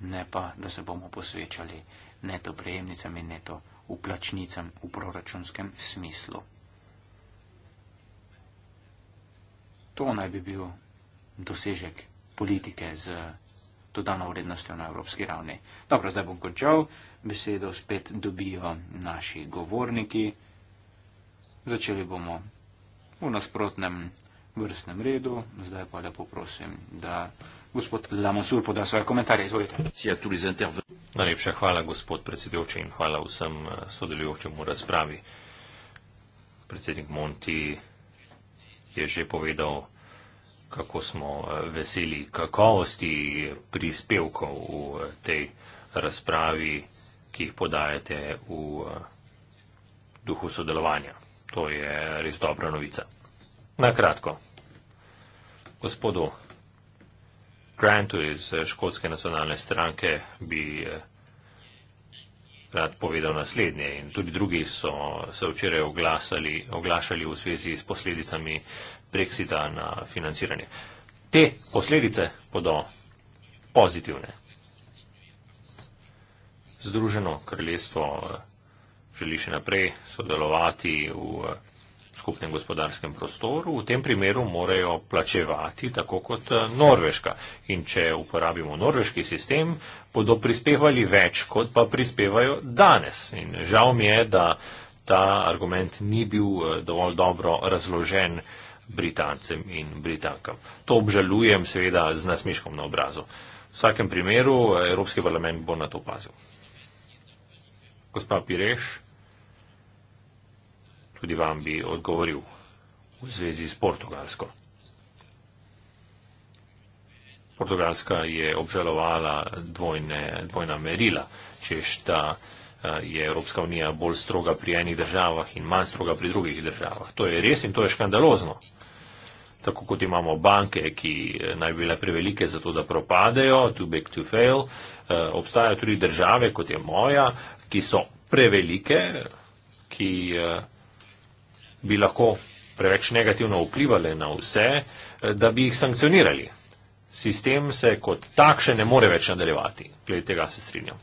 ne pa, da se bomo posvečali neto prejemnicam in neto uplačnicam v proračunskem smislu. To naj bi bil dosežek politike z dodano vrednostjo na evropski ravni. Dobro, zdaj bom končal. Besedo spet dobijo naši govorniki. Začeli bomo v nasprotnem vrstnem redu, zdaj pa lepo prosim, da gospod Lamasur poda svoje komentarje. Izvolite. Najlepša hvala, gospod predsedujoči, in hvala vsem eh, sodelujočim v razpravi. Predsednik Monti je že povedal, kako smo eh, veseli kakovosti prispevkov v eh, tej razpravi, ki jih podajate v duhu sodelovanja. To je res dobra novica. Na kratko. Gospodu Grantu iz eh, Škotske nacionalne stranke bi eh, rad povedal naslednje in tudi drugi so se včeraj oglasali, oglašali v zvezi s posledicami Brexita na financiranje. Te posledice bodo pozitivne. Združeno kraljestvo eh, želi še naprej sodelovati v eh, skupnem gospodarskem prostoru, v tem primeru morajo plačevati tako kot eh, Norveška. In če uporabimo norveški sistem, bodo prispevali več, kot pa prispevajo danes. In žal mi je, da ta argument ni bil eh, dovolj dobro razložen Britancem in Britankam. To obžalujem seveda z nasmiškom na obrazu. V vsakem primeru Evropski parlament bo na to pazil. Gospa Pireš tudi vam bi odgovoril v zvezi s Portugalsko. Portugalska je obžalovala dvojne, dvojna merila, češ da eh, je Evropska unija bolj stroga pri enih državah in manj stroga pri drugih državah. To je res in to je škandalozno. Tako kot imamo banke, ki eh, naj bile prevelike za to, da propadejo, too big to fail, eh, obstajajo tudi države, kot je moja, ki so prevelike, ki bi lahko preveč negativno vplivali na vse, eh, da bi jih sankcionirali. Sistem se kot takšen ne more več nadaljevati. Glede tega se strinjam.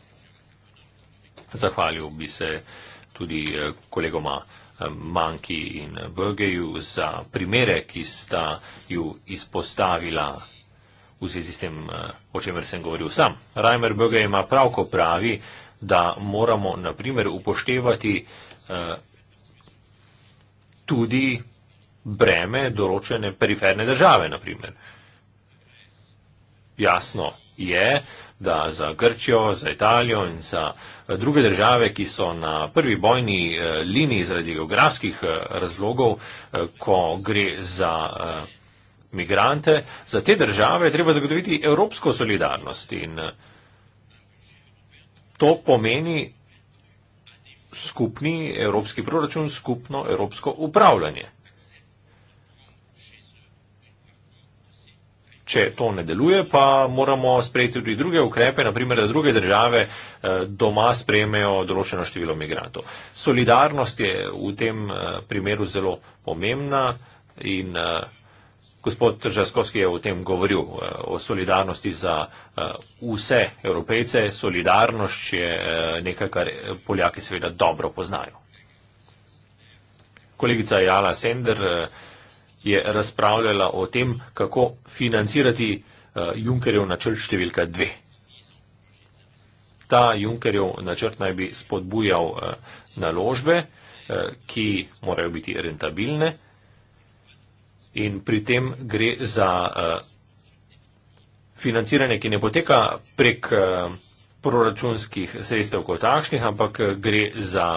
Zahvalil bi se tudi eh, kolegoma eh, Manki in Bögeju za primere, ki sta ju izpostavila v zvezi s tem, o čemer sem govoril sam. Reimer Böge ima prav, ko pravi, da moramo na primer upoštevati tudi breme določene periferne države, naprimer. Jasno je, da za Grčijo, za Italijo in za eh, druge države, ki so na prvi bojni eh, liniji zaradi geografskih eh, razlogov, ko gre za migrante, za te države treba zagotoviti evropsko solidarnost in to pomeni skupni evropski proračun, skupno evropsko upravljanje. Če to ne deluje, pa moramo sprejeti tudi druge ukrepe, naprimer, da druge države eh, doma sprejmejo določeno število migrantov. Solidarnost je v tem eh, primeru zelo pomembna in eh, Gospod Tržaskovski je o tem govoril, eh, o solidarnosti za eh, vse evropejce. Solidarnost je eh, nekaj, kar Poljaki seveda dobro poznajo. Kolegica Jala Sender je razpravljala o tem, kako financirati Junkerjev načrt številka dve. Ta Junkerjev načrt naj bi spodbujal naložbe, ki morajo biti rentabilne in pri tem gre za eh, financiranje, ki ne poteka prek eh, proračunskih sredstev kot takšnih, ampak eh, gre za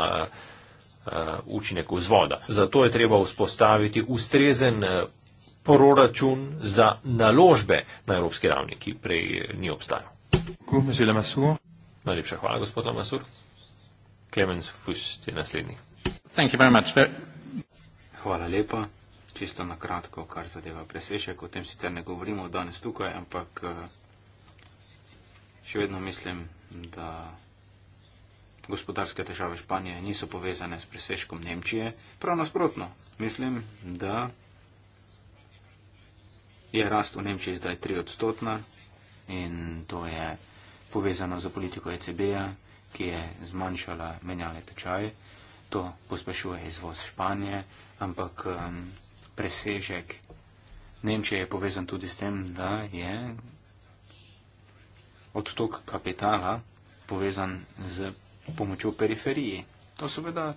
učinek vzvoda. Zato je treba vzpostaviti ustrezen proračun za naložbe na evropski ravni, ki prej ni obstajal. Najlepša hvala, gospod Lamasur. Clemens Fust je naslednji. Thank you very much. Hvala lepa čisto na kratko, kar zadeva presežek. O tem sicer ne govorimo danes tukaj, ampak eh, še vedno mislim, da gospodarske težave Španije niso povezane s presežkom Nemčije. Prav nasprotno, mislim, da je rast v Nemčiji zdaj tri odstotna in to je povezano z politiko ECB-ja, ki je zmanjšala menjalne tečaje. To pospešuje izvoz Španije, ampak um, presežek. Nemčija je povezan tudi s tem, da je odtok kapitala povezan z pomočjo periferije. To seveda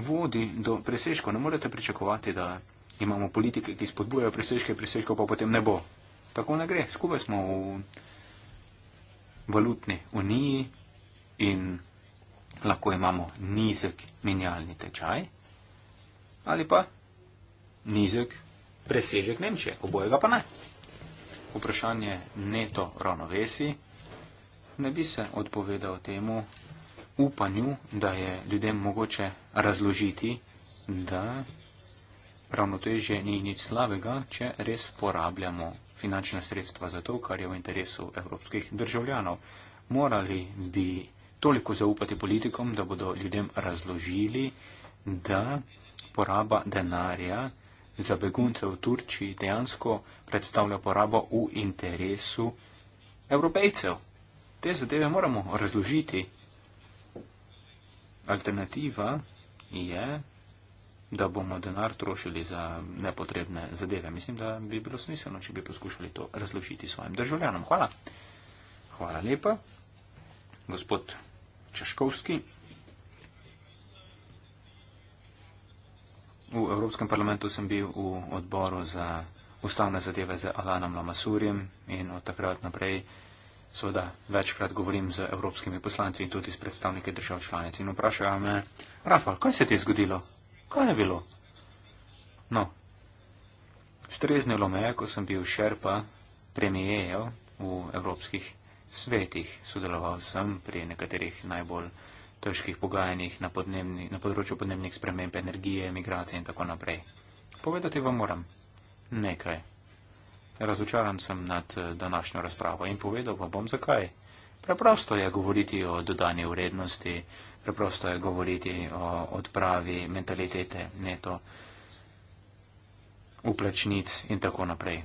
vodi do presežkov. Ne morete pričakovati, da imamo politike, ki spodbujajo presežke, presežkov pa potem ne bo. Tako ne gre. Skupaj smo v valutni uniji in lahko imamo nizek menjalni tečaj ali pa nizek presežek Nemčije, obojega pa ne. Vprašanje neto ravnovesi ne bi se odpovedal temu upanju, da je ljudem mogoče razložiti, da ravnotežje ni nič slabega, če res porabljamo finančna sredstva za to, kar je v interesu evropskih državljanov. Morali bi toliko zaupati politikom, da bodo ljudem razložili, da poraba denarja za begunce v Turčiji dejansko predstavlja porabo v interesu evropejcev. Te zadeve moramo razložiti. Alternativa je, da bomo denar trošili za nepotrebne zadeve. Mislim, da bi bilo smiselno, če bi poskušali to razložiti svojim državljanom. Hvala. Hvala lepa. Gospod Češkovski. V Evropskem parlamentu sem bil v odboru za ustavne zadeve z Alanom Lamasurjem in od takrat naprej seveda večkrat govorim z evropskimi poslanci in tudi s predstavniki držav članic. In vprašajo me, Rafal, kaj se ti je zgodilo? Kaj je bilo? No, streznilo me je, ko sem bil šerpa premijejev v evropskih svetih. Sodeloval sem pri nekaterih najbolj težkih pogajanjih na, podnebni, na področju podnebnih sprememb, energije, migracije in tako naprej. Povedati vam moram nekaj. Razočaran sem nad eh, današnjo razpravo in povedal vam bom zakaj. Preprosto je govoriti o dodani vrednosti, preprosto je govoriti o odpravi mentalitete neto uplačnic in tako naprej.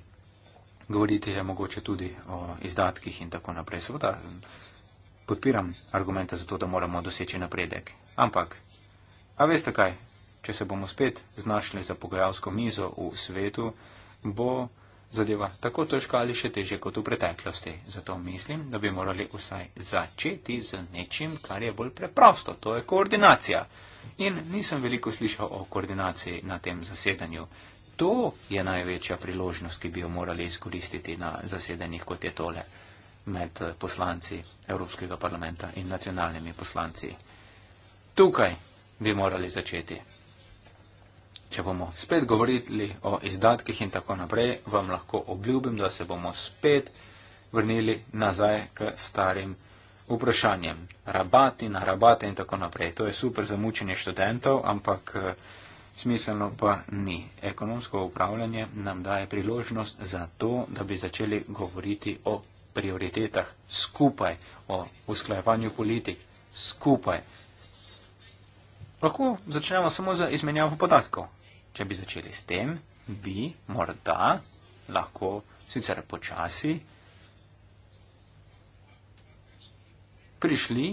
Govoriti je mogoče tudi o izdatkih in tako naprej. Seveda, podpiram argumente za to, da moramo doseči napredek. Ampak, a veste kaj, če se bomo spet znašli za pogajalsko mizo v svetu, bo zadeva tako težka ali še teže kot v preteklosti. Zato mislim, da bi morali vsaj začeti z nečim, kar je bolj preprosto, to je koordinacija. In nisem veliko slišal o koordinaciji na tem zasedanju. To je največja priložnost, ki bi jo morali izkoristiti na zasedanjih, kot je tole med eh, poslanci Evropskega parlamenta in nacionalnimi poslanci. Tukaj bi morali začeti. Če bomo spet govorili o izdatkih in tako naprej, vam lahko obljubim, da se bomo spet vrnili nazaj k starim vprašanjem. Rabati na rabate in tako naprej. To je super za mučenje študentov, ampak eh, smiselno pa ni. Ekonomsko upravljanje nam daje priložnost za to, da bi začeli govoriti o prioritetah, skupaj o usklajevanju politik, skupaj. Lahko začnemo samo z izmenjavo podatkov. Če bi začeli s tem, bi morda lahko sicer počasi prišli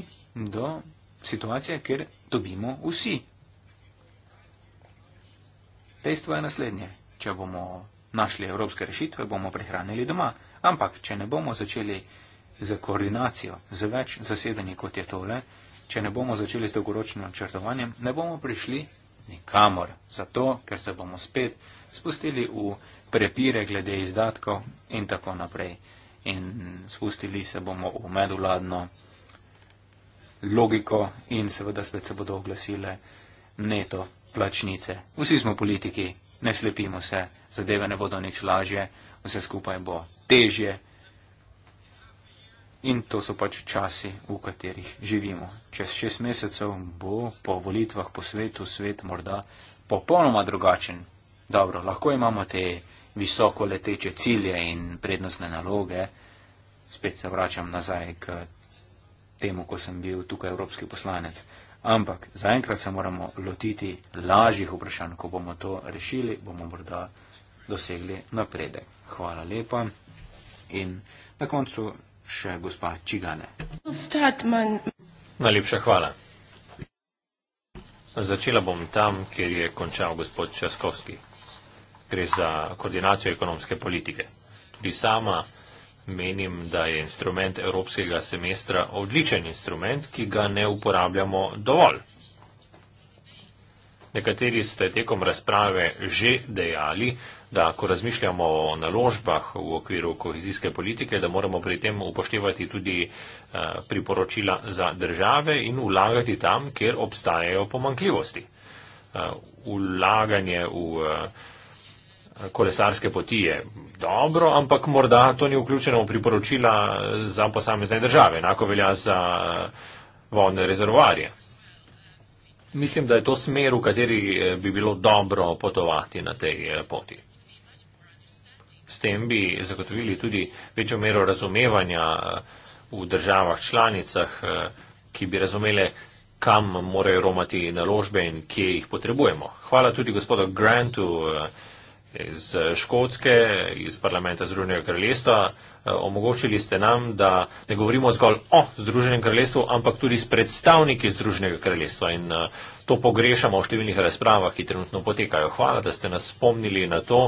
do situacije, kjer dobimo vsi. Dejstvo je naslednje. Če bomo našli evropske rešitve, bomo prihranili doma. Ampak, če ne bomo začeli z koordinacijo, z več zasedanji kot je tole, če ne bomo začeli z dolgoročnim načrtovanjem, ne bomo prišli nikamor. Zato, ker se bomo spet spustili v prepire glede izdatkov in tako naprej. In spustili se bomo v medvladno logiko in seveda spet se bodo oglasile neto plačnice. Vsi smo politiki, ne slepimo se, zadeve ne bodo nič lažje, vse skupaj bo težje. In to so pač časi, v katerih živimo. Čez šest mesecev bo po volitvah po svetu svet morda popolnoma drugačen. Dobro, lahko imamo te visoko leteče cilje in prednostne naloge. Spet se vračam nazaj k temu, ko sem bil tukaj evropski poslanec. Ampak zaenkrat se moramo lotiti lažjih vprašanj. Ko bomo to rešili, bomo morda dosegli napredek. Hvala lepa in na koncu še gospa Čigane. Najlepša hvala. Začela bom tam, kjer je končal gospod Časkovski. Gre za koordinacijo ekonomske politike. Tudi sama menim, da je instrument evropskega semestra odličen instrument, ki ga ne uporabljamo dovolj. Nekateri ste tekom razprave že dejali, da ko razmišljamo o naložbah v okviru kohezijske politike, da moramo pri tem upoštevati tudi eh, priporočila za države in vlagati tam, kjer obstajajo pomankljivosti. Eh, vlaganje v eh, kolesarske poti je dobro, ampak morda to ni vključeno v priporočila za posamezne države. Enako velja za vodne rezervoarje. Mislim, da je to smer, v kateri bi bilo dobro potovati na tej poti tem bi zagotovili tudi večjo mero razumevanja eh, v državah članicah, eh, ki bi razumele, kam morajo romati naložbe in kje jih potrebujemo. Hvala tudi gospodu Grantu eh, iz Škotske, iz parlamenta Združenega kraljestva. Omogočili ste nam, da ne govorimo zgolj o Združenem kraljestvu, ampak tudi s predstavniki Združenega kraljestva in to pogrešamo v številnih razpravah, ki trenutno potekajo. Hvala, da ste nas spomnili na to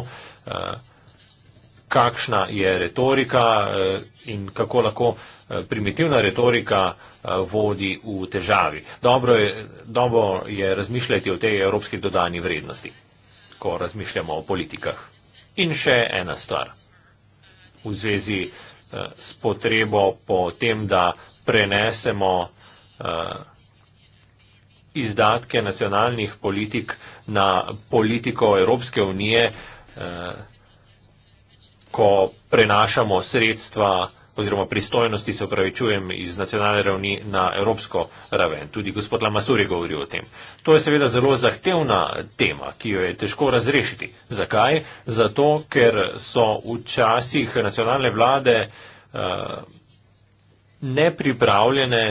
kakšna je retorika eh, in kako lahko eh, primitivna retorika eh, vodi v težavi. Dobro je, dobro je razmišljati o tej evropski dodani vrednosti, ko razmišljamo o politikah. In še ena stvar v zvezi s potrebo po tem, da prenesemo izdatke nacionalnih politik na politiko Evropske unije ko prenašamo sredstva oziroma pristojnosti, se upravičujem, iz nacionalne ravni na evropsko raven. Tudi gospod Lamasur je govoril o tem. To je seveda zelo zahtevna tema, ki jo je težko razrešiti. Zakaj? Zato, ker so včasih nacionalne vlade uh, nepripravljene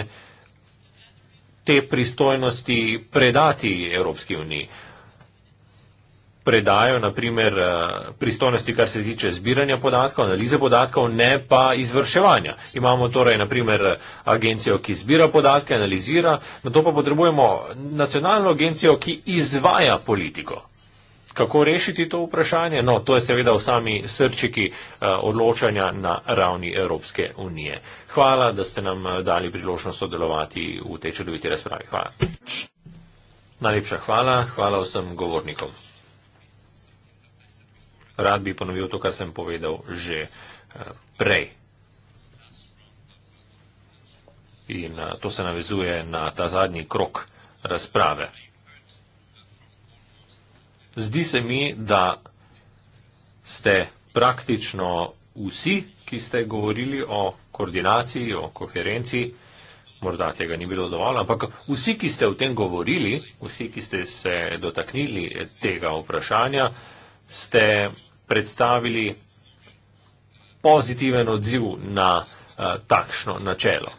te pristojnosti predati Evropski uniji. Uh, predajo, naprimer, eh, pristojnosti, kar se tiče zbiranja podatkov, analize podatkov, ne pa izvrševanja. Imamo torej, naprimer, agencijo, ki zbira podatke, analizira, na to pa potrebujemo nacionalno agencijo, ki izvaja politiko. Kako rešiti to vprašanje? No, to je seveda v sami srčiki eh, odločanja na ravni Evropske unije. Hvala, da ste nam eh, dali priložnost sodelovati v tej čudoviti razpravi. Hvala. Najlepša hvala, hvala vsem govornikom rad bi ponovil to, kar sem povedal že eh, prej. In eh, to se navezuje na ta zadnji krok razprave. Zdi se mi, da ste praktično vsi, ki ste govorili o koordinaciji, o koherenci, morda tega ni bilo dovolj, ampak vsi, ki ste o tem govorili, vsi, ki ste se dotaknili tega vprašanja, ste predstavili pozitiven odziv na eh, takšno načelo.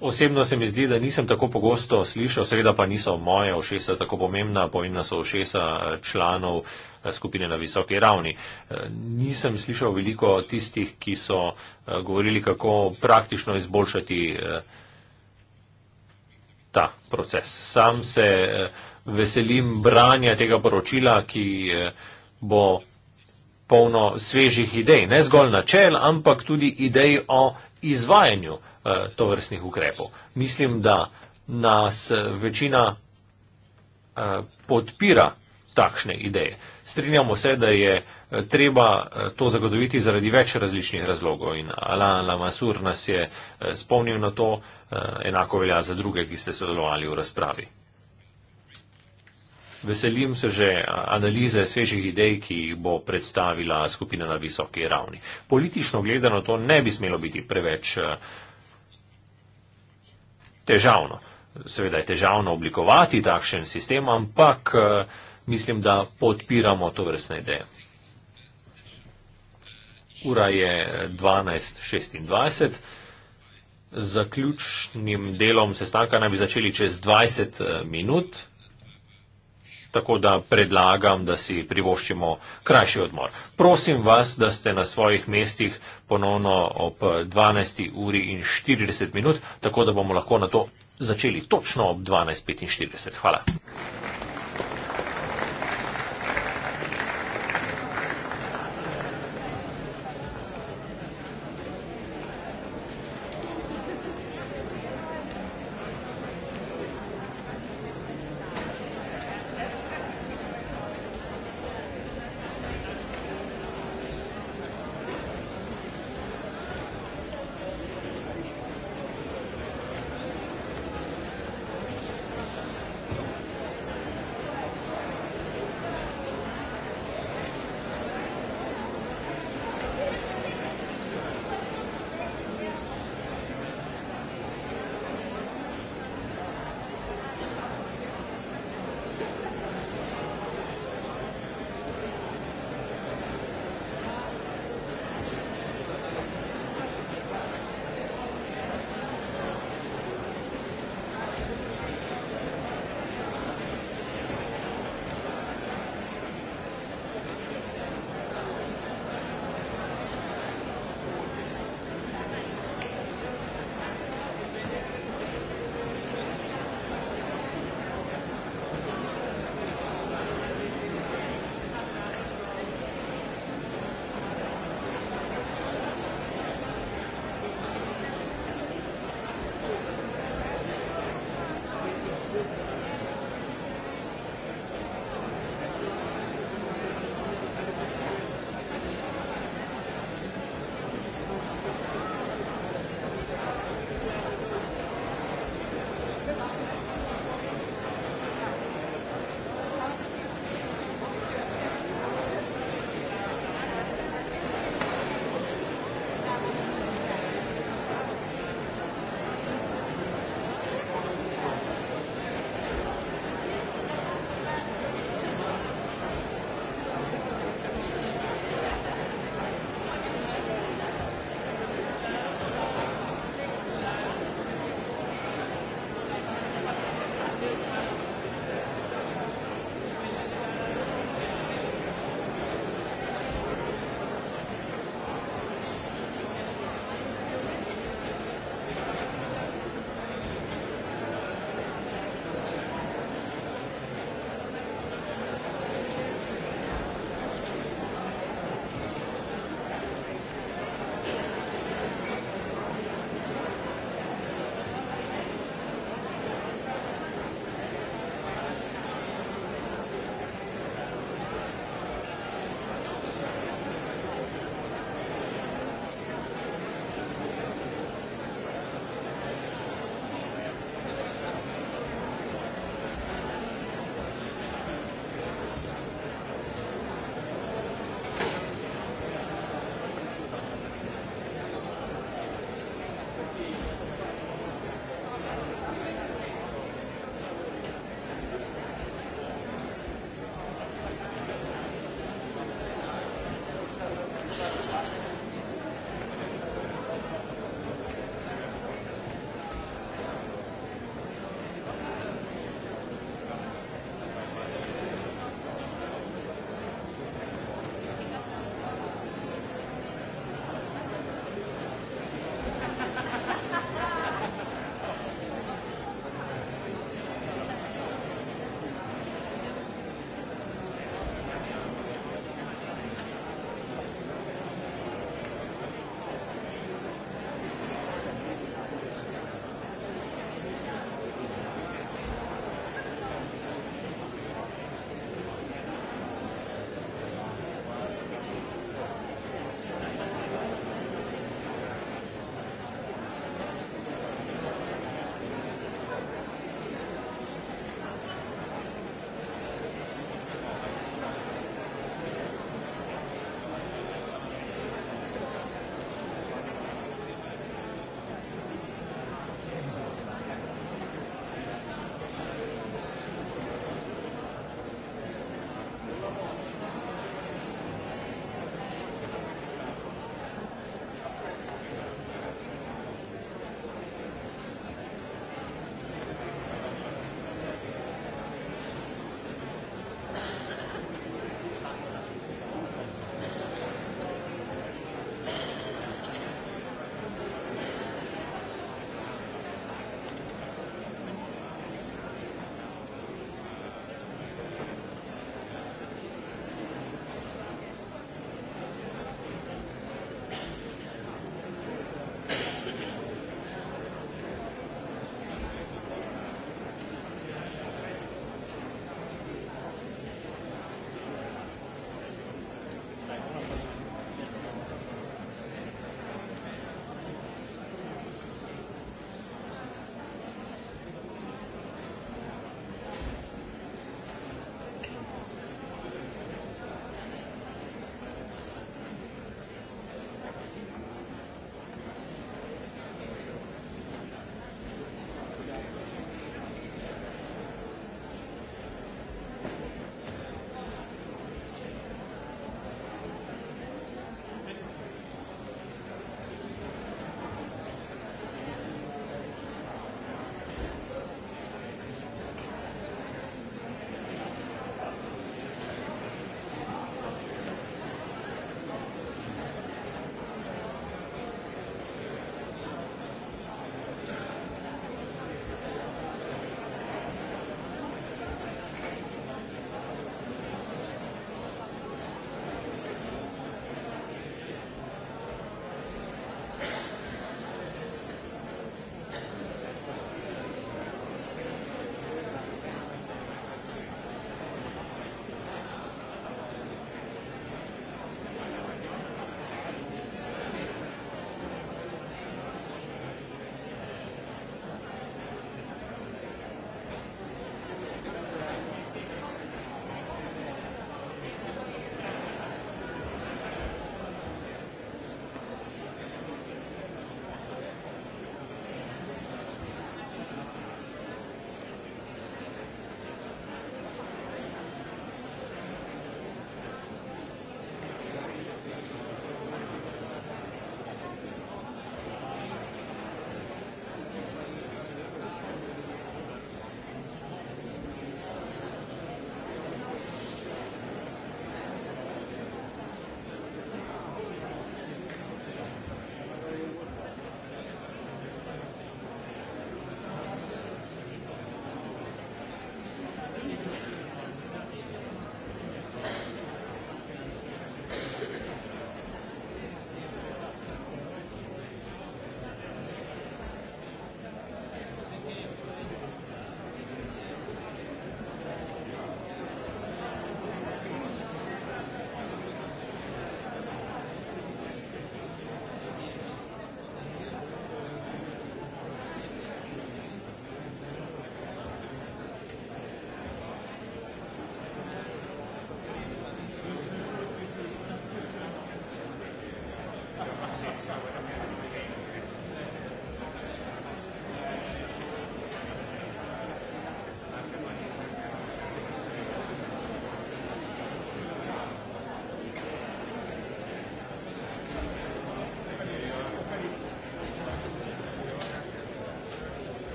Osebno se mi zdi, da nisem tako pogosto slišal, seveda pa niso moje ošesa tako pomembna, pomembna so ošesa eh, članov eh, skupine na visoki ravni. Nisem slišal veliko tistih, ki so govorili, kako praktično izboljšati ta proces. Sam se veselim branja tega poročila, ki eh, bo polno svežih idej, ne zgolj načel, ampak tudi idej o izvajanju eh, tovrstnih ukrepov. Mislim, da nas eh, večina podpira takšne ideje. Strinjamo se, da je treba to zagotoviti zaradi več različnih razlogov in Alain Lamassur nas je spomnil na to, enako velja za druge, ki ste sodelovali v razpravi. Veselim se že analize svežih idej, ki jih bo predstavila skupina na visoki ravni. Politično gledano to ne bi smelo biti preveč eh, težavno. Seveda je težavno oblikovati takšen sistem, ampak eh, mislim, da podpiramo to vrstne ideje. Ura je 12.26. Eh, zaključnim delom sestanka naj bi začeli čez 20 minut tako da predlagam, da si privoščimo krajši odmor. Prosim vas, da ste na svojih mestih ponovno ob 12. uri in 40 minut, tako da bomo lahko na to začeli točno ob 12.45. Hvala.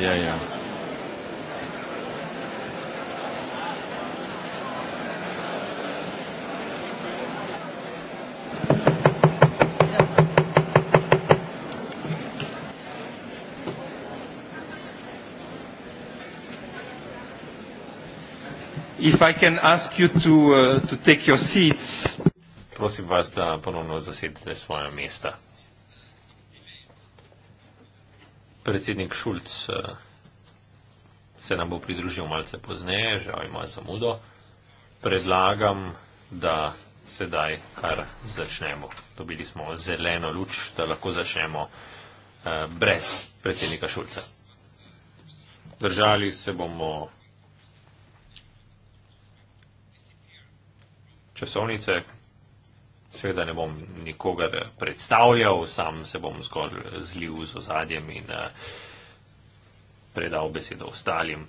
Ja, ja. If I can ask you to, uh, to take your seats. Prosim vas, da ponovno zasedete svoje mesta. predsednik Šulc eh, se nam bo pridružil malce pozneje, žal ima zamudo. Predlagam, da sedaj kar začnemo. Dobili smo zeleno luč, da lahko začnemo eh, brez predsednika Šulca. Držali se bomo časovnice, Seveda ne bom nikogar predstavljal, sam se bom zgolj zlil z ozadjem in eh, predal besedo ostalim.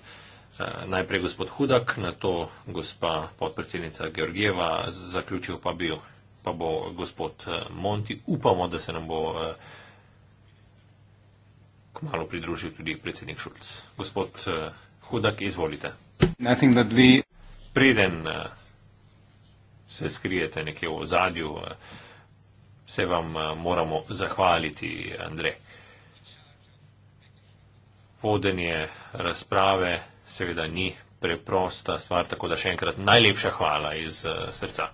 Eh, najprej gospod Hudak, na to gospa podpredsednica Georgieva, zaključil pa, bil, pa bo gospod eh, Monti. Upamo, da se nam bo kmalo pridružil tudi predsednik Šulc. Gospod Hudak, izvolite. Preden se skrijete nekje v zadju, eh, se vam eh, moramo zahvaliti, Andre. Vodenje razprave seveda ni preprosta stvar, tako da še enkrat najlepša hvala iz eh, srca.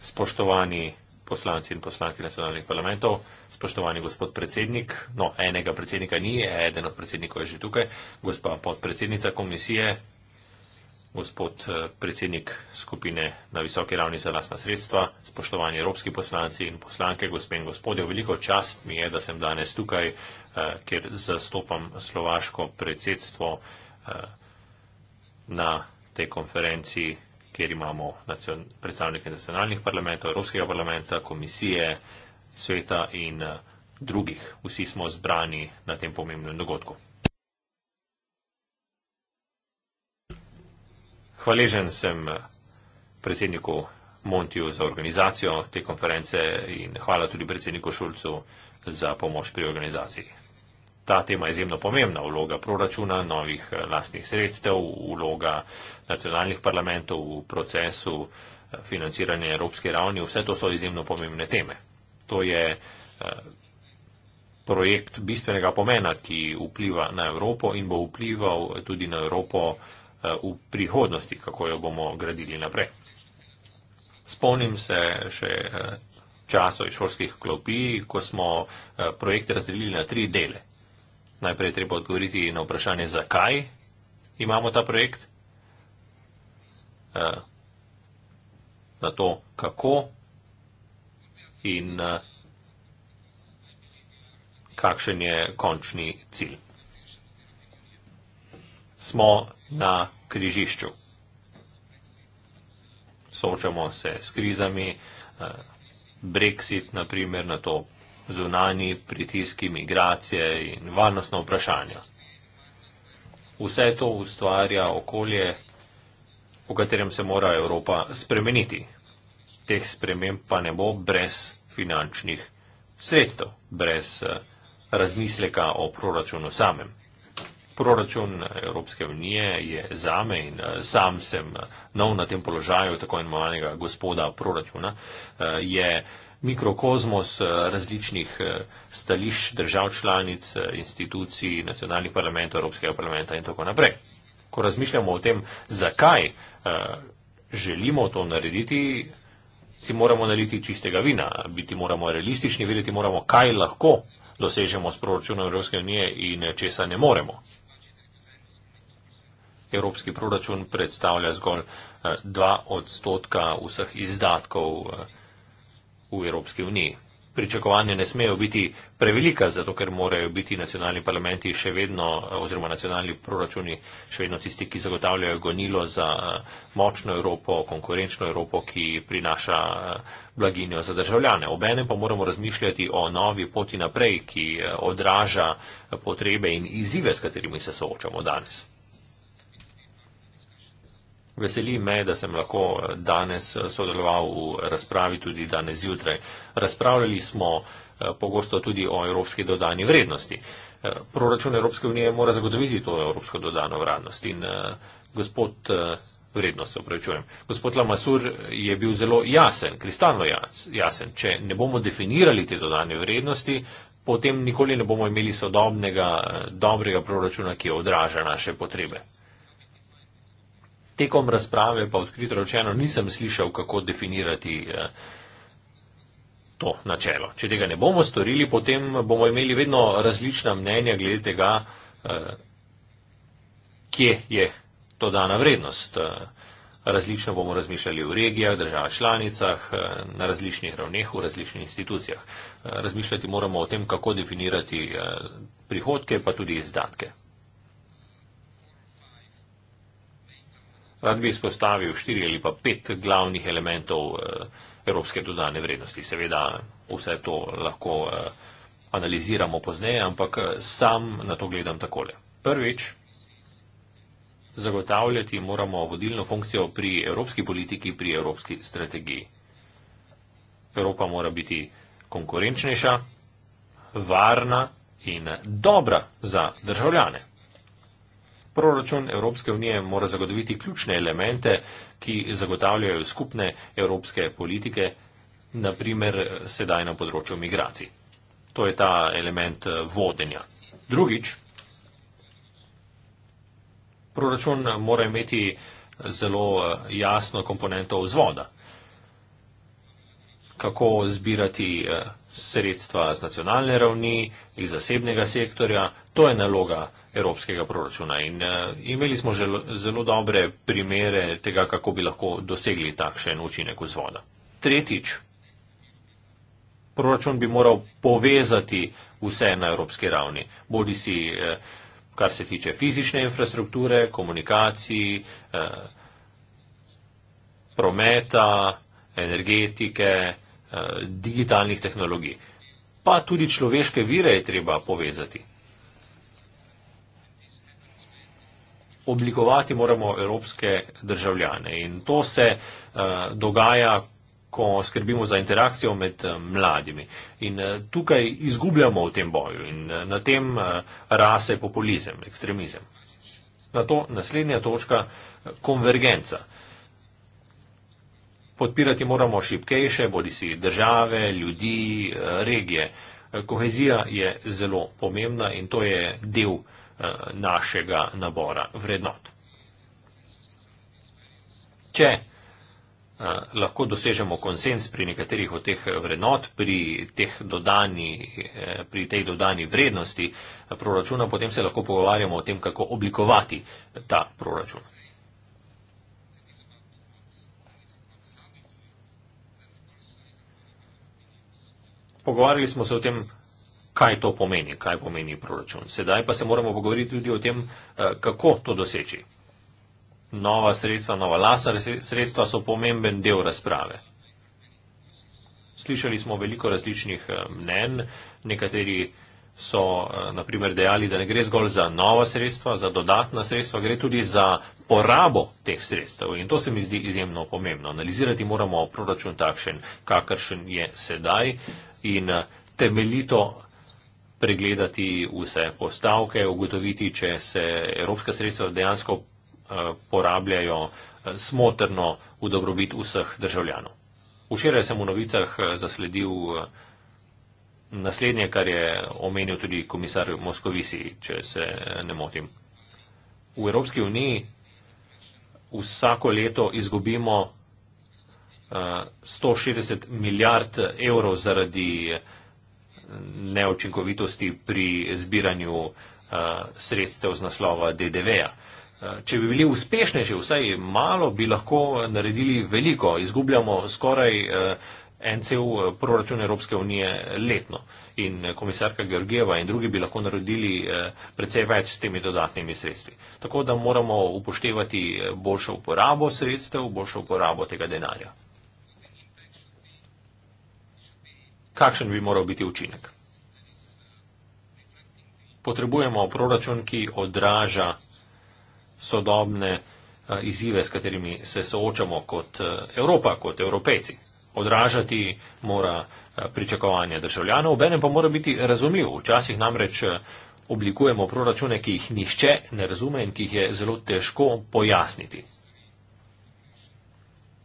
Spoštovani poslanci in poslanke nacionalnih parlamentov, spoštovani gospod predsednik, no, enega predsednika ni, eden od predsednikov je že tukaj, gospa podpredsednica komisije, gospod eh, predsednik skupine na visoki ravni za lasna sredstva, spoštovani evropski poslanci in poslanke, gospe in gospodje, veliko čast mi je, da sem danes tukaj, eh, ker zastopam slovaško predsedstvo eh, na tej konferenciji kjer imamo nacion, predstavnike nacionalnih parlamentov, Evropskega parlamenta, komisije, sveta in eh, drugih. Vsi smo zbrani na tem pomembnem dogodku. Hvaležen sem eh, predsedniku Montiju za organizacijo te konference in hvala tudi predsedniku Šulcu za pomoč pri organizaciji ta tema izjemno pomembna, vloga proračuna, novih eh, lastnih sredstev, vloga nacionalnih parlamentov v procesu eh, financiranja evropske ravni, vse to so izjemno pomembne teme. To je eh, projekt bistvenega pomena, ki vpliva na Evropo in bo vplival tudi na Evropo v prihodnosti, kako jo bomo gradili naprej. Spomnim se še časov iz šolskih klopi, ko smo projekt razdelili na tri dele najprej je treba odgovoriti na vprašanje, zakaj imamo ta projekt, eh, na to, kako in eh, kakšen je končni cilj. Smo na križišču. Soočamo se s krizami, eh, Brexit, naprimer, na to zunani pritiski migracije in varnostno vprašanje. Vse to ustvarja okolje, v katerem se mora Evropa spremeniti. Teh sprememb pa ne bo brez finančnih sredstev, brez eh, razmisleka o proračunu samem. Proračun eh, Evropske unije je zame in eh, sam sem nov na tem položaju tako imenovanega gospoda proračuna, je mikrokozmos eh, različnih eh, stališč držav članic, eh, institucij, nacionalnih parlamentov, Evropskega parlamenta in tako naprej. Ko razmišljamo o tem, zakaj želimo to narediti, si moramo naliti čistega vina, biti moramo realistični, vedeti moramo, kaj lahko dosežemo s proračunom Evropske unije in česa ne moremo. Evropski proračun predstavlja zgolj 2 odstotka vseh izdatkov v Evropski uniji. Pričakovanja ne smejo biti prevelika, zato ker morajo biti nacionalni parlamenti še vedno oziroma nacionalni proračuni še vedno tisti, ki zagotavljajo gonilo za eh, močno Evropo, konkurenčno Evropo, ki prinaša eh, blaginjo za državljane. Obenem pa moramo razmišljati o novi poti naprej, ki eh, odraža potrebe in izzive, s katerimi se soočamo danes. Veseli me, da sem lahko eh, danes eh, sodeloval v razpravi tudi danes zjutraj. Razpravljali smo eh, pogosto tudi o evropski dodani vrednosti. Proračun Evropske unije mora zagotoviti to evropsko dodano vrednost in gospod vrednost, se upravičujem. Gospod Lamasur je bil zelo jasen, kristalno jasen. Če ne bomo definirali te dodane vrednosti, potem nikoli ne bomo imeli sodobnega, dobrega proračuna, ki odraža naše potrebe tekom razprave pa odkrito rečeno nisem slišal, kako definirati eh, to načelo. Če tega ne bomo storili, potem bomo imeli vedno različna mnenja glede tega, eh, kje je to dana vrednost. Eh, različno bomo razmišljali v regijah, državah članicah, na različnih ravneh, v različnih institucijah. Razmišljati moramo o tem, kako definirati prihodke, pa tudi izdatke. Rad bi izpostavil štiri ali pa pet glavnih elementov eh, evropske dodane vrednosti. Seveda vse to lahko eh, analiziramo pozneje, ampak eh, sam na to gledam takole. Prvič, zagotavljati moramo vodilno funkcijo pri evropski politiki, pri evropski strategiji. Evropa mora biti konkurenčnejša, varna in dobra za državljane. Proračun Evropske unije mora zagotoviti ključne elemente, ki zagotavljajo skupne evropske politike, naprimer sedaj na področju migracij. To je ta element eh, vodenja. Drugič, proračun eh, mora imeti eh, zelo jasno komponento vzvoda. Kako zbirati sredstva z nacionalne ravni in zasebnega sektorja, to je naloga evropskega proračuna. In uh, imeli smo žel, zelo dobre primere tega, kako bi lahko dosegli takšen učinek vzvoda. Tretjič, proračun bi moral povezati vse na evropski ravni, bodi si, uh, eh, kar se tiče fizične infrastrukture, komunikacij, uh, prometa, energetike, uh, digitalnih tehnologij. Pa tudi človeške vire je treba povezati. oblikovati moramo evropske državljane. In to se uh, dogaja, ko skrbimo za interakcijo med uh, mladimi. In uh, tukaj izgubljamo v tem boju in uh, na tem uh, rase populizem, ekstremizem. Na to naslednja točka konvergenca. Podpirati moramo šipkejše, bodi si države, ljudi, regije. Kohezija je zelo pomembna in to je del uh, Eh, našega nabora vrednot. Če eh, lahko dosežemo konsens pri nekaterih od teh vrednot, pri, teh dodani, eh, pri tej dodani vrednosti proračuna, potem se lahko pogovarjamo o tem, kako oblikovati ta proračun. Pogovarjali smo se o tem, kaj to pomeni, kaj pomeni proračun. Sedaj pa se moramo pogovoriti tudi o tem, eh, kako to doseči. Nova sredstva, nova lasa sredstva so pomemben del razprave. Slišali smo veliko različnih eh, mnen, nekateri so eh, naprimer dejali, da ne gre zgolj za nova sredstva, za dodatna sredstva, gre tudi za porabo teh sredstev. In to se mi zdi izjemno pomembno. Analizirati moramo proračun takšen, kakršen je sedaj in temeljito pregledati vse postavke, ugotoviti, če se evropska sredstva dejansko eh, porabljajo eh, smotrno v dobrobit vseh državljanov. Včeraj sem v novicah eh, zasledil naslednje, kar je omenil tudi komisar Moskovisi, če se ne motim. V Evropski uniji vsako leto izgubimo 160 milijard evrov zaradi neočinkovitosti pri zbiranju eh, sredstev z naslova DDV-ja. Eh, če bi bili uspešnejši, vsaj malo, bi lahko naredili veliko. Izgubljamo skoraj eh, en cel proračun Evropske unije letno. In komisarka Georgijeva in drugi bi lahko naredili precej več s temi dodatnimi sredstvi. Tako da moramo upoštevati boljšo uporabo sredstev, boljšo uporabo tega denarja. kakšen bi moral biti učinek. Potrebujemo proračun, ki odraža sodobne eh, izzive, s katerimi se soočamo kot eh, Evropa, kot evropejci. Odražati mora eh, pričakovanje državljanov, ob enem pa mora biti razumljiv. Včasih namreč oblikujemo proračune, ki jih nihče ne razume in ki jih je zelo težko pojasniti.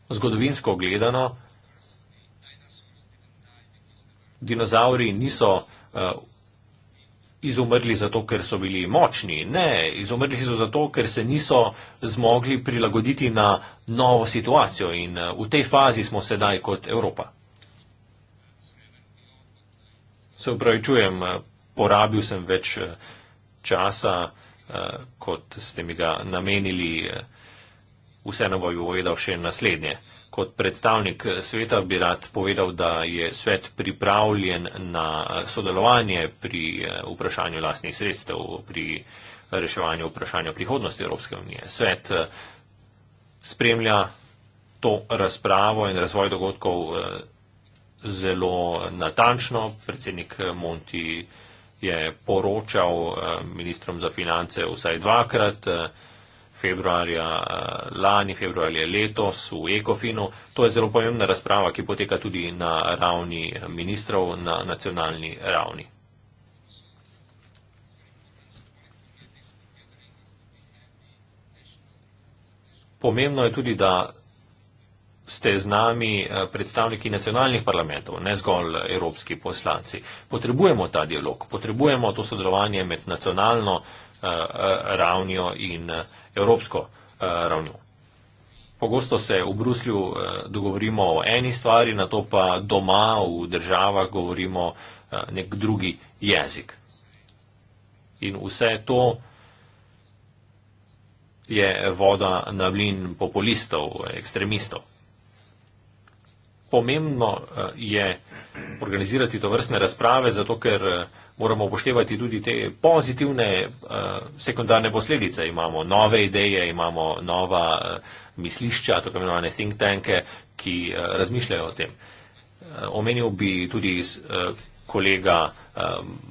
Zgodovinsko gledano, dinozauri niso uh, izumrli zato, ker so bili močni. Ne, izumrli so zato, ker se niso zmogli prilagoditi na novo situacijo in uh, v tej fazi smo sedaj kot Evropa. Se upravičujem, eh, porabil sem več časa, kot ste mi ga namenili. Vseeno bo jo vedel še naslednje. Kot predstavnik sveta bi rad povedal, da je svet pripravljen na eh, sodelovanje pri eh, vprašanju lastnih sredstev, pri reševanju vprašanja prihodnosti Evropske unije. Svet eh, spremlja to razpravo in razvoj dogodkov zelo natančno. Predsednik Monti je poročal ministrom za finance vsaj dvakrat februarja eh, lani, februarja letos v Ekofinu. To je zelo pomembna razprava, ki poteka tudi na ravni ministrov, na nacionalni ravni. Pomembno je tudi, da ste z nami eh, predstavniki nacionalnih parlamentov, ne zgolj evropski poslanci. Potrebujemo ta dialog, potrebujemo to sodelovanje med nacionalno Eh, eh, ravnjo in eh, evropsko ravnjo. Pogosto se v Bruslju dogovorimo o eni stvari, na to pa doma v državah govorimo nek drugi jezik. In vse to je voda na mlin populistov, ekstremistov. Pomembno je organizirati to vrstne razprave, zato ker moramo upoštevati tudi te pozitivne uh, sekundarne posledice. Imamo nove ideje, imamo nova uh, mislišča, tako imenovane think tanke, ki uh, razmišljajo o tem. Uh, omenil bi tudi uh, kolega uh,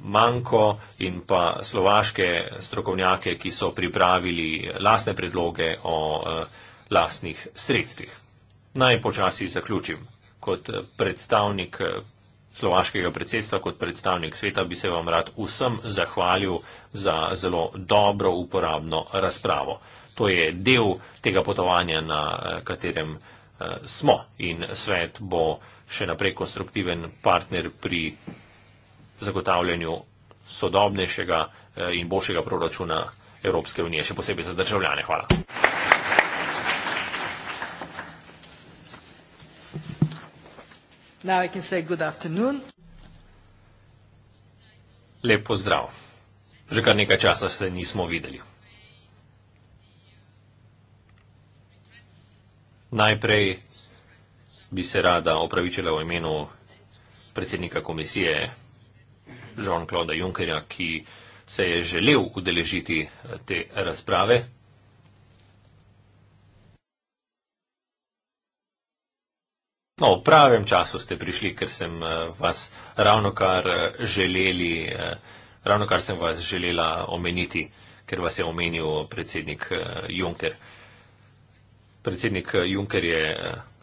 Manko in pa slovaške strokovnjake, ki so pripravili lastne predloge o uh, lastnih sredstvih. Naj počasi zaključim kot predstavnik slovaškega predsedstva kot predstavnik sveta bi se vam rad vsem zahvalil za zelo dobro uporabno razpravo. To je del tega potovanja, na eh, katerem eh, smo in svet bo še naprej konstruktiven partner pri zagotavljanju sodobnejšega eh, in boljšega proračuna Evropske unije, še posebej za državljane. Hvala. Now I can say good afternoon. Lepo zdrav. Že kar nekaj časa se nismo videli. Najprej bi se rada opravičila v imenu predsednika komisije Jean-Claude Junckerja, ki se je želel udeležiti te razprave. No, v pravem času ste prišli, ker sem eh, vas ravno kar eh, želeli, eh, ravno kar sem vas želela omeniti, ker vas je omenil predsednik Juncker. Predsednik Juncker je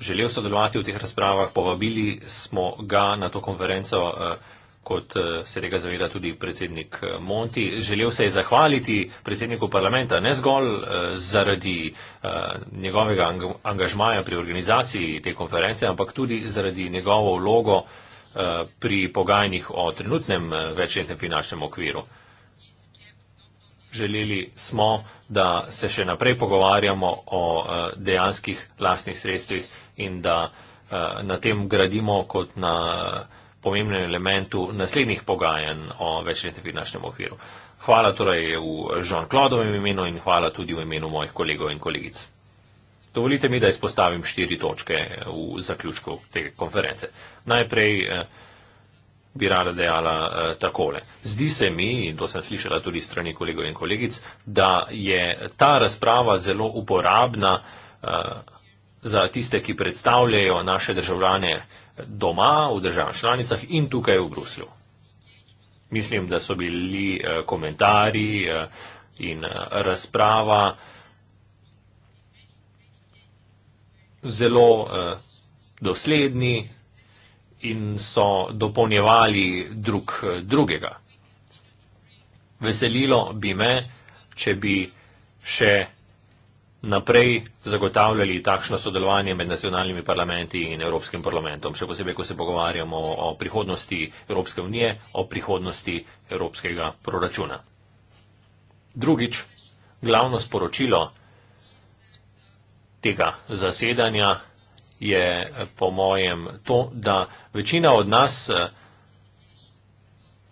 želel sodelovati v teh razpravah, povabili smo ga na to konferenco kot eh, se tega zaveda tudi predsednik eh, Monti. Želel se je zahvaliti predsedniku parlamenta ne zgolj eh, zaradi njegovega angažmaja pri organizaciji te konference, ampak tudi zaradi njegovo vlogo pri pogajanjih o trenutnem večletnem finančnem okviru. Želeli smo, da se še naprej pogovarjamo o dejanskih lastnih sredstvih in da na tem gradimo kot na pomembnem elementu naslednjih pogajanj o večletnem finančnem okviru. Hvala torej v Jean-Claudovem imenu in hvala tudi v imenu mojih kolegov in kolegic. Dovolite mi, da izpostavim štiri točke v zaključku te konference. Najprej eh, bi rada dejala eh, takole. Zdi se mi, in to sem slišala tudi strani kolegov in kolegic, da je ta razprava zelo uporabna eh, za tiste, ki predstavljajo naše državljane doma, v državah članicah in tukaj v Bruslju. Mislim, da so bili eh, komentarji eh, in eh, razprava zelo dosledni in so dopolnjevali drug drugega. Veselilo bi me, če bi še naprej zagotavljali takšno sodelovanje med nacionalnimi parlamenti in Evropskim parlamentom, še posebej, ko se pogovarjamo o prihodnosti Evropske unije, o prihodnosti Evropskega proračuna. Drugič, glavno sporočilo tega zasedanja je po mojem to, da večina od nas eh,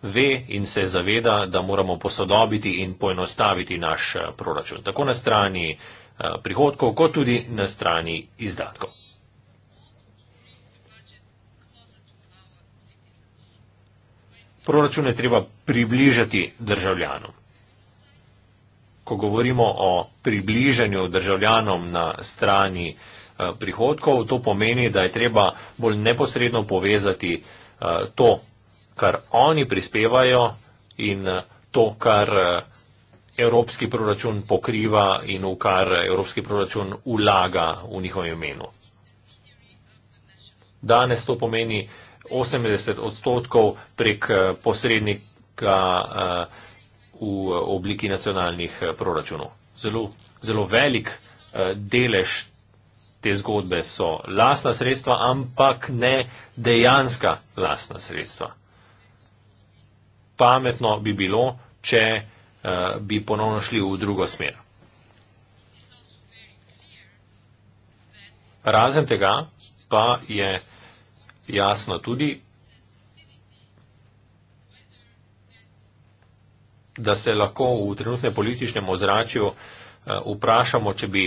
ve in se zaveda, da moramo posodobiti in poenostaviti naš eh, proračun. Tako na strani Eh, prihodkov, kot tudi na strani izdatkov. Proračune treba približati državljanom. Ko govorimo o približanju državljanom na strani eh, prihodkov, to pomeni, da je treba bolj neposredno povezati eh, to, kar oni prispevajo in to, kar evropski proračun pokriva in v kar evropski proračun ulaga v njihovem imenu. Danes to pomeni 80 odstotkov prek eh, posrednika eh, v obliki nacionalnih eh, proračunov. Zelo, zelo velik delež te zgodbe so lasna sredstva, ampak ne dejanska lasna sredstva. Pametno bi bilo, če Eh, bi ponovno šli v drugo smer. Razen tega pa je jasno tudi, da se lahko v trenutnem političnem ozračju eh, vprašamo, če bi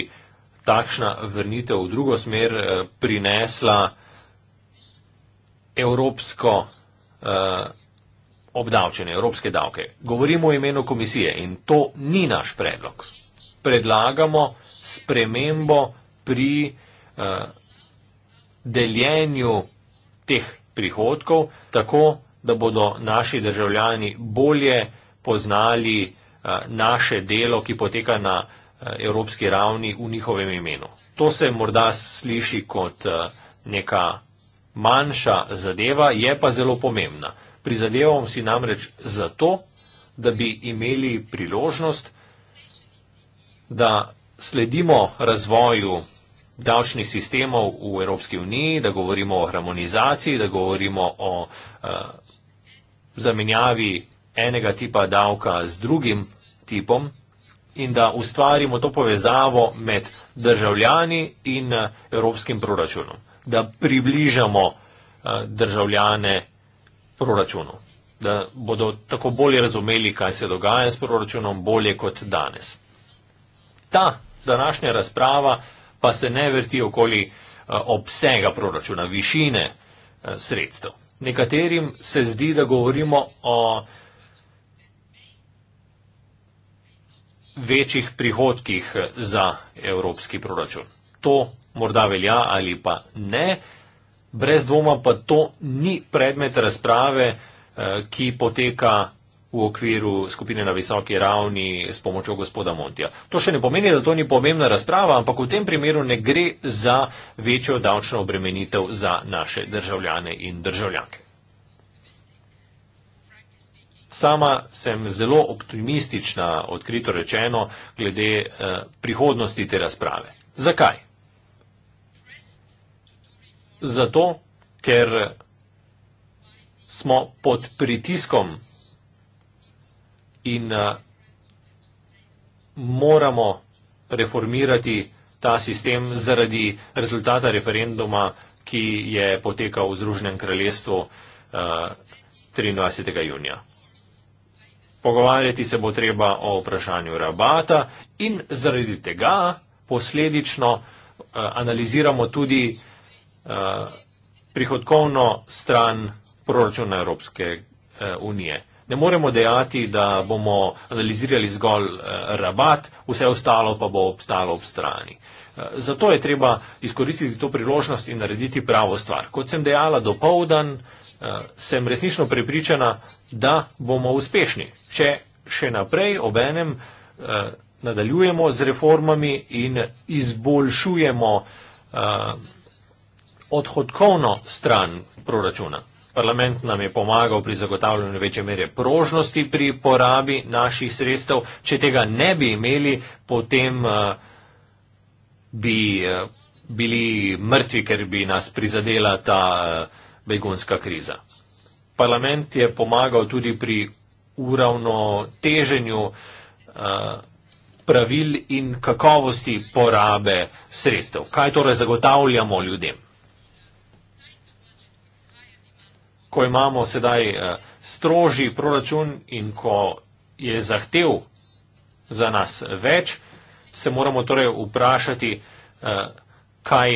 takšna vrnitev v drugo smer eh, prinesla evropsko obdavčene evropske davke. Govorimo o imenu komisije in to ni naš predlog. Predlagamo spremembo pri uh, deljenju teh prihodkov, tako da bodo naši državljani bolje poznali uh, naše delo, ki poteka na uh, evropski ravni v njihovem imenu. To se morda sliši kot uh, neka manjša zadeva, je pa zelo pomembna. Prizadevam si namreč za to, da bi imeli priložnost, da sledimo razvoju davčnih sistemov v Evropski uniji, da govorimo o harmonizaciji, da govorimo o uh, zamenjavi enega tipa davka z drugim tipom in da ustvarimo to povezavo med državljani in eh, evropskim proračunom, da približamo uh, državljane proračunu, da bodo tako bolje razumeli, kaj se dogaja s proračunom, bolje kot danes. Ta današnja razprava pa se ne vrti okoli eh, obsega proračuna, višine eh, sredstev. Nekaterim se zdi, da govorimo o večjih prihodkih eh, za evropski proračun. To morda velja ali pa ne. Brez dvoma pa to ni predmet razprave, eh, ki poteka v okviru skupine na visoki ravni s pomočjo gospoda Montija. To še ne pomeni, da to ni pomembna razprava, ampak v tem primeru ne gre za večjo davčno obremenitev za naše državljane in državljanke. Sama sem zelo optimistična, odkrito rečeno, glede eh, prihodnosti te razprave. Zakaj? Zato, ker smo pod pritiskom in eh, moramo reformirati ta sistem zaradi rezultata referenduma, ki je potekal v Združenem kraljestvu 23. Eh, junija. Pogovarjati se bo treba o vprašanju rabata in zaradi tega posledično eh, analiziramo tudi vprašanje, Eh, prihodkovno stran proračuna Evropske eh, unije. Ne moremo dejati, da bomo analizirali zgolj eh, rabat, vse ostalo pa bo obstalo ob strani. Zato je treba izkoristiti to priložnost in narediti pravo stvar. Kot sem dejala do povdan, sem resnično prepričana, da bomo uspešni, če še naprej ob enem nadaljujemo z reformami in izboljšujemo odhodkovno stran proračuna. Parlament nam je pomagal pri zagotavljanju večje mere prožnosti pri porabi naših sredstev. Če tega ne bi imeli, potem uh, bi uh, bili mrtvi, ker bi nas prizadela ta uh, begunska kriza. Parlament je pomagal tudi pri uravnoteženju uh, pravil in kakovosti porabe sredstev. Kaj torej zagotavljamo ljudem? ko imamo sedaj eh, strožji proračun in ko je zahtev za nas več, se moramo torej vprašati, eh, kaj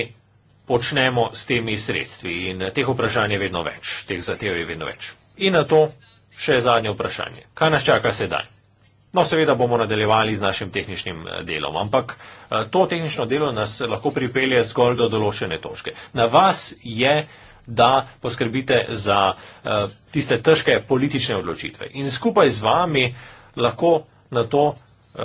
počnemo s temi sredstvi. In eh, teh vprašanj je vedno več, teh zahtev je vedno več. In na to še zadnje vprašanje. Kaj nas čaka sedaj? No, seveda bomo nadaljevali z našim tehničnim delom, ampak to tehnično delo nas lahko pripelje zgolj do določene točke. Na vas je da poskrbite za eh, tiste težke politične odločitve. In skupaj z vami lahko na to eh,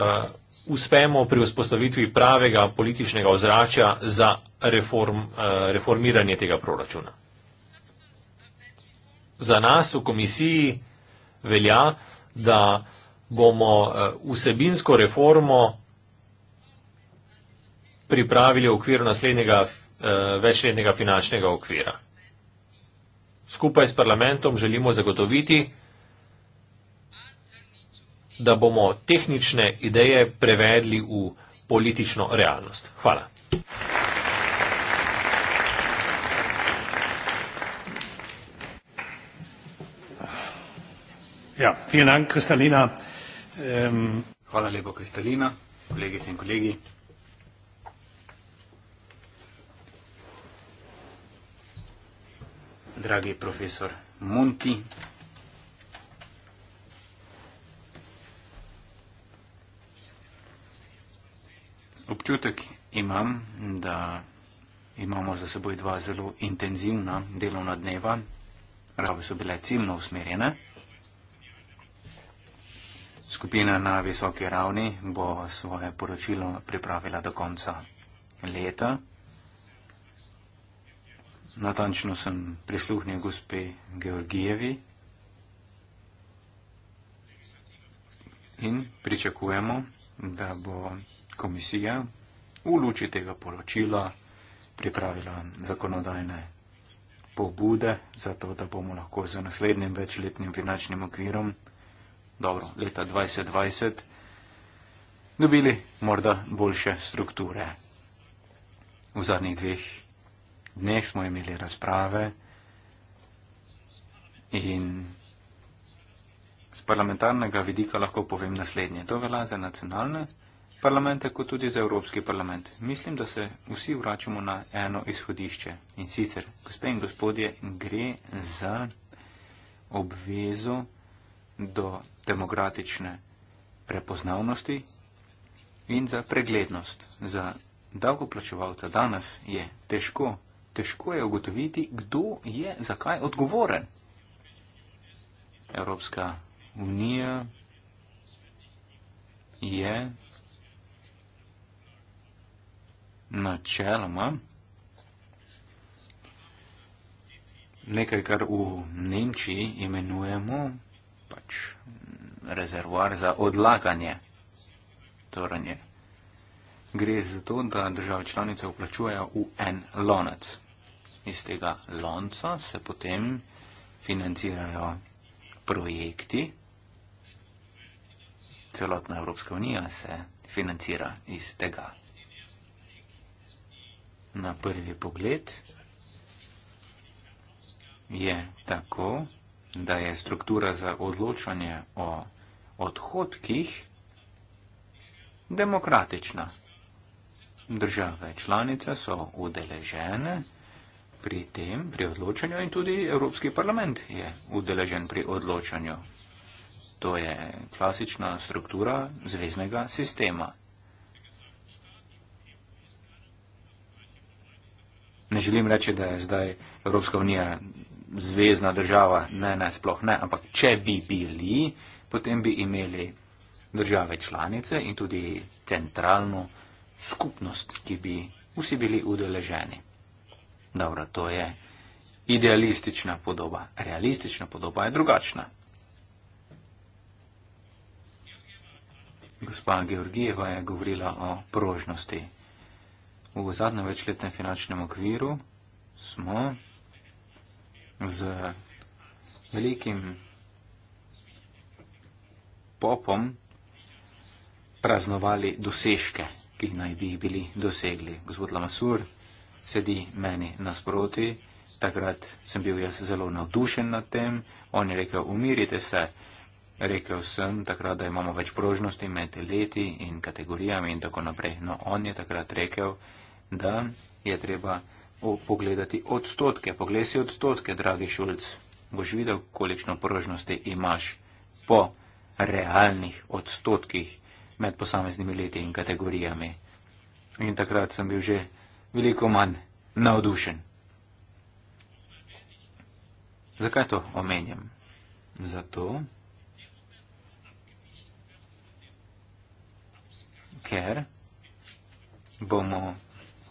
uspemo pri vzpostavitvi pravega političnega ozračja za reform, eh, reformiranje tega proračuna. Za nas v komisiji velja, da bomo vsebinsko reformo pripravili v okviru naslednjega večletnega finančnega okvira. Skupaj s parlamentom želimo zagotoviti, da bomo tehnične ideje prevedli v politično realnost. Hvala. Ja, vielen Dank, Kristalina. Ehm... Hvala lepo, Kristalina. Kolegice in kolegi. dragi profesor Monti. Občutek imam, da imamo za seboj dva zelo intenzivna delovna dneva. Rave so bile ciljno usmerjene. Skupina na visoki ravni bo svoje poročilo pripravila do konca leta natančno sem prisluhnil gospe Georgijevi in pričakujemo, da bo komisija v luči tega poročila pripravila zakonodajne pobude za to, da bomo lahko z naslednjim večletnim finančnim okvirom, dobro, leta 2020, dobili morda boljše strukture. V zadnjih dveh dneh smo imeli razprave in z parlamentarnega vidika lahko povem naslednje. To velja za nacionalne parlamente, kot tudi za Evropski parlament. Mislim, da se vsi vračamo na eno izhodišče. In sicer, gospe in gospodje, gre za obvezo do demokratične prepoznavnosti in za preglednost. Za davkoplačevalca danes je težko težko je ugotoviti, kdo je zakaj odgovoren. Evropska unija je načeloma nekaj, kar v Nemčiji imenujemo pač rezervoar za odlaganje. Torej, gre za to, da države članice vplačujejo v en lonec iz tega lonca se potem financirajo projekti. Celotna Evropska unija se financira iz tega. Na prvi pogled je tako, da je struktura za odločanje o odhodkih demokratična. Države članice so udeležene pri tem, pri odločanju in tudi Evropski parlament je udeležen pri odločanju. To je klasična struktura zvezdnega sistema. Ne želim reči, da je zdaj Evropska unija zvezdna država, ne, ne, sploh ne, ampak če bi bili, potem bi imeli države članice in tudi centralno skupnost, ki bi vsi bili udeleženi. Dobro, to je idealistična podoba. Realistična podoba je drugačna. Gospa Georgijeva je govorila o prožnosti. V zadnjem večletnem finančnem okviru smo z velikim popom praznovali dosežke, ki naj bi jih bili dosegli. Gospod Lamasur sedi meni nasproti. Takrat sem bil jaz zelo navdušen nad tem. On je rekel, umirite se. Rekel sem takrat, da imamo več prožnosti med leti in kategorijami in tako naprej. No, on je takrat rekel, da je treba pogledati odstotke. Poglej si odstotke, dragi Šulc. Boš videl, kolikšno prožnosti imaš po realnih odstotkih med posameznimi leti in kategorijami. In takrat sem bil že veliko manj navdušen. Zakaj to omenjam? Zato, ker bomo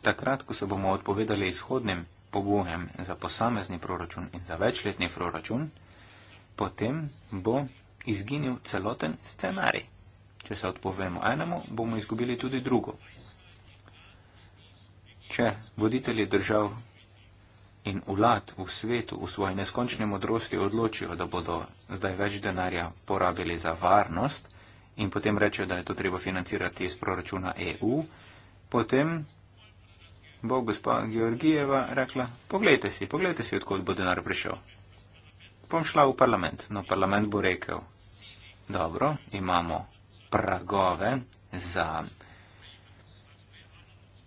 takrat, ko se bomo odpovedali izhodnim pogojem za posamezni proračun in za večletni proračun, potem bo izginil celoten scenarij. Če se odpovemo enemu, bomo izgubili tudi drugo. Če voditelji držav in vlad v svetu v svoji neskončni modrosti odločijo, da bodo zdaj več denarja porabili za varnost in potem rečejo, da je to treba financirati iz proračuna EU, potem bo gospa Georgijeva rekla, pogledajte si, pogledajte si, odkot bo denar prišel. Bom šla v parlament. No, parlament bo rekel, dobro, imamo pragove za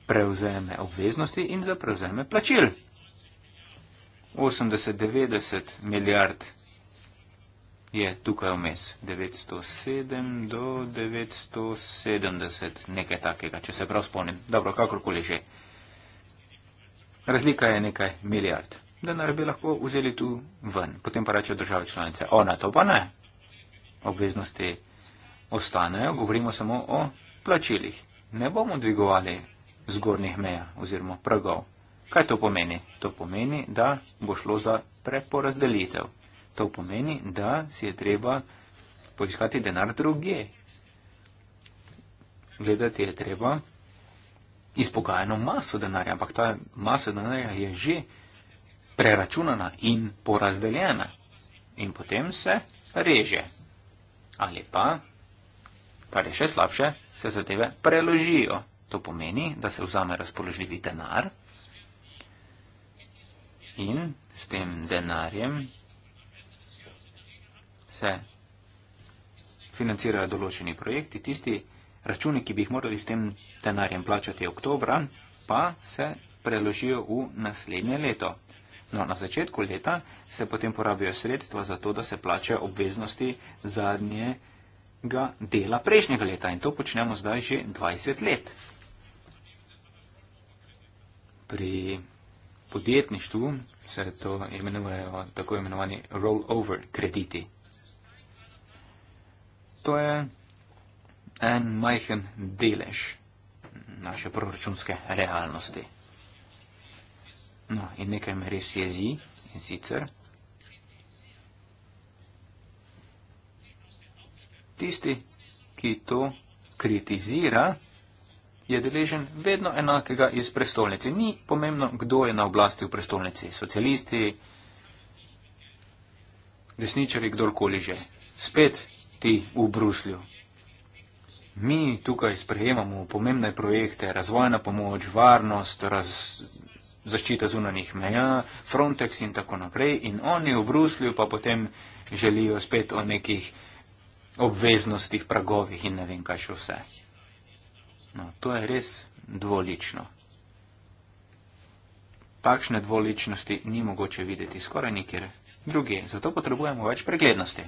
prevzeme obveznosti in za prevzeme plačil. 80-90 milijard je tukaj vmes. 907 do 970, nekaj takega, če se prav spomnim. Dobro, kakorkoli že. Razlika je nekaj milijard. Denar bi lahko vzeli tu ven. Potem pa rečejo države članice, ona to pa ne. Obveznosti ostanejo, govorimo samo o plačilih. Ne bomo dvigovali zgornjih meja oziroma pragov. Kaj to pomeni? To pomeni, da bo šlo za preporazdelitev. To pomeni, da si je treba poiskati denar druge. Gledati je treba izpogajeno maso denarja, ampak ta masa denarja je že preračunana in porazdeljena. In potem se reže. Ali pa, kar je še slabše, se zadeve preložijo. To pomeni, da se vzame razpoložljivi denar in s tem denarjem se financirajo določeni projekti. Tisti računi, ki bi jih morali s tem denarjem plačati oktobra, pa se preložijo v naslednje leto. No, na začetku leta se potem porabijo sredstva za to, da se plačajo obveznosti zadnjega dela prejšnjega leta in to počnemo zdaj že 20 let pri podjetništvu se to imenujejo tako imenovani rollover krediti. To je en majhen delež naše proračunske realnosti. No, in nekaj me res jezi, in sicer tisti, ki to kritizira, je deležen vedno enakega iz prestolnice. Ni pomembno, kdo je na oblasti v prestolnici. Socialisti, desničari, kdorkoli že. Spet ti v Bruslju. Mi tukaj sprejemamo pomembne projekte, razvojna pomoč, varnost, raz... zaščita zunanih meja, Frontex in tako naprej. In oni v Bruslju pa potem želijo spet o nekih obveznostih, pragovih in ne vem, kaj še vse. No, to je res dvolično. Takšne dvoličnosti ni mogoče videti skoraj nikjer. Drugi, zato potrebujemo več preglednosti.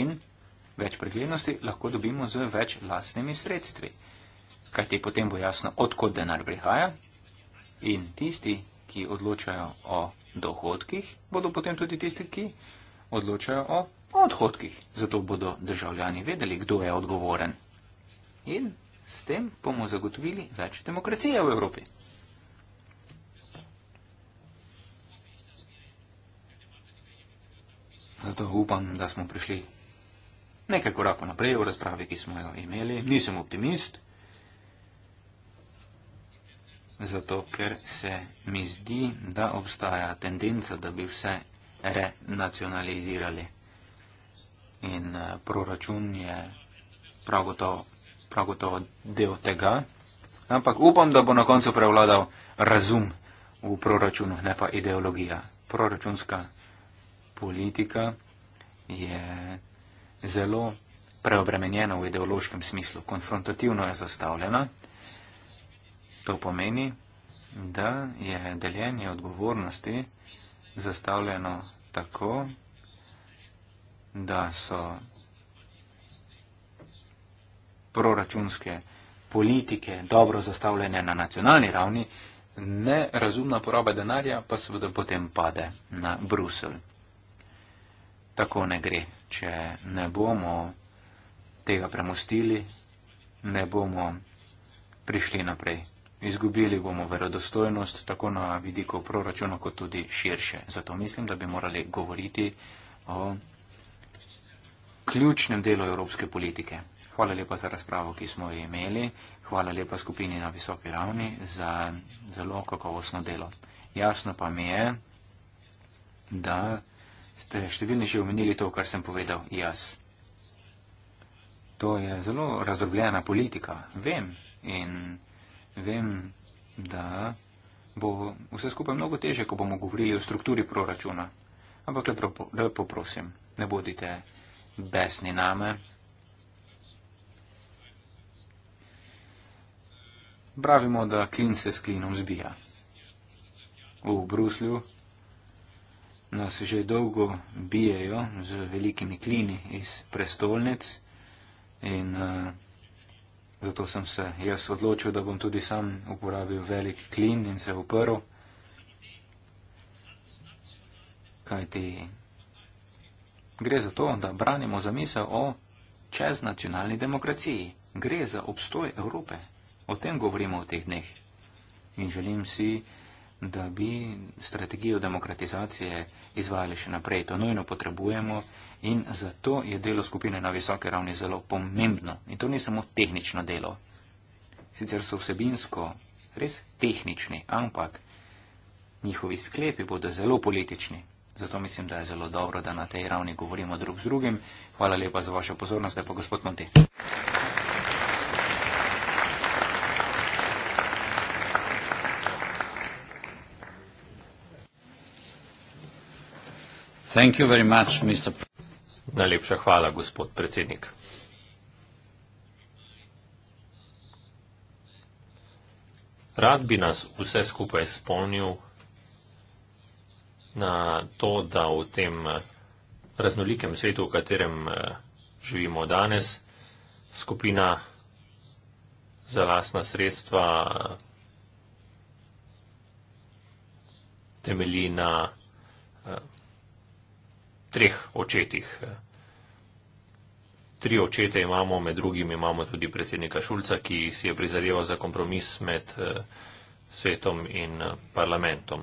In več preglednosti lahko dobimo z več lastnimi sredstvi. Kajti potem bo jasno, odkot denar prihaja. In tisti, ki odločajo o dohodkih, bodo potem tudi tisti, ki odločajo o odhodkih. Zato bodo državljani vedeli, kdo je odgovoren. In S tem bomo zagotovili več demokracije v Evropi. Zato upam, da smo prišli nekaj korakov naprej v razpravi, ki smo jo imeli. Nisem optimist, zato ker se mi zdi, da obstaja tendenca, da bi vse renacionalizirali. In eh, proračun je prav gotovo prav gotovo del tega. Ampak upam, da bo na koncu prevladal razum v proračunu, ne pa ideologija. Proračunska politika je zelo preobremenjena v ideološkem smislu, konfrontativno je zastavljena. To pomeni, da je deljenje odgovornosti zastavljeno tako, da so proračunske politike, dobro zastavljene na nacionalni ravni, nerazumna poraba denarja pa seveda potem pade na Brusel. Tako ne gre, če ne bomo tega premustili, ne bomo prišli naprej. Izgubili bomo verodostojnost tako na vidiku proračuna, kot tudi širše. Zato mislim, da bi morali govoriti o ključnem delu evropske politike. Hvala lepa za razpravo, ki smo jo imeli. Hvala lepa skupini na visoki ravni za zelo kakovostno delo. Jasno pa mi je, da ste številni že omenili to, kar sem povedal jaz. To je zelo razdrobljena politika. Vem in vem, da bo vse skupaj mnogo teže, ko bomo govorili o strukturi proračuna. Ampak lepo, lepo prosim, ne bodite besni name. pravimo, da klin se s klinom zbija. V Bruslju nas že dolgo bijejo z velikimi klini iz prestolnic in uh, zato sem se jaz odločil, da bom tudi sam uporabil velik klin in se uprl, kajti gre za to, da branimo zamisel o čeznacionalni demokraciji. Gre za obstoj Evrope. O tem govorimo v teh dneh. In želim si, da bi strategijo demokratizacije izvajali še naprej. To nujno potrebujemo in zato je delo skupine na visoke ravni zelo pomembno. In to ni samo tehnično delo. Sicer so vsebinsko res tehnični, ampak njihovi sklepi bodo zelo politični. Zato mislim, da je zelo dobro, da na tej ravni govorimo drug z drugim. Hvala lepa za vašo pozornost, da pa gospod Monti. Thank you very much, Mr. Najlepša hvala, gospod predsednik. Rad bi nas vse skupaj spomnil na to, da v tem eh, raznolikem svetu, v katerem eh, živimo danes, skupina za lasna sredstva eh, temelji na treh očetih. Tri očete imamo, med drugim imamo tudi predsednika Šulca, ki si je prizadeval za kompromis med eh, svetom in eh, parlamentom.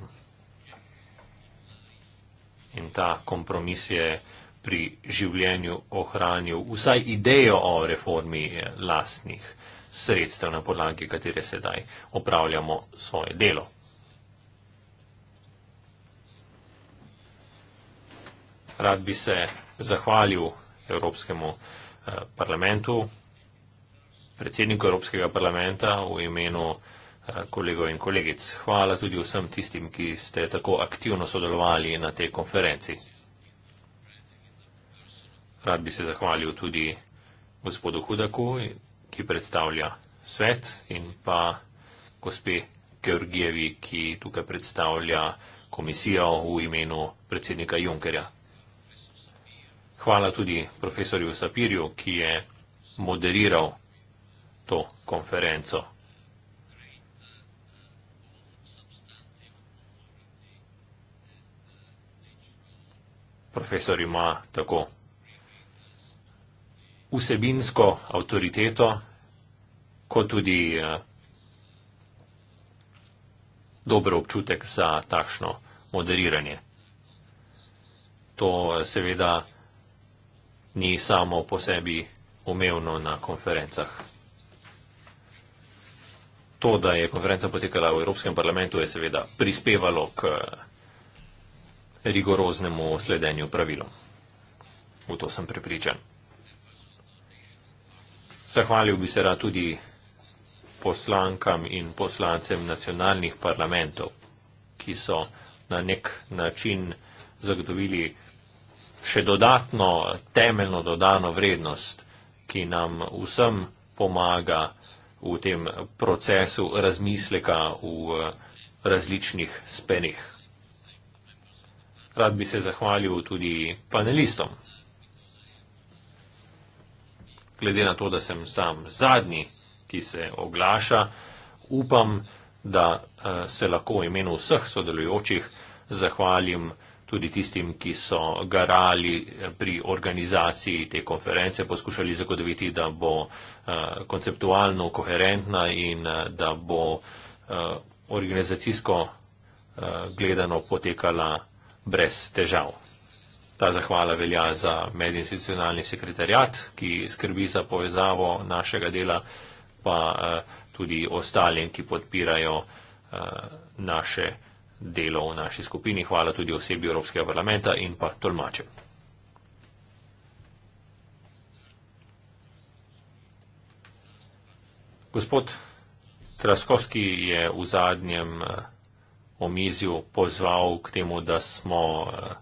In ta kompromis je pri življenju ohranil vsaj idejo o reformi eh, lastnih sredstev, na podlagi katere sedaj opravljamo svoje delo. Rad bi se zahvalil Evropskemu eh, parlamentu, predsedniku Evropskega parlamenta v imenu eh, kolegov in kolegic. Hvala tudi vsem tistim, ki ste tako aktivno sodelovali na tej konferenci. Rad bi se zahvalil tudi gospodu Hudaku, ki predstavlja svet, in pa gospe Georgijevi, ki tukaj predstavlja komisijo v imenu predsednika Junkerja. Hvala tudi profesorju Sapirju, ki je moderiral to konferenco. Profesor ima tako vsebinsko avtoriteto, kot tudi eh, dober občutek za takšno moderiranje. To eh, seveda ni samo po sebi umevno na konferencah. To, da je konferenca potekala v Evropskem parlamentu, je seveda prispevalo k eh, rigoroznemu sledenju pravilom. V to sem prepričan. Zahvalil bi se rad tudi poslankam in poslancem nacionalnih parlamentov, ki so na nek način zagotovili še dodatno temeljno dodano vrednost, ki nam vsem pomaga v tem procesu razmisleka v eh, različnih spenih. Rad bi se zahvalil tudi panelistom. Glede na to, da sem sam zadnji, ki se oglaša, upam, da eh, se lahko v imenu vseh sodelujočih zahvalim tudi tistim, ki so garali pri organizaciji te konference, poskušali zagotoviti, da bo eh, konceptualno koherentna in eh, da bo eh, organizacijsko gledano potekala brez težav. Ta zahvala velja za medinstitucionalni sekretarjat, ki skrbi za povezavo našega dela, pa tudi ostalim, ki podpirajo naše delo v naši skupini. Hvala tudi osebi Evropskega parlamenta in pa tolmačem. Gospod Traskovski je v zadnjem eh, omizju pozval k temu, da smo eh,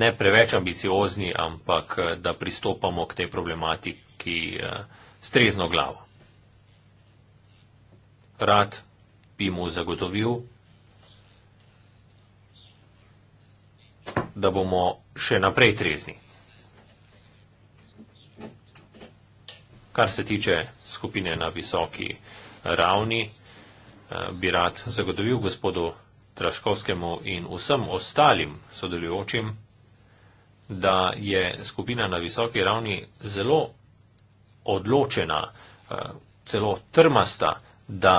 ne preveč ambiciozni, ampak eh, da pristopamo k tej problematiki strezno glavo. Rad bi mu zagotovil, da bomo še naprej trezni. Kar se tiče skupine na visoki ravni, eh, bi rad zagotovil gospodu Traškovskemu in vsem ostalim sodelujočim, da je skupina na visoki ravni zelo odločena, eh, celo trmasta, da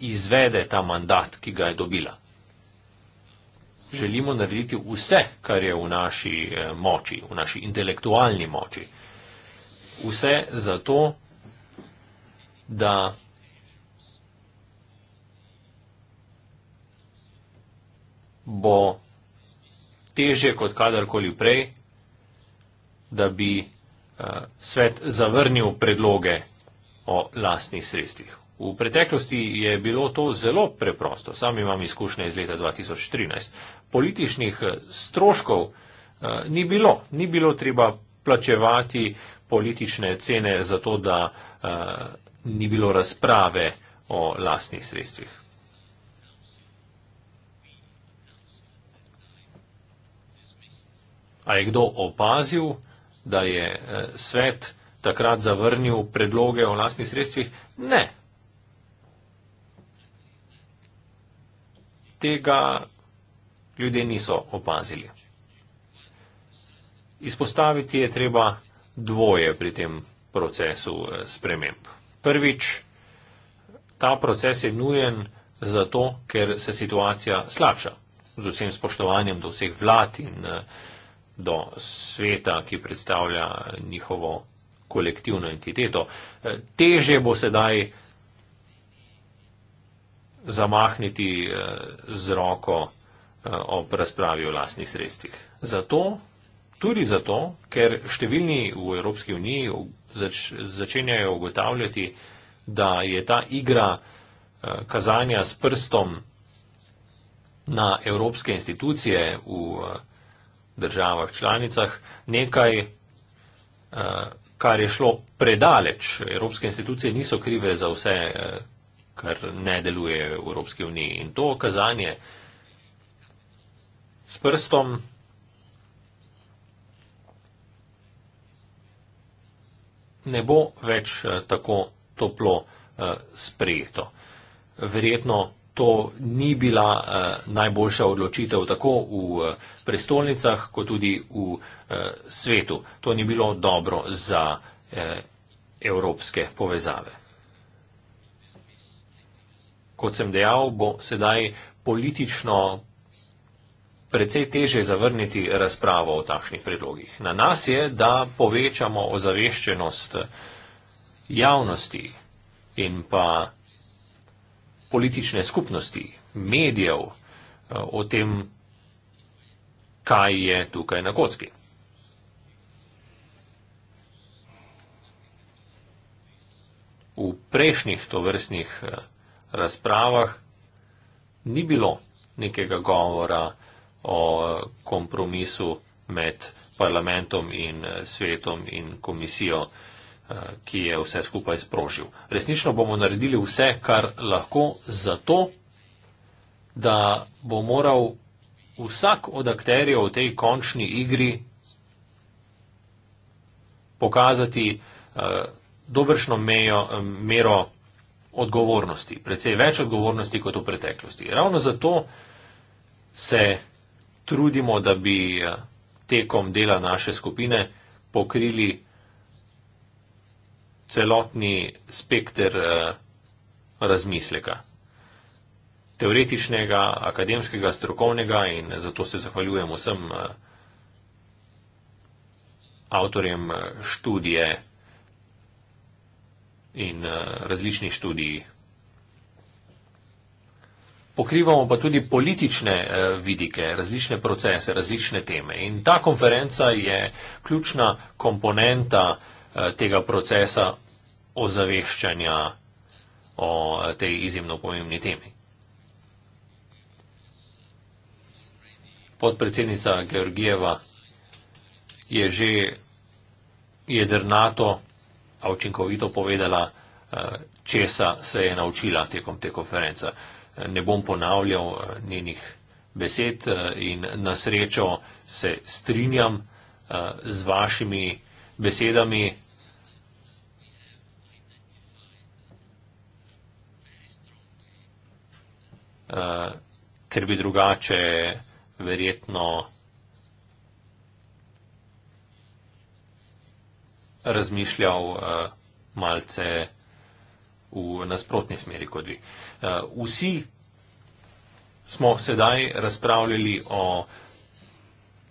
izvede ta mandat, ki ga je dobila. Želimo narediti vse, kar je v naši eh, moči, v naši intelektualni moči. Vse zato, da bo teže kot kadarkoli prej, da bi eh, svet zavrnil predloge o lastnih sredstvih. V preteklosti je bilo to zelo preprosto, sam imam izkušnje iz leta 2013. Političnih eh, stroškov uh, ni bilo, ni bilo treba plačevati politične cene za to, da uh, ni bilo razprave o lastnih sredstvih. A je kdo opazil, da je svet takrat zavrnil predloge o lastnih sredstvih? Ne, tega ljudje niso opazili. Izpostaviti je treba dvoje pri tem procesu eh, sprememb. Prvič, ta proces je nujen zato, ker se situacija slabša. Z vsem spoštovanjem do vseh vlad in eh, do sveta, ki predstavlja njihovo kolektivno entiteto. Eh, Teže bo sedaj zamahniti eh, z roko eh, ob razpravi o lastnih sredstvih. Zato, tudi zato, ker številni v Evropski uniji zač, začenjajo ugotavljati, da je ta igra eh, kazanja s prstom na evropske institucije v državah članicah nekaj, kar je šlo predaleč. Evropske institucije niso krive za vse kar ne deluje v Evropski uniji. In to kazanje s prstom ne bo več eh, tako toplo eh, sprejeto. Verjetno to ni bila eh, najboljša odločitev tako v prestolnicah, kot tudi v svetu. To ni bilo dobro za evropske povezave kot sem dejal, bo sedaj politično precej teže zavrniti razpravo o takšnih predlogih. Na nas je, da povečamo ozaveščenost javnosti in pa politične skupnosti, medijev eh, o tem, kaj je tukaj na kocki. V prejšnjih tovrstnih eh, razpravah ni bilo nekega govora o kompromisu med parlamentom in eh, svetom in komisijo, eh, ki je vse skupaj sprožil. Resnično bomo naredili vse, kar lahko, zato, da bo moral vsak od akterjev v tej končni igri pokazati eh, dobršno mejo, mero odgovornosti, precej več odgovornosti kot v preteklosti. Ravno zato se trudimo, da bi eh, tekom dela naše skupine pokrili celotni spekter eh, razmisleka. Teoretičnega, akademskega, strokovnega in zato se zahvaljujem vsem eh, avtorjem študije in eh, različni študiji. Pokrivamo pa tudi politične eh, vidike, različne procese, različne teme. In ta konferenca je ključna komponenta eh, tega procesa ozaveščanja o tej izjemno pomembni temi. Podpredsednica Georgijeva je že jedrnato a očinkovito povedala, eh, česa se je naučila tekom te konference. Eh, ne bom ponavljal eh, njenih besed in na srečo se strinjam z vašimi besedami. Ker bi drugače verjetno razmišljal uh, malce v nasprotni smeri kot vi. Uh, vsi smo sedaj razpravljali o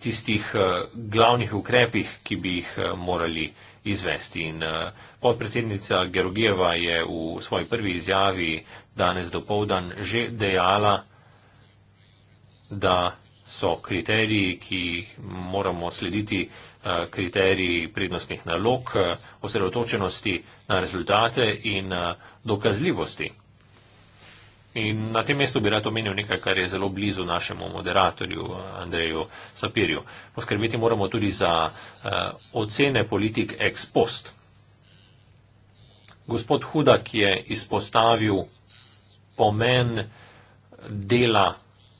tistih uh, glavnih ukrepih, ki bi jih uh, morali izvesti. In uh, podpredsednica Gerogijeva je v svoji prvi izjavi danes do povdan že dejala, da so kriteriji, ki jih moramo slediti, uh, Eh, kriteriji prednostnih nalog, eh, osredotočenosti na rezultate in eh, dokazljivosti. In na tem mestu bi rad omenil nekaj, kar je zelo blizu našemu moderatorju Andreju Sapirju. Poskrbeti moramo tudi za uh, ocene politik ex post. Gospod Hudak je izpostavil pomen dela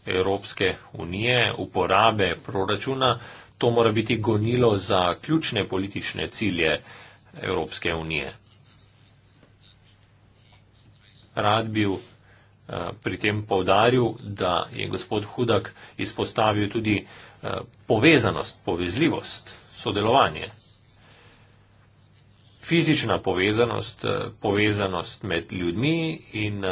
Evropske unije, uporabe proračuna, to mora biti gonilo za ključne politične cilje Evropske unije. Rad bi uh, pri tem povdaril, da je gospod Hudak izpostavil tudi uh, povezanost, povezljivost, sodelovanje. Fizična povezanost, eh, povezanost med ljudmi in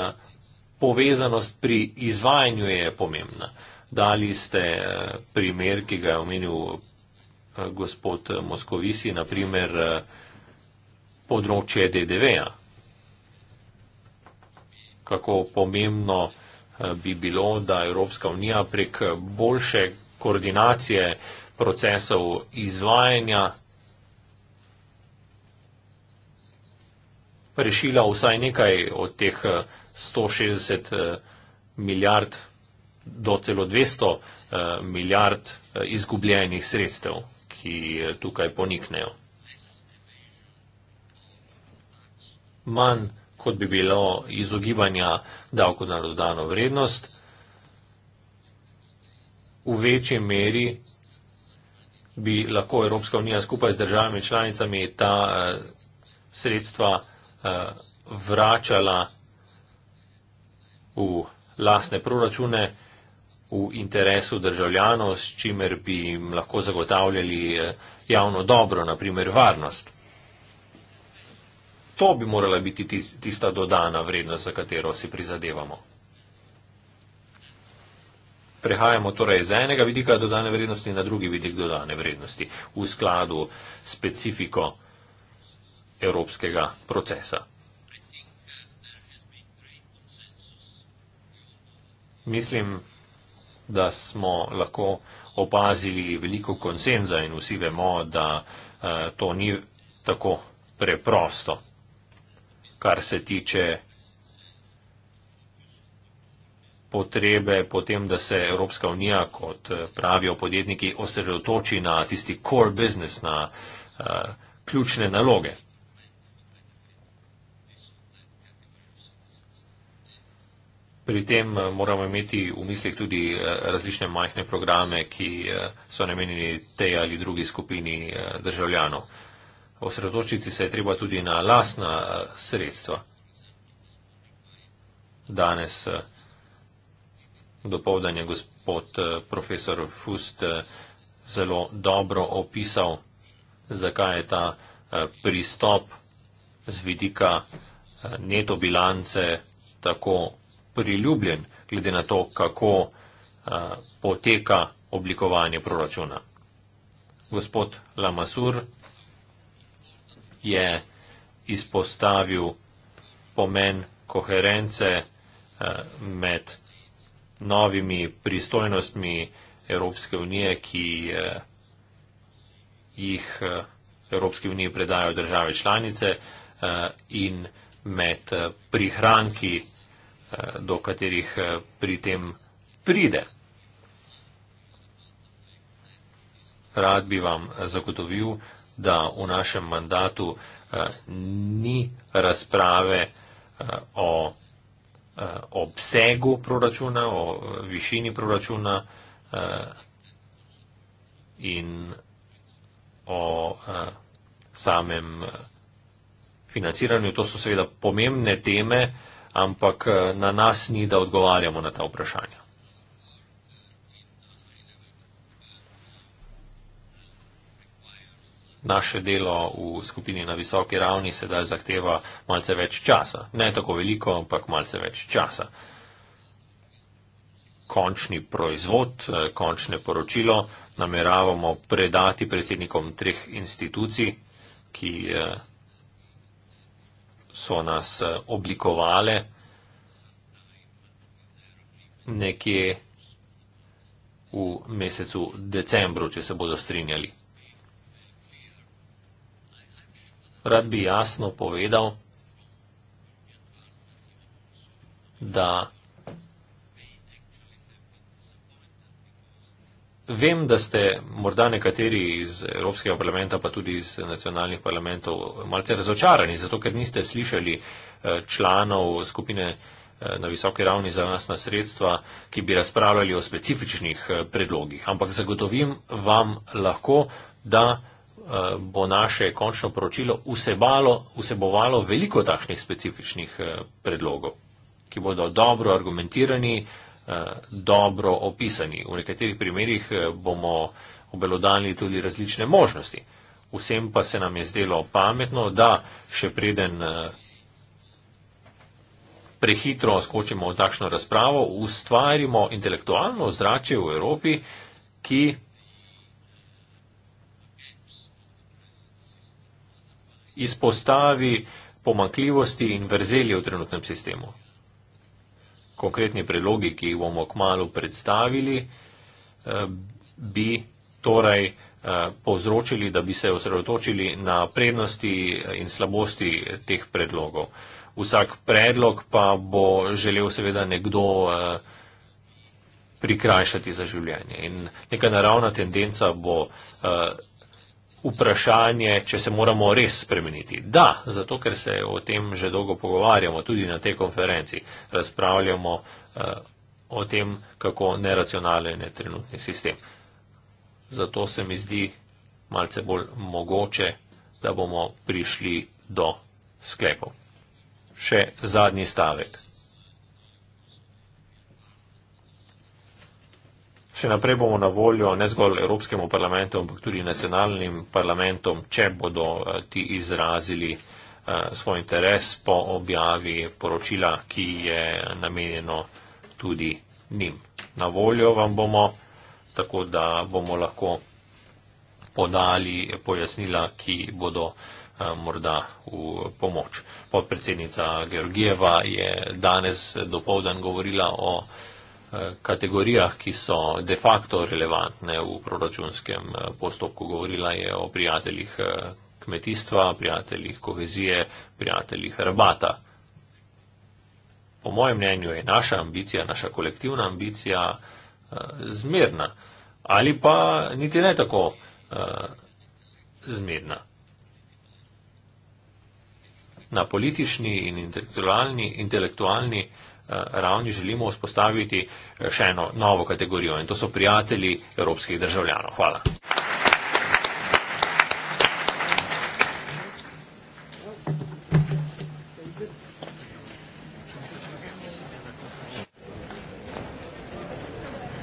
povezanost pri izvajanju je pomembna. Dali ste eh, primer, ki ga je omenil eh, gospod Moskovisi, naprimer eh, področje DDV-ja. Kako pomembno bi bilo, da Evropska unija prek boljše koordinacije procesov izvajanja rešila vsaj nekaj od teh 160 milijard do celo 200 eh, milijard eh, izgubljenih sredstev, ki eh, tukaj poniknejo. Manj kot bi bilo izogibanja davko na dodano vrednost, v večji meri bi lahko Evropska unija skupaj z državami članicami ta sredstva vračala v lasne proračune, v interesu državljanov, s čimer bi jim lahko zagotavljali eh, javno dobro, naprimer varnost. To bi morala biti tista dodana vrednost, za katero si prizadevamo. Prehajamo torej iz enega vidika dodane vrednosti na drugi vidik dodane vrednosti v skladu s specifiko evropskega procesa. Mislim, da smo lahko opazili veliko konsenza in vsi vemo, da eh, to ni tako preprosto, kar se tiče potrebe potem, da se Evropska unija, kot eh, pravijo podjetniki, osredotoči na tisti core business, na uh, ključne naloge. Pri tem eh, moramo imeti v mislih tudi eh, različne majhne programe, ki eh, so namenjeni tej ali drugi skupini državljanov. Osredotočiti se je treba tudi na lasna sredstva. Danes dopovdan je gospod profesor Fust zelo dobro opisal, zakaj je ta pristop z vidika neto bilance tako priljubljen, glede na to, kako a, poteka oblikovanje proračuna. Gospod Lamasur je izpostavil pomen koherence a, med novimi pristojnostmi Evropske unije, ki a, jih a, Evropske unije predajo države članice a, in med prihranki, Eh, do katerih eh, pri tem pride. Rad bi vam zagotovil, da v našem mandatu eh, ni razprave o obsegu proračuna, o višini proračuna in o samem financiranju. To so seveda pomembne teme, ampak eh, na nas ni, da odgovarjamo na ta vprašanja. Naše delo v skupini na visoki ravni sedaj zahteva malce več časa. Ne tako veliko, ampak malce več časa. Končni proizvod, eh, končne poročilo nameravamo predati predsednikom treh institucij, ki eh, so nas eh, oblikovale nekje v mesecu decembru, če se bodo strinjali. Rad bi jasno povedal, da Vem, da ste morda nekateri iz Evropskega parlamenta, pa tudi iz nacionalnih parlamentov, malce razočarani, zato ker niste slišali eh, članov skupine eh, na visoki ravni za nas na sredstva, ki bi razpravljali o specifičnih eh, predlogih. Ampak zagotovim vam lahko, da bo naše končno poročilo vsebalo, vsebovalo veliko takšnih specifičnih predlogov, ki bodo dobro argumentirani, Eh, dobro opisani. V nekaterih primerjih eh, bomo obelodali tudi različne možnosti. Vsem pa se nam je zdelo pametno, da še preden eh, prehitro skočimo v takšno razpravo, ustvarimo intelektualno zrače v Evropi, ki izpostavi pomankljivosti in vrzeli v trenutnem sistemu konkretni predlogi, ki jih bomo kmalo predstavili, eh, bi torej eh, povzročili, da bi se osredotočili na prednosti in slabosti teh predlogov. Vsak predlog pa bo želel seveda nekdo eh, prikrajšati za življenje. In neka naravna tendenca bo vprašanje, če se moramo res spremeniti. Da, zato ker se o tem že dolgo pogovarjamo, tudi na tej konferenci razpravljamo uh, o tem, kako neracionalen je trenutni sistem. Zato se mi zdi malce bolj mogoče, da bomo prišli do sklepov. Še zadnji stavek. Še naprej bomo na voljo ne zgolj Evropskemu parlamentu, ampak tudi nacionalnim parlamentom, če bodo eh, ti izrazili eh, svoj interes po objavi poročila, ki je namenjeno tudi njim. Na voljo vam bomo, tako da bomo lahko podali pojasnila, ki bodo eh, morda v pomoč. Podpredsednica Georgijeva je danes dopovdan govorila o kategorijah, ki so de facto relevantne v proračunskem eh, postopku. Govorila je o prijateljih eh, kmetijstva, prijateljih kohezije, prijateljih rabata. Po mojem mnenju je naša ambicija, naša kolektivna ambicija eh, zmerna ali pa niti ne tako zmerna. Na politični in intelektualni, intelektualni Eh, ravni želimo vzpostaviti eh, še eno novo kategorijo in to so prijatelji evropskih državljanov. Hvala.